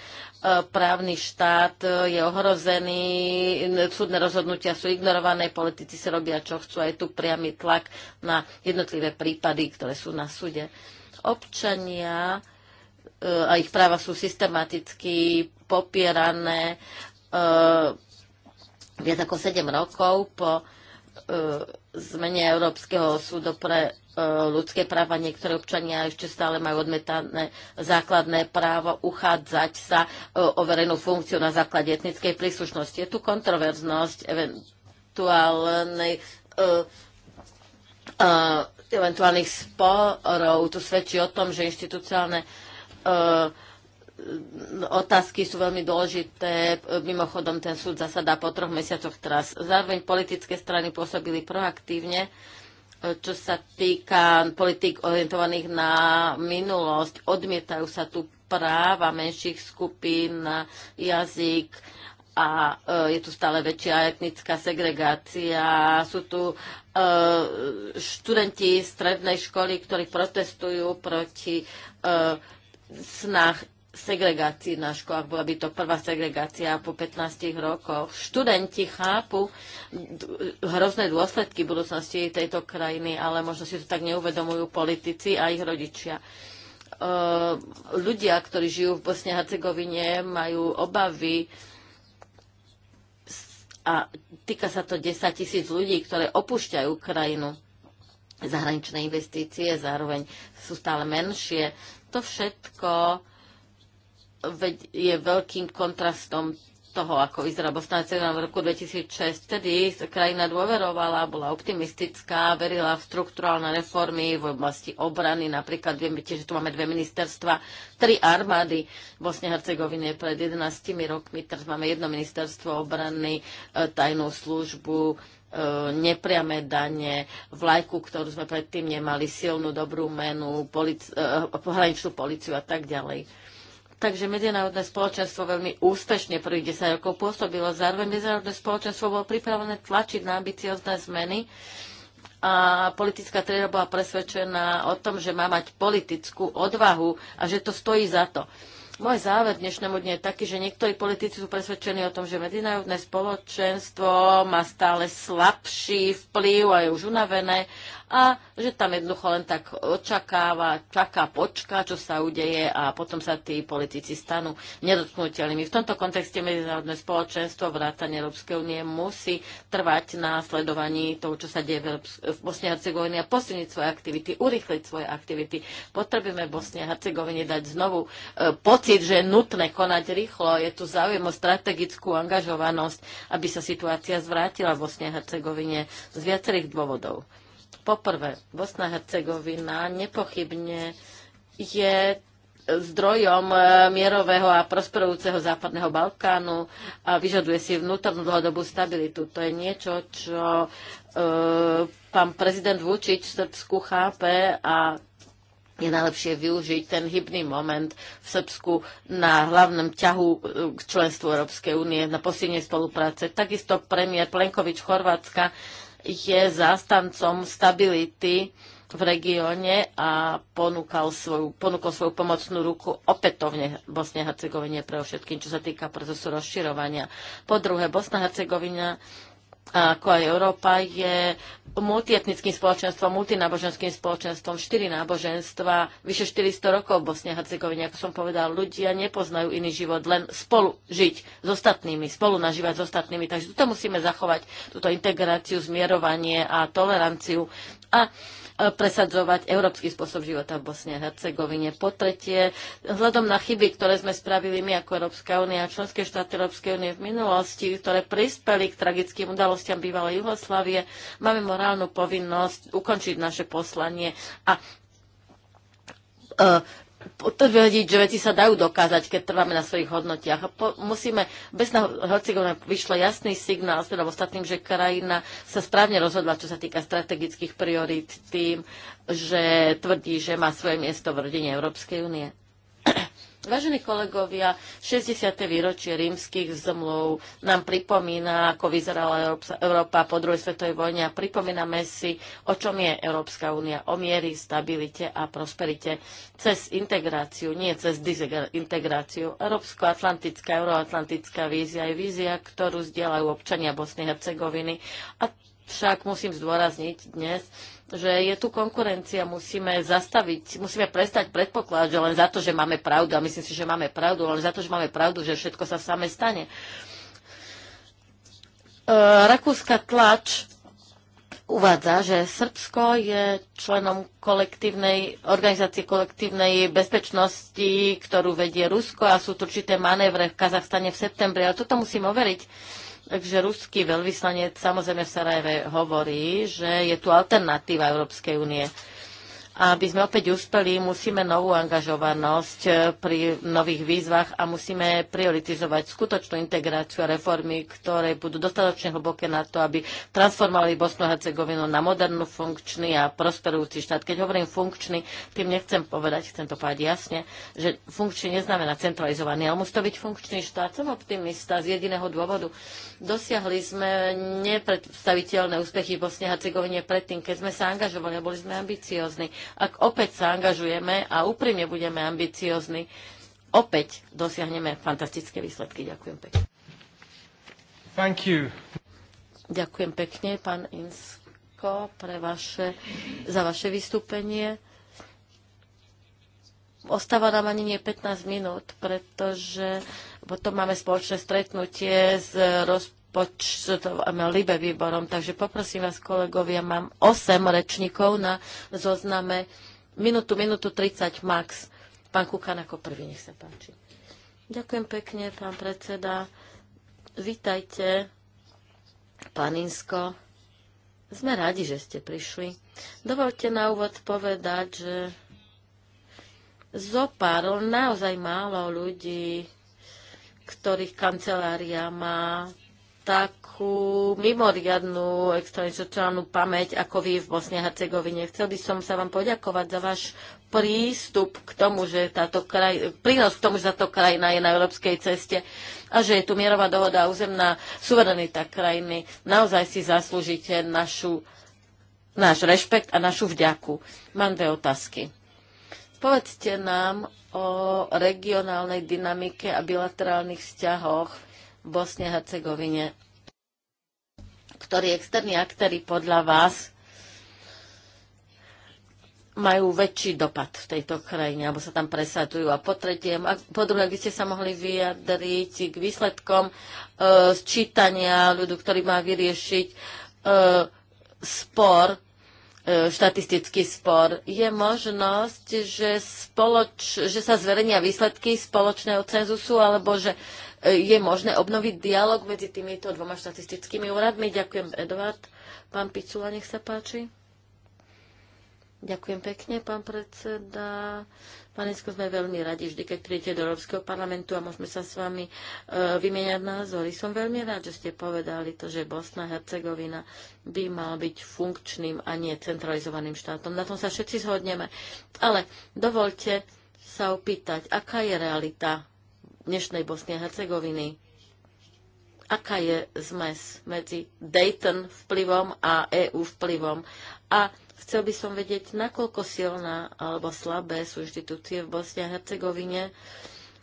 Speaker 2: právny štát je ohrozený, súdne rozhodnutia sú ignorované, politici si robia, čo chcú a je tu priamy tlak na jednotlivé prípady, ktoré sú na súde. Občania a ich práva sú systematicky popierané e, viac ako 7 rokov po e, zmene Európskeho súdu pre e, ľudské práva. niektoré občania ešte stále majú odmetané základné právo uchádzať sa o verejnú funkciu na základe etnickej príslušnosti. Je tu kontroverznosť eventuálnej eventuálnych sporov. Tu svedčí o tom, že inštitúciálne E, otázky sú veľmi dôležité. Mimochodom, ten súd zasadá po troch mesiacoch teraz. Zároveň politické strany pôsobili proaktívne, e, čo sa týka politik orientovaných na minulosť. Odmietajú sa tu práva menších skupín na jazyk a e, je tu stále väčšia etnická segregácia. Sú tu študenti strednej školy, ktorí protestujú proti snah segregácii na školách. Bola by to prvá segregácia po 15 rokoch. Študenti chápu hrozné dôsledky budúcnosti tejto krajiny, ale možno si to tak neuvedomujú politici a ich rodičia. Ehm, ľudia, ktorí žijú v Bosne a Hercegovine, majú obavy a týka sa to 10 tisíc ľudí, ktoré opúšťajú krajinu zahraničné investície, zároveň sú stále menšie to všetko je veľkým kontrastom toho, ako vyzerá Bosna a v roku 2006. Vtedy krajina dôverovala, bola optimistická, verila v štruktúrálne reformy v oblasti obrany. Napríklad vieme tiež, že tu máme dve ministerstva, tri armády Bosne Hercegovine pred 11 rokmi. Teraz máme jedno ministerstvo obrany, e, tajnú službu, E, nepriame dane, vlajku, ktorú sme predtým nemali, silnú dobrú menu, e, pohraničnú policiu a tak ďalej. Takže medzinárodné spoločenstvo veľmi úspešne prvých 10 rokov pôsobilo. Zároveň medzinárodné spoločenstvo bolo pripravené tlačiť na ambiciozne zmeny a politická trieda bola presvedčená o tom, že má mať politickú odvahu a že to stojí za to. Môj záver dnešnému dne je taký, že niektorí politici sú presvedčení o tom, že medzinárodné spoločenstvo má stále slabší vplyv a je už unavené a že tam jednoducho len tak očakáva, čaká, počká, čo sa udeje a potom sa tí politici stanú nedotknutelnými. V tomto kontexte medzinárodné spoločenstvo vrátane Európskej únie musí trvať na sledovaní toho, čo sa deje v, v Bosne a Hercegovine a posilniť svoje aktivity, urychliť svoje aktivity. Potrebujeme Bosne a Hercegovine dať znovu e, pocit, že je nutné konať rýchlo. Je tu záujem o strategickú angažovanosť, aby sa situácia zvrátila v Bosne a Hercegovine z viacerých dôvodov. Poprvé, Bosna Hercegovina nepochybne je zdrojom e, mierového a prosperujúceho západného Balkánu a vyžaduje si vnútornú dlhodobú stabilitu. To je niečo, čo e, pán prezident Vučić v Srbsku chápe a je najlepšie využiť ten hybný moment v Srbsku na hlavnom ťahu e, k členstvu Európskej únie, na posilnenie spolupráce. Takisto premiér Plenkovič Chorvátska je zástancom stability v regióne a ponúkal svoju, ponúkol svoju pomocnú ruku opätovne Bosne a Hercegovine pre všetkým, čo sa týka procesu rozširovania. Po druhé, Bosna a Hercegovina ako aj Európa, je multietnickým spoločenstvom, multináboženským spoločenstvom, štyri náboženstva, vyše 400 rokov v Bosne a Hercegovine, ako som povedal, ľudia nepoznajú iný život, len spolu žiť s ostatnými, spolu nažívať s ostatnými. Takže tuto musíme zachovať túto integráciu, zmierovanie a toleranciu. A E, presadzovať európsky spôsob života v Bosne a Hercegovine. Po tretie, vzhľadom na chyby, ktoré sme spravili my ako Európska únia a členské štáty Európskej únie v minulosti, ktoré prispeli k tragickým udalostiam bývalej Jugoslávie, máme morálnu povinnosť ukončiť naše poslanie a e, potvrdiť, že veci sa dajú dokázať, keď trváme na svojich hodnotiach. A po, musíme, bez hocikovne vyšlo jasný signál teda ostatným, že krajina sa správne rozhodla, čo sa týka strategických priorít tým, že tvrdí, že má svoje miesto v rodine Európskej únie. Vážení kolegovia, 60. výročie rímskych zmluv nám pripomína, ako vyzerala Európa po druhej svetovej vojne a pripomíname si, o čom je Európska únia, o miery, stabilite a prosperite cez integráciu, nie cez dezintegráciu. Európsko-atlantická, euroatlantická vízia je vízia, ktorú zdieľajú občania Bosny a Hercegoviny a však musím zdôrazniť dnes, že je tu konkurencia, musíme zastaviť, musíme prestať predpoklad, že len za to, že máme pravdu, a myslím si, že máme pravdu, len za to, že máme pravdu, že všetko sa same stane. E, rakúska tlač uvádza, že Srbsko je členom kolektívnej organizácie kolektívnej bezpečnosti, ktorú vedie Rusko a sú tu určité manévre v Kazachstane v septembri, ale toto musím overiť Takže ruský veľvyslanec samozrejme v Sarajeve hovorí, že je tu alternatíva Európskej únie aby sme opäť uspeli, musíme novú angažovanosť eh, pri nových výzvach a musíme prioritizovať skutočnú integráciu a reformy, ktoré budú dostatočne hlboké na to, aby transformovali Bosnu a Hercegovinu na modernú, funkčný a prosperujúci štát. Keď hovorím funkčný, tým nechcem povedať, chcem to povedať jasne, že funkčný neznamená centralizovaný, ale musí to byť funkčný štát. Som optimista z jediného dôvodu. Dosiahli sme nepredstaviteľné úspechy v Bosne a Hercegovine predtým, keď sme sa angažovali a boli sme ambiciózni. Ak opäť sa angažujeme a úprimne budeme ambiciozni, opäť dosiahneme fantastické výsledky. Ďakujem pekne. Thank you. Ďakujem pekne, pán Insko, pre vaše, za vaše vystúpenie. Ostáva nám ani nie 15 minút, pretože potom máme spoločné stretnutie s rozpočtom počtovom libe výborom. Takže poprosím vás, kolegovia, mám 8 rečníkov na zozname. Minútu, minútu 30 max. Pán Kukan ako prvý, nech sa páči. Ďakujem pekne, pán predseda. Vítajte, pán Insko. Sme radi, že ste prišli. Dovolte na úvod povedať, že zopár, naozaj málo ľudí, ktorých kancelária má takú mimoriadnú sociálnu pamäť ako vy v Bosne a Hercegovine. Chcel by som sa vám poďakovať za váš prístup k tomu, že táto kraj, prínos k tomu, že táto krajina je na európskej ceste a že je tu mierová dohoda a územná suverenita krajiny. Naozaj si zaslúžite našu, náš rešpekt a našu vďaku. Mám dve otázky. Povedzte nám o regionálnej dynamike a bilaterálnych vzťahoch Bosne a Hercegovine, ktorí externí aktéry podľa vás majú väčší dopad v tejto krajine, alebo sa tam presadujú. A po tretie, a po druhé, by ste sa mohli vyjadriť k výsledkom e, sčítania ľudu, ktorý má vyriešiť e, spor, e, štatistický spor. Je možnosť, že, spoloč, že sa zverenia výsledky spoločného cenzusu, alebo že je možné obnoviť dialog medzi týmito dvoma štatistickými úradmi. Ďakujem, Eduard. Pán Picula, nech sa páči. Ďakujem pekne, pán predseda. Panecko, sme veľmi radi vždy, keď príjete do Európskeho parlamentu a môžeme sa s vami e, vymieňať názory. Som veľmi rád, že ste povedali to, že Bosna a Hercegovina by mal byť funkčným a nie centralizovaným štátom. Na tom sa všetci zhodneme. Ale dovolte sa opýtať, aká je realita dnešnej Bosny a Hercegoviny. Aká je zmes medzi Dayton vplyvom a EU vplyvom? A chcel by som vedieť, nakoľko silná alebo slabé sú inštitúcie v Bosne a Hercegovine,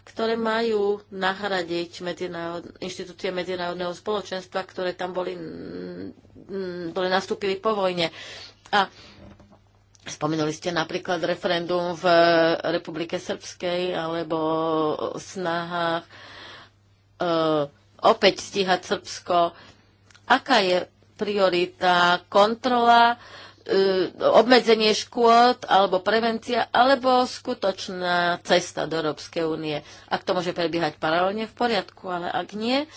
Speaker 2: ktoré majú nahradiť medzinárod, inštitúcie medzinárodného spoločenstva, ktoré tam boli, boli nastúpili po vojne. A Spomenuli ste napríklad referendum v eh, Republike Srbskej alebo snahách e, opäť stíhať Srbsko. Aká je priorita kontrola, e, obmedzenie škôd alebo prevencia, alebo skutočná cesta do Európskej únie? Ak to môže prebiehať paralelne v poriadku, ale ak nie,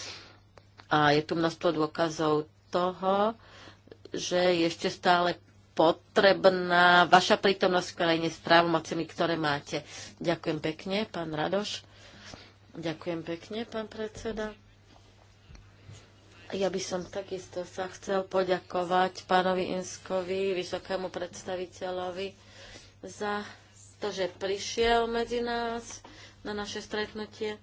Speaker 2: a je tu množstvo dôkazov toho, že ešte stále potrebná vaša prítomnosť v krajine s právomocemi, ktoré máte. Ďakujem pekne, pán Radoš. Ďakujem pekne, pán predseda. Ja by som takisto sa chcel poďakovať pánovi Inskovi, vysokému predstaviteľovi, za to, že prišiel medzi nás na naše stretnutie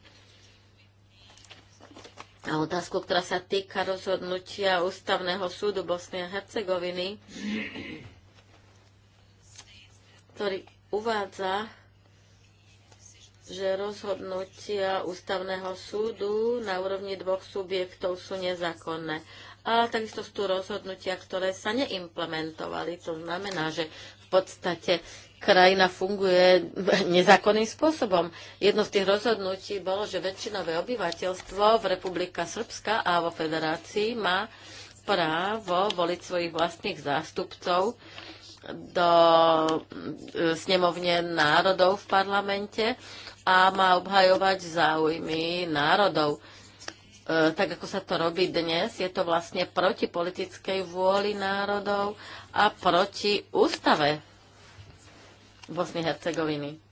Speaker 2: a otázku, ktorá sa týka rozhodnutia Ústavného súdu Bosny a Hercegoviny, ktorý uvádza, že rozhodnutia Ústavného súdu na úrovni dvoch subjektov sú nezákonné. A takisto sú tu rozhodnutia, ktoré sa neimplementovali. To znamená, že v podstate krajina funguje nezákonným spôsobom. Jedno z tých rozhodnutí bolo, že väčšinové obyvateľstvo v Republika Srbska a vo federácii má právo voliť svojich vlastných zástupcov do e, snemovne národov v parlamente a má obhajovať záujmy národov. E, tak ako sa to robí dnes, je to vlastne proti politickej vôli národov a proti ústave Bosny Hercegoviny.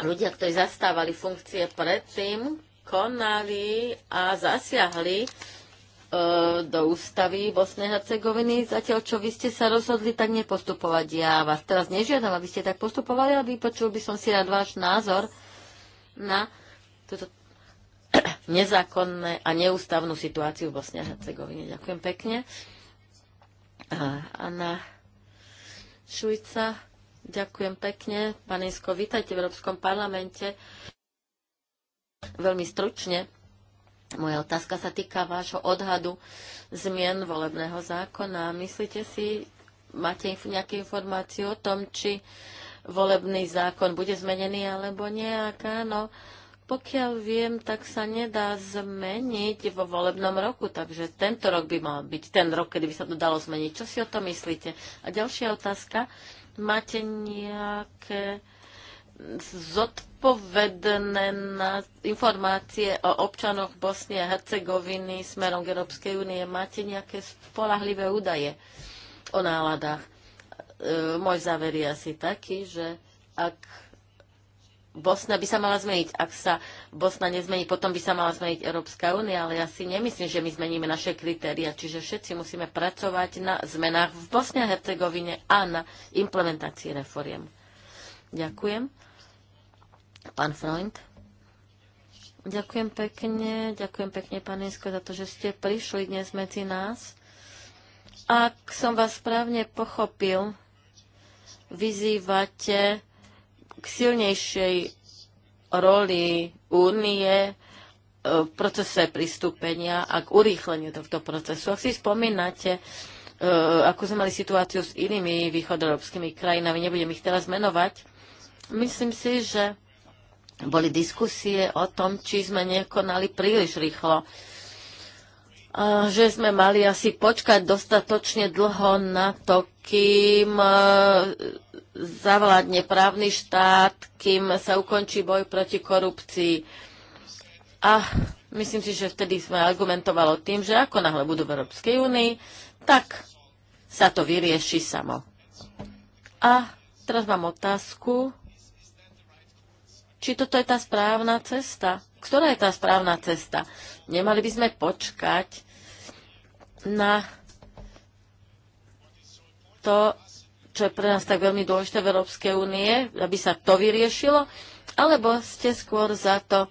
Speaker 2: Ľudia, ktorí zastávali funkcie predtým, konali a zasiahli e, do ústavy Bosnej Hercegoviny, zatiaľ čo vy ste sa rozhodli tak nepostupovať. Ja vás teraz nežiadam, aby ste tak postupovali, ale vypočul by som si rád váš názor na túto nezákonné a neústavnú situáciu v Bosne a Hercegovine. Ďakujem pekne. Anna. Šujca. Ďakujem pekne. Pane Isko, vítajte v Európskom parlamente. Veľmi stručne. Moja otázka sa týka vášho odhadu zmien volebného zákona. Myslíte si, máte nejakú nejaké informácie o tom, či volebný zákon bude zmenený alebo nie? Ak áno, pokiaľ viem, tak sa nedá zmeniť vo volebnom roku, takže tento rok by mal byť ten rok, kedy by sa to dalo zmeniť. Čo si o to myslíte? A ďalšia otázka. Máte nejaké zodpovedné na informácie o občanoch Bosny a Hercegoviny smerom k Európskej únie? Máte nejaké spolahlivé údaje o náladách? E, môj záver je asi taký, že ak Bosna by sa mala zmeniť. Ak sa Bosna nezmení, potom by sa mala zmeniť Európska únia, ale ja si nemyslím, že my zmeníme naše kritéria. Čiže všetci musíme pracovať na zmenách v Bosne a Hercegovine a na implementácii reforiem. Ďakujem. Pán Freund. Ďakujem pekne, ďakujem pekne, pán Insko, za to, že ste prišli dnes medzi nás. Ak som vás správne pochopil, vyzývate k silnejšej roli únie e, v procese pristúpenia a k urýchleniu tohto procesu. Ak si spomínate, e, ako sme mali situáciu s inými východoeurópskymi krajinami, nebudem ich teraz menovať, myslím si, že boli diskusie o tom, či sme nekonali príliš rýchlo že sme mali asi počkať dostatočne dlho na to, kým e, zavládne právny štát, kým sa ukončí boj proti korupcii. A myslím si, že vtedy sme argumentovali tým, že ako náhle budú v Európskej únii, tak sa to vyrieši samo. A teraz mám otázku, či toto je tá správna cesta ktorá je tá správna cesta? Nemali by sme počkať na to, čo je pre nás tak veľmi dôležité v Európskej únie, aby sa to vyriešilo, alebo ste skôr za to,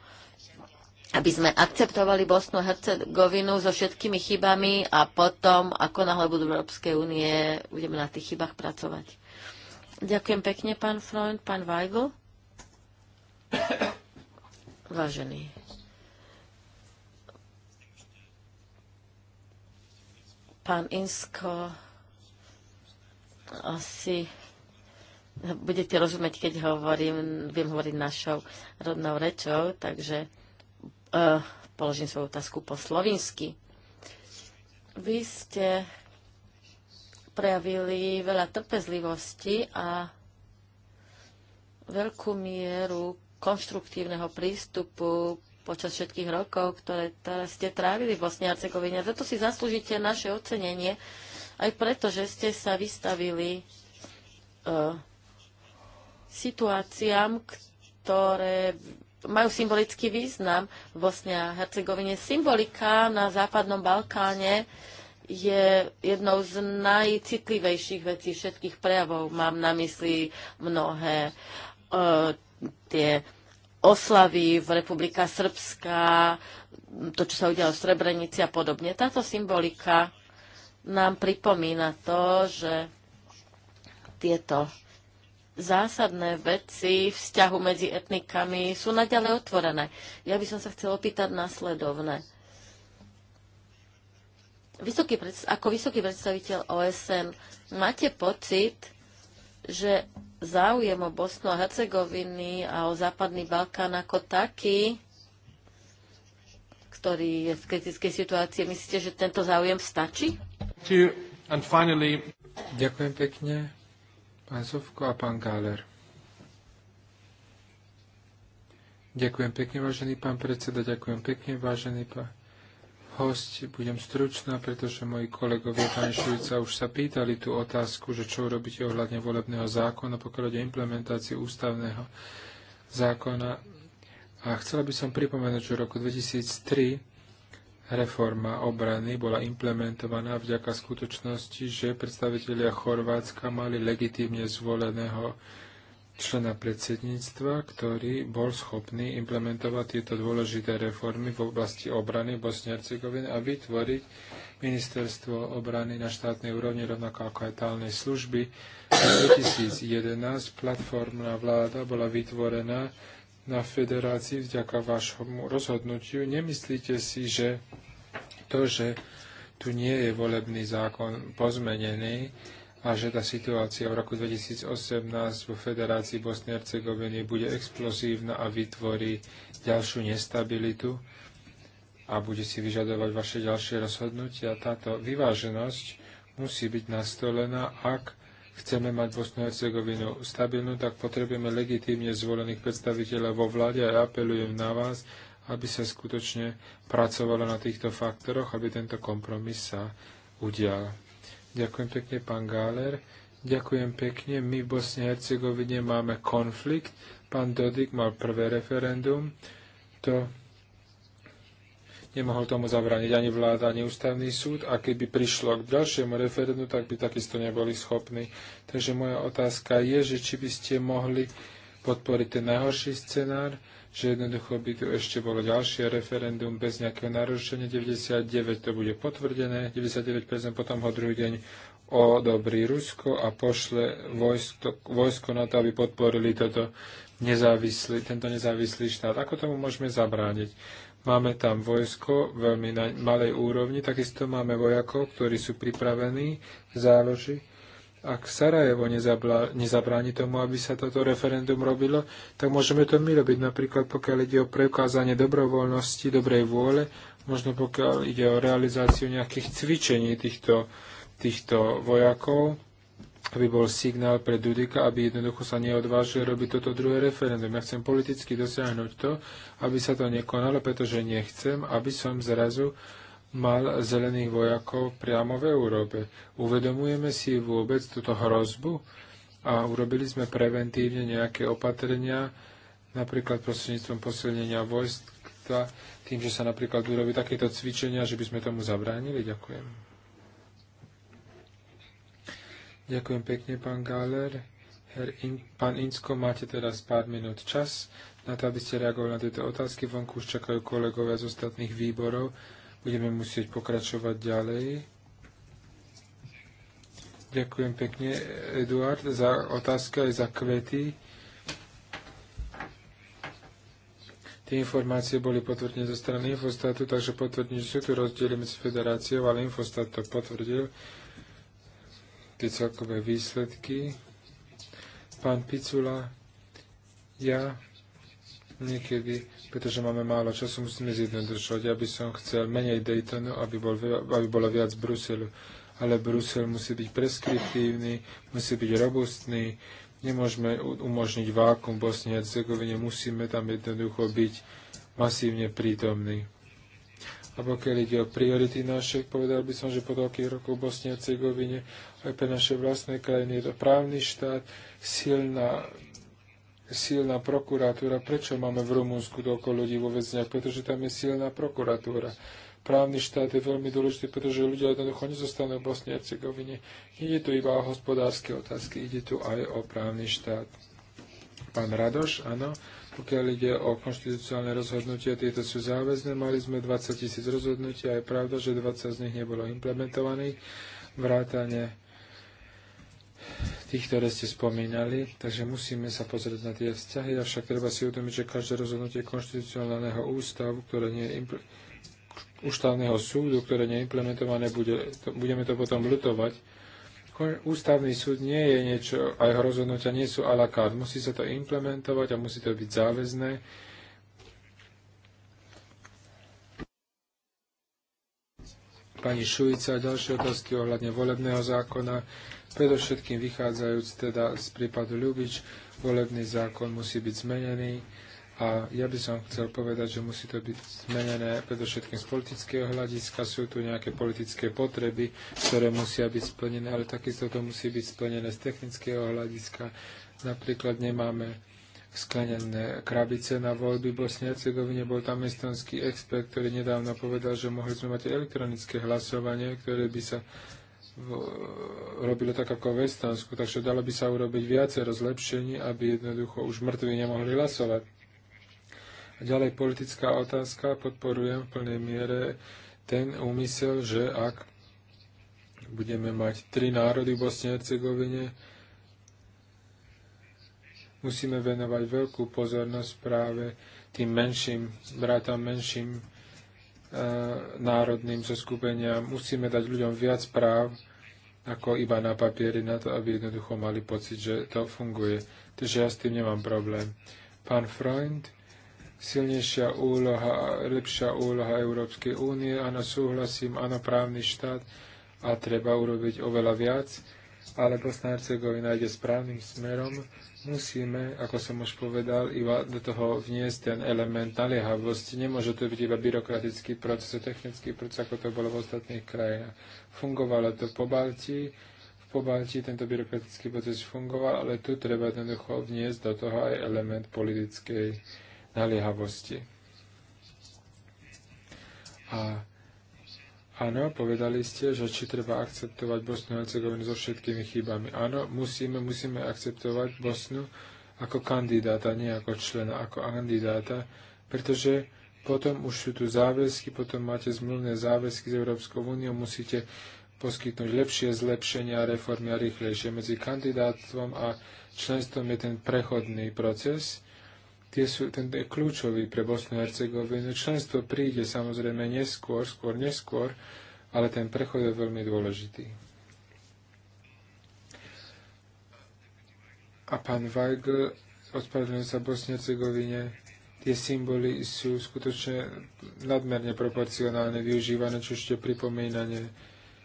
Speaker 2: aby sme akceptovali Bosnu a Hercegovinu so všetkými chybami a potom, ako náhle budú v Európskej únie, budeme na tých chybách pracovať. Ďakujem pekne, pán Freund, pán Weigl. Vážený. Pán Insko, asi budete rozumieť, keď hovorím, viem hovoriť našou rodnou rečou, takže uh, položím svoju otázku po slovinsky. Vy ste prejavili veľa trpezlivosti a veľkú mieru konštruktívneho prístupu počas všetkých rokov, ktoré ste trávili v Bosne a Hercegovine. Za to si zaslúžite naše ocenenie, aj preto, že ste sa vystavili uh, situáciám, ktoré majú symbolický význam v Bosne a Hercegovine. Symbolika na Západnom Balkáne je jednou z najcitlivejších vecí všetkých prejavov. Mám na mysli mnohé e, tie oslavy v Republika Srbská, to, čo sa udialo v Srebrenici a podobne. Táto symbolika nám pripomína to, že tieto zásadné veci vzťahu medzi etnikami sú naďalej otvorené. Ja by som sa chcel opýtať následovné. Vysoký, ako vysoký predstaviteľ OSN, máte pocit, že záujem o Bosnu a Hercegoviny a o Západný Balkán ako taký, ktorý je v kritickej situácii. Myslíte, že tento záujem stačí?
Speaker 1: Ďakujem pekne, pán Sovko a pán Gáler. Ďakujem pekne, vážený pán predseda, ďakujem pekne, vážený pán host, budem stručná, pretože moji kolegovia, pani Šujca, už sa pýtali tú otázku, že čo urobíte ohľadne volebného zákona, pokiaľ ide implementáciu ústavného zákona. A chcela by som pripomenúť, že v roku 2003 reforma obrany bola implementovaná vďaka skutočnosti, že predstavitelia Chorvátska mali legitímne zvoleného člena predsedníctva, ktorý bol schopný implementovať tieto dôležité reformy v oblasti obrany Bosne Hercegoviny a vytvoriť ministerstvo obrany na štátnej úrovni, rovnako ako aj tálnej služby. V 2011 platformná vláda bola vytvorená na federácii vďaka vášmu rozhodnutiu. Nemyslíte si, že to, že tu nie je volebný zákon pozmenený, a že tá situácia v roku 2018 vo Federácii Bosnej Hercegoviny bude explozívna a vytvorí ďalšiu nestabilitu a bude si vyžadovať vaše ďalšie rozhodnutia. Táto vyváženosť musí byť nastolená, ak chceme mať Bosnu Hercegovinu stabilnú, tak potrebujeme legitímne zvolených predstaviteľov vo vláde a ja apelujem na vás, aby sa skutočne pracovalo na týchto faktoroch, aby tento kompromis sa udial. Ďakujem pekne, pán Gáler. Ďakujem pekne. My v Bosne Hercegovine máme konflikt. Pán Dodik mal prvé referendum. To nemohol tomu zabrániť ani vláda, ani ústavný súd a keby prišlo k ďalšiemu referendu, tak by takisto neboli schopní. Takže moja otázka je, že či by ste mohli podporiť ten najhorší scenár, že jednoducho by tu ešte bolo ďalšie referendum bez nejakého narušenia. 99 to bude potvrdené, 99% potom ho druhý deň odobrí Rusko a pošle vojsko, vojsko na to, aby podporili toto nezávislý, tento nezávislý štát. Ako tomu môžeme zabrániť? Máme tam vojsko veľmi na malej úrovni, takisto máme vojakov, ktorí sú pripravení v záloži ak Sarajevo nezabráni tomu, aby sa toto referendum robilo, tak môžeme to my robiť. Napríklad pokiaľ ide o preukázanie dobrovoľnosti, dobrej vôle, možno pokiaľ ide o realizáciu nejakých cvičení týchto, týchto vojakov, aby bol signál pre Dudika, aby jednoducho sa neodvážil robiť toto druhé referendum. Ja chcem politicky dosiahnuť to, aby sa to nekonalo, pretože nechcem, aby som zrazu uh, mal zelených vojakov priamo v Európe. Uvedomujeme si vôbec túto hrozbu a urobili sme preventívne nejaké opatrenia, napríklad prostredníctvom posilnenia vojstva tým, že sa napríklad urobí takéto cvičenia, že by sme tomu zabránili. Ďakujem. Ďakujem pekne, pán Gáler. Her In- pán Insko, máte teraz pár minút čas na to, aby ste reagovali na tieto otázky. Vonku už čakajú kolegovia z ostatných výborov budeme musieť pokračovať ďalej. Ďakujem pekne, Eduard, za otázky aj za kvety. Tie informácie boli potvrdené zo strany Infostatu, takže potvrdím, že sú tu rozdiely medzi federáciou, ale Infostat to potvrdil. Tie celkové výsledky. Pán Picula, ja niekedy pretože máme málo času, musíme zjednodušovať. Ja by som chcel menej Daytonu, aby, bol, aby bolo viac Bruselu. Ale Brusel musí byť preskriptívny, musí byť robustný, nemôžeme umožniť vákum Bosne a Hercegovine, musíme tam jednoducho byť masívne prítomní. A pokiaľ ide o priority naše, povedal by som, že po toľkých rokov v Bosne a Cegovine aj pre naše vlastné krajiny je to právny štát, silná silná prokuratúra. Prečo máme v Rumunsku toľko ľudí vo väzniach? Pretože tam je silná prokuratúra. Právny štát je veľmi dôležitý, pretože ľudia jednoducho nezostanú v Bosne a Hercegovine. Ide tu iba o hospodárske otázky, ide tu aj o právny štát. Pán Radoš, áno. Pokiaľ ide o konštitucionálne rozhodnutia, tieto sú záväzné. Mali sme 20 tisíc rozhodnutia, a je pravda, že 20 z nich nebolo implementovaných. Vrátane tých, ktoré ste spomínali, takže musíme sa pozrieť na tie vzťahy, avšak treba si uvedomiť, že každé rozhodnutie konštitucionálneho ústavu, ktoré nie je ústavného súdu, ktoré nie je implementované, bude, to, budeme to potom lutovať. Ústavný súd nie je niečo, a jeho rozhodnutia nie sú a la carte. Musí sa to implementovať a musí to byť záväzné. Pani Šujica, ďalšie otázky ohľadne volebného zákona Predovšetkým vychádzajúc teda z prípadu Ľubič, volebný zákon musí byť zmenený a ja by som chcel povedať, že musí to byť zmenené predovšetkým z politického hľadiska. Sú tu nejaké politické potreby, ktoré musia byť splnené, ale takisto to musí byť splnené z technického hľadiska. Napríklad nemáme sklenené krabice na voľby Bosne a Hercegovine. Bol tam estonský expert, ktorý nedávno povedal, že mohli sme mať elektronické hlasovanie, ktoré by sa E, robilo tak ako v Estonsku, takže dalo by sa urobiť viacej rozlepšení, aby jednoducho už mŕtvi nemohli hlasovať. A ďalej politická otázka, podporujem v plnej miere ten úmysel, že ak budeme mať tri národy v Bosne a Hercegovine, musíme venovať veľkú pozornosť práve tým menším, bratom menším e, národným zoskupeniam. Musíme dať ľuďom viac práv, ako iba na papieri na to, aby jednoducho mali pocit, že to funguje. Takže ja s tým nemám problém. Pán Freund, silnejšia úloha, lepšia úloha Európskej únie, áno, súhlasím, áno, právny štát a treba urobiť oveľa viac ale Bosna Hercegovina ide správnym smerom. Musíme, ako som už povedal, iba do toho vniesť ten element naliehavosti. Nemôže to byť iba byrokratický proces, technický proces, ako to bolo v ostatných krajinách. Fungovalo to po Baltii, po Baltii tento byrokratický proces fungoval, ale tu treba jednoducho vniesť do toho aj element politickej naliehavosti. A Áno, povedali ste, že či treba akceptovať Bosnu a Hercegovinu so všetkými chybami. Áno, musíme, musíme akceptovať Bosnu ako kandidáta, nie ako člena, ako kandidáta, pretože potom už sú tu záväzky, potom máte zmluvné záväzky s Európskou úniou, musíte poskytnúť lepšie zlepšenia, reformy a rýchlejšie. Medzi kandidátom a členstvom je ten prechodný proces, tie sú, ten je kľúčový pre Bosnu a Hercegovinu. Členstvo príde samozrejme neskôr, skôr, neskôr, ale ten prechod je veľmi dôležitý. A pán Weigl, ospravedlňujem sa Bosne Hercegovine, tie symboly sú skutočne nadmerne proporcionálne využívané, či už je pripomínanie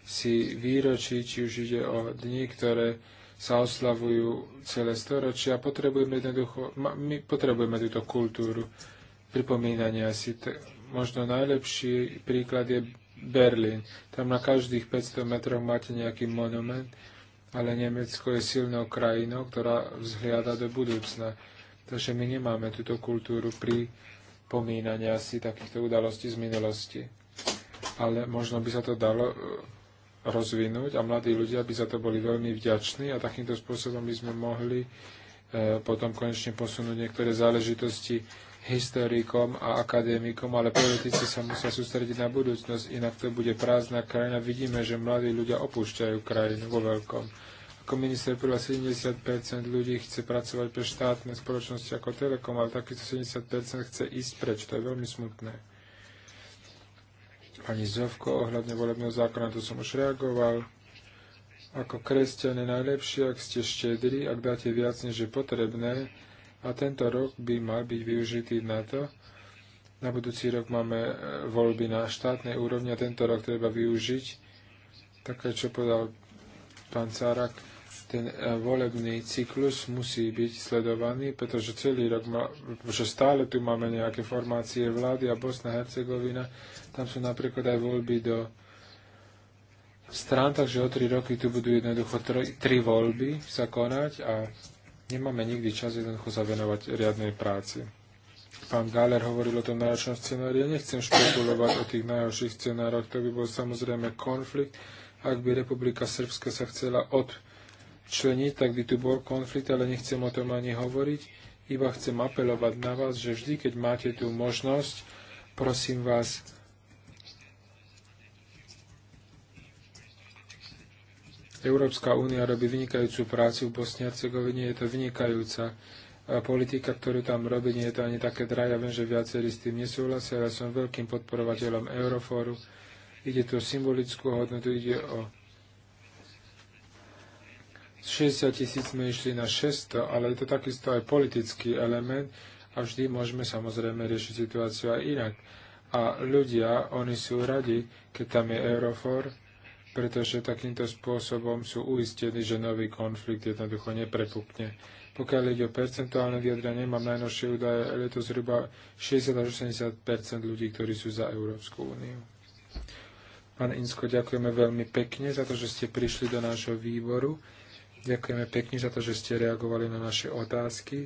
Speaker 1: si výročí, či už ide o dni, ktoré sa oslavujú celé storočia. Potrebujeme jednoducho, my potrebujeme túto kultúru pripomínania si. Možno najlepší príklad je Berlín. Tam na každých 500 metrov máte nejaký monument, ale Nemecko je silnou krajinou, ktorá vzhliada do budúcna. Takže my nemáme túto kultúru pripomínania si takýchto udalostí z minulosti. Ale možno by sa to dalo rozvinúť a mladí ľudia by za to boli veľmi vďační a takýmto spôsobom by sme mohli e, potom konečne posunúť niektoré záležitosti historikom a akadémikom, ale politici sa musia sústrediť na budúcnosť, inak to bude prázdna krajina. Vidíme, že mladí ľudia opúšťajú krajinu vo veľkom. Ako minister prvá 70% ľudí chce pracovať pre štátne spoločnosti ako Telekom, ale takýchto 70% chce ísť preč. To je veľmi smutné pani Zovko ohľadne volebného zákona, to som už reagoval. Ako je najlepšie, ak ste štedri, ak dáte viac, než je potrebné. A tento rok by mal byť využitý na to. Na budúci rok máme e, voľby na štátnej úrovni a tento rok treba využiť. Také, čo povedal pán Cárak, ten e, volebný cyklus musí byť sledovaný, pretože celý rok, má, že stále tu máme nejaké formácie vlády a Bosna Hercegovina tam sú napríklad aj voľby do strán, takže o tri roky tu budú jednoducho tri, tri voľby sa konať a nemáme nikdy čas jednoducho sa venovať riadnej práci. Pán Galer hovoril o tom najhoršom scenári. Ja nechcem špekulovať o tých najhorších scenároch. To by bol samozrejme konflikt. Ak by Republika Srbska sa chcela odčleniť, tak by tu bol konflikt, ale nechcem o tom ani hovoriť. Iba chcem apelovať na vás, že vždy, keď máte tú možnosť, prosím vás, Európska únia robí vynikajúcu prácu v Bosne a Hercegovine, je to vynikajúca e, politika, ktorú tam robí, nie je to ani také drahé, ja viem, že viacerí s tým nesúhlasia, ja som veľkým podporovateľom Euroforu, ide tu o symbolickú hodnotu, ide o 60 tisíc sme išli na 600, ale je to takisto aj politický element a vždy môžeme samozrejme riešiť situáciu aj inak. A ľudia, oni sú radi, keď tam je Eurofor, pretože takýmto spôsobom sú uistení, že nový konflikt jednoducho neprepukne. Pokiaľ ide o percentuálne vyjadrenie, mám najnovšie údaje, ale je to zhruba 60 80 ľudí, ktorí sú za Európsku úniu. Pán Insko, ďakujeme veľmi pekne za to, že ste prišli do nášho výboru. Ďakujeme pekne za to, že ste reagovali na naše otázky.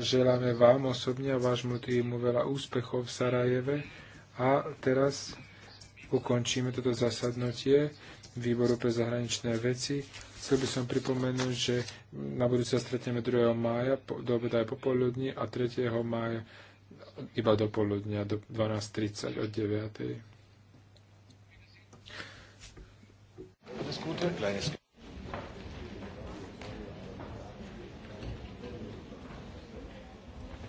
Speaker 1: Želáme vám osobne a vášmu týmu veľa úspechov v Sarajeve. A teraz ukončíme toto zasadnutie Výboru pre zahraničné veci. Chcel by som pripomenúť, že na budúce sa stretneme 2. mája do obeda aj popoludní a 3. mája iba do poludnia, do 12.30 od 9. Das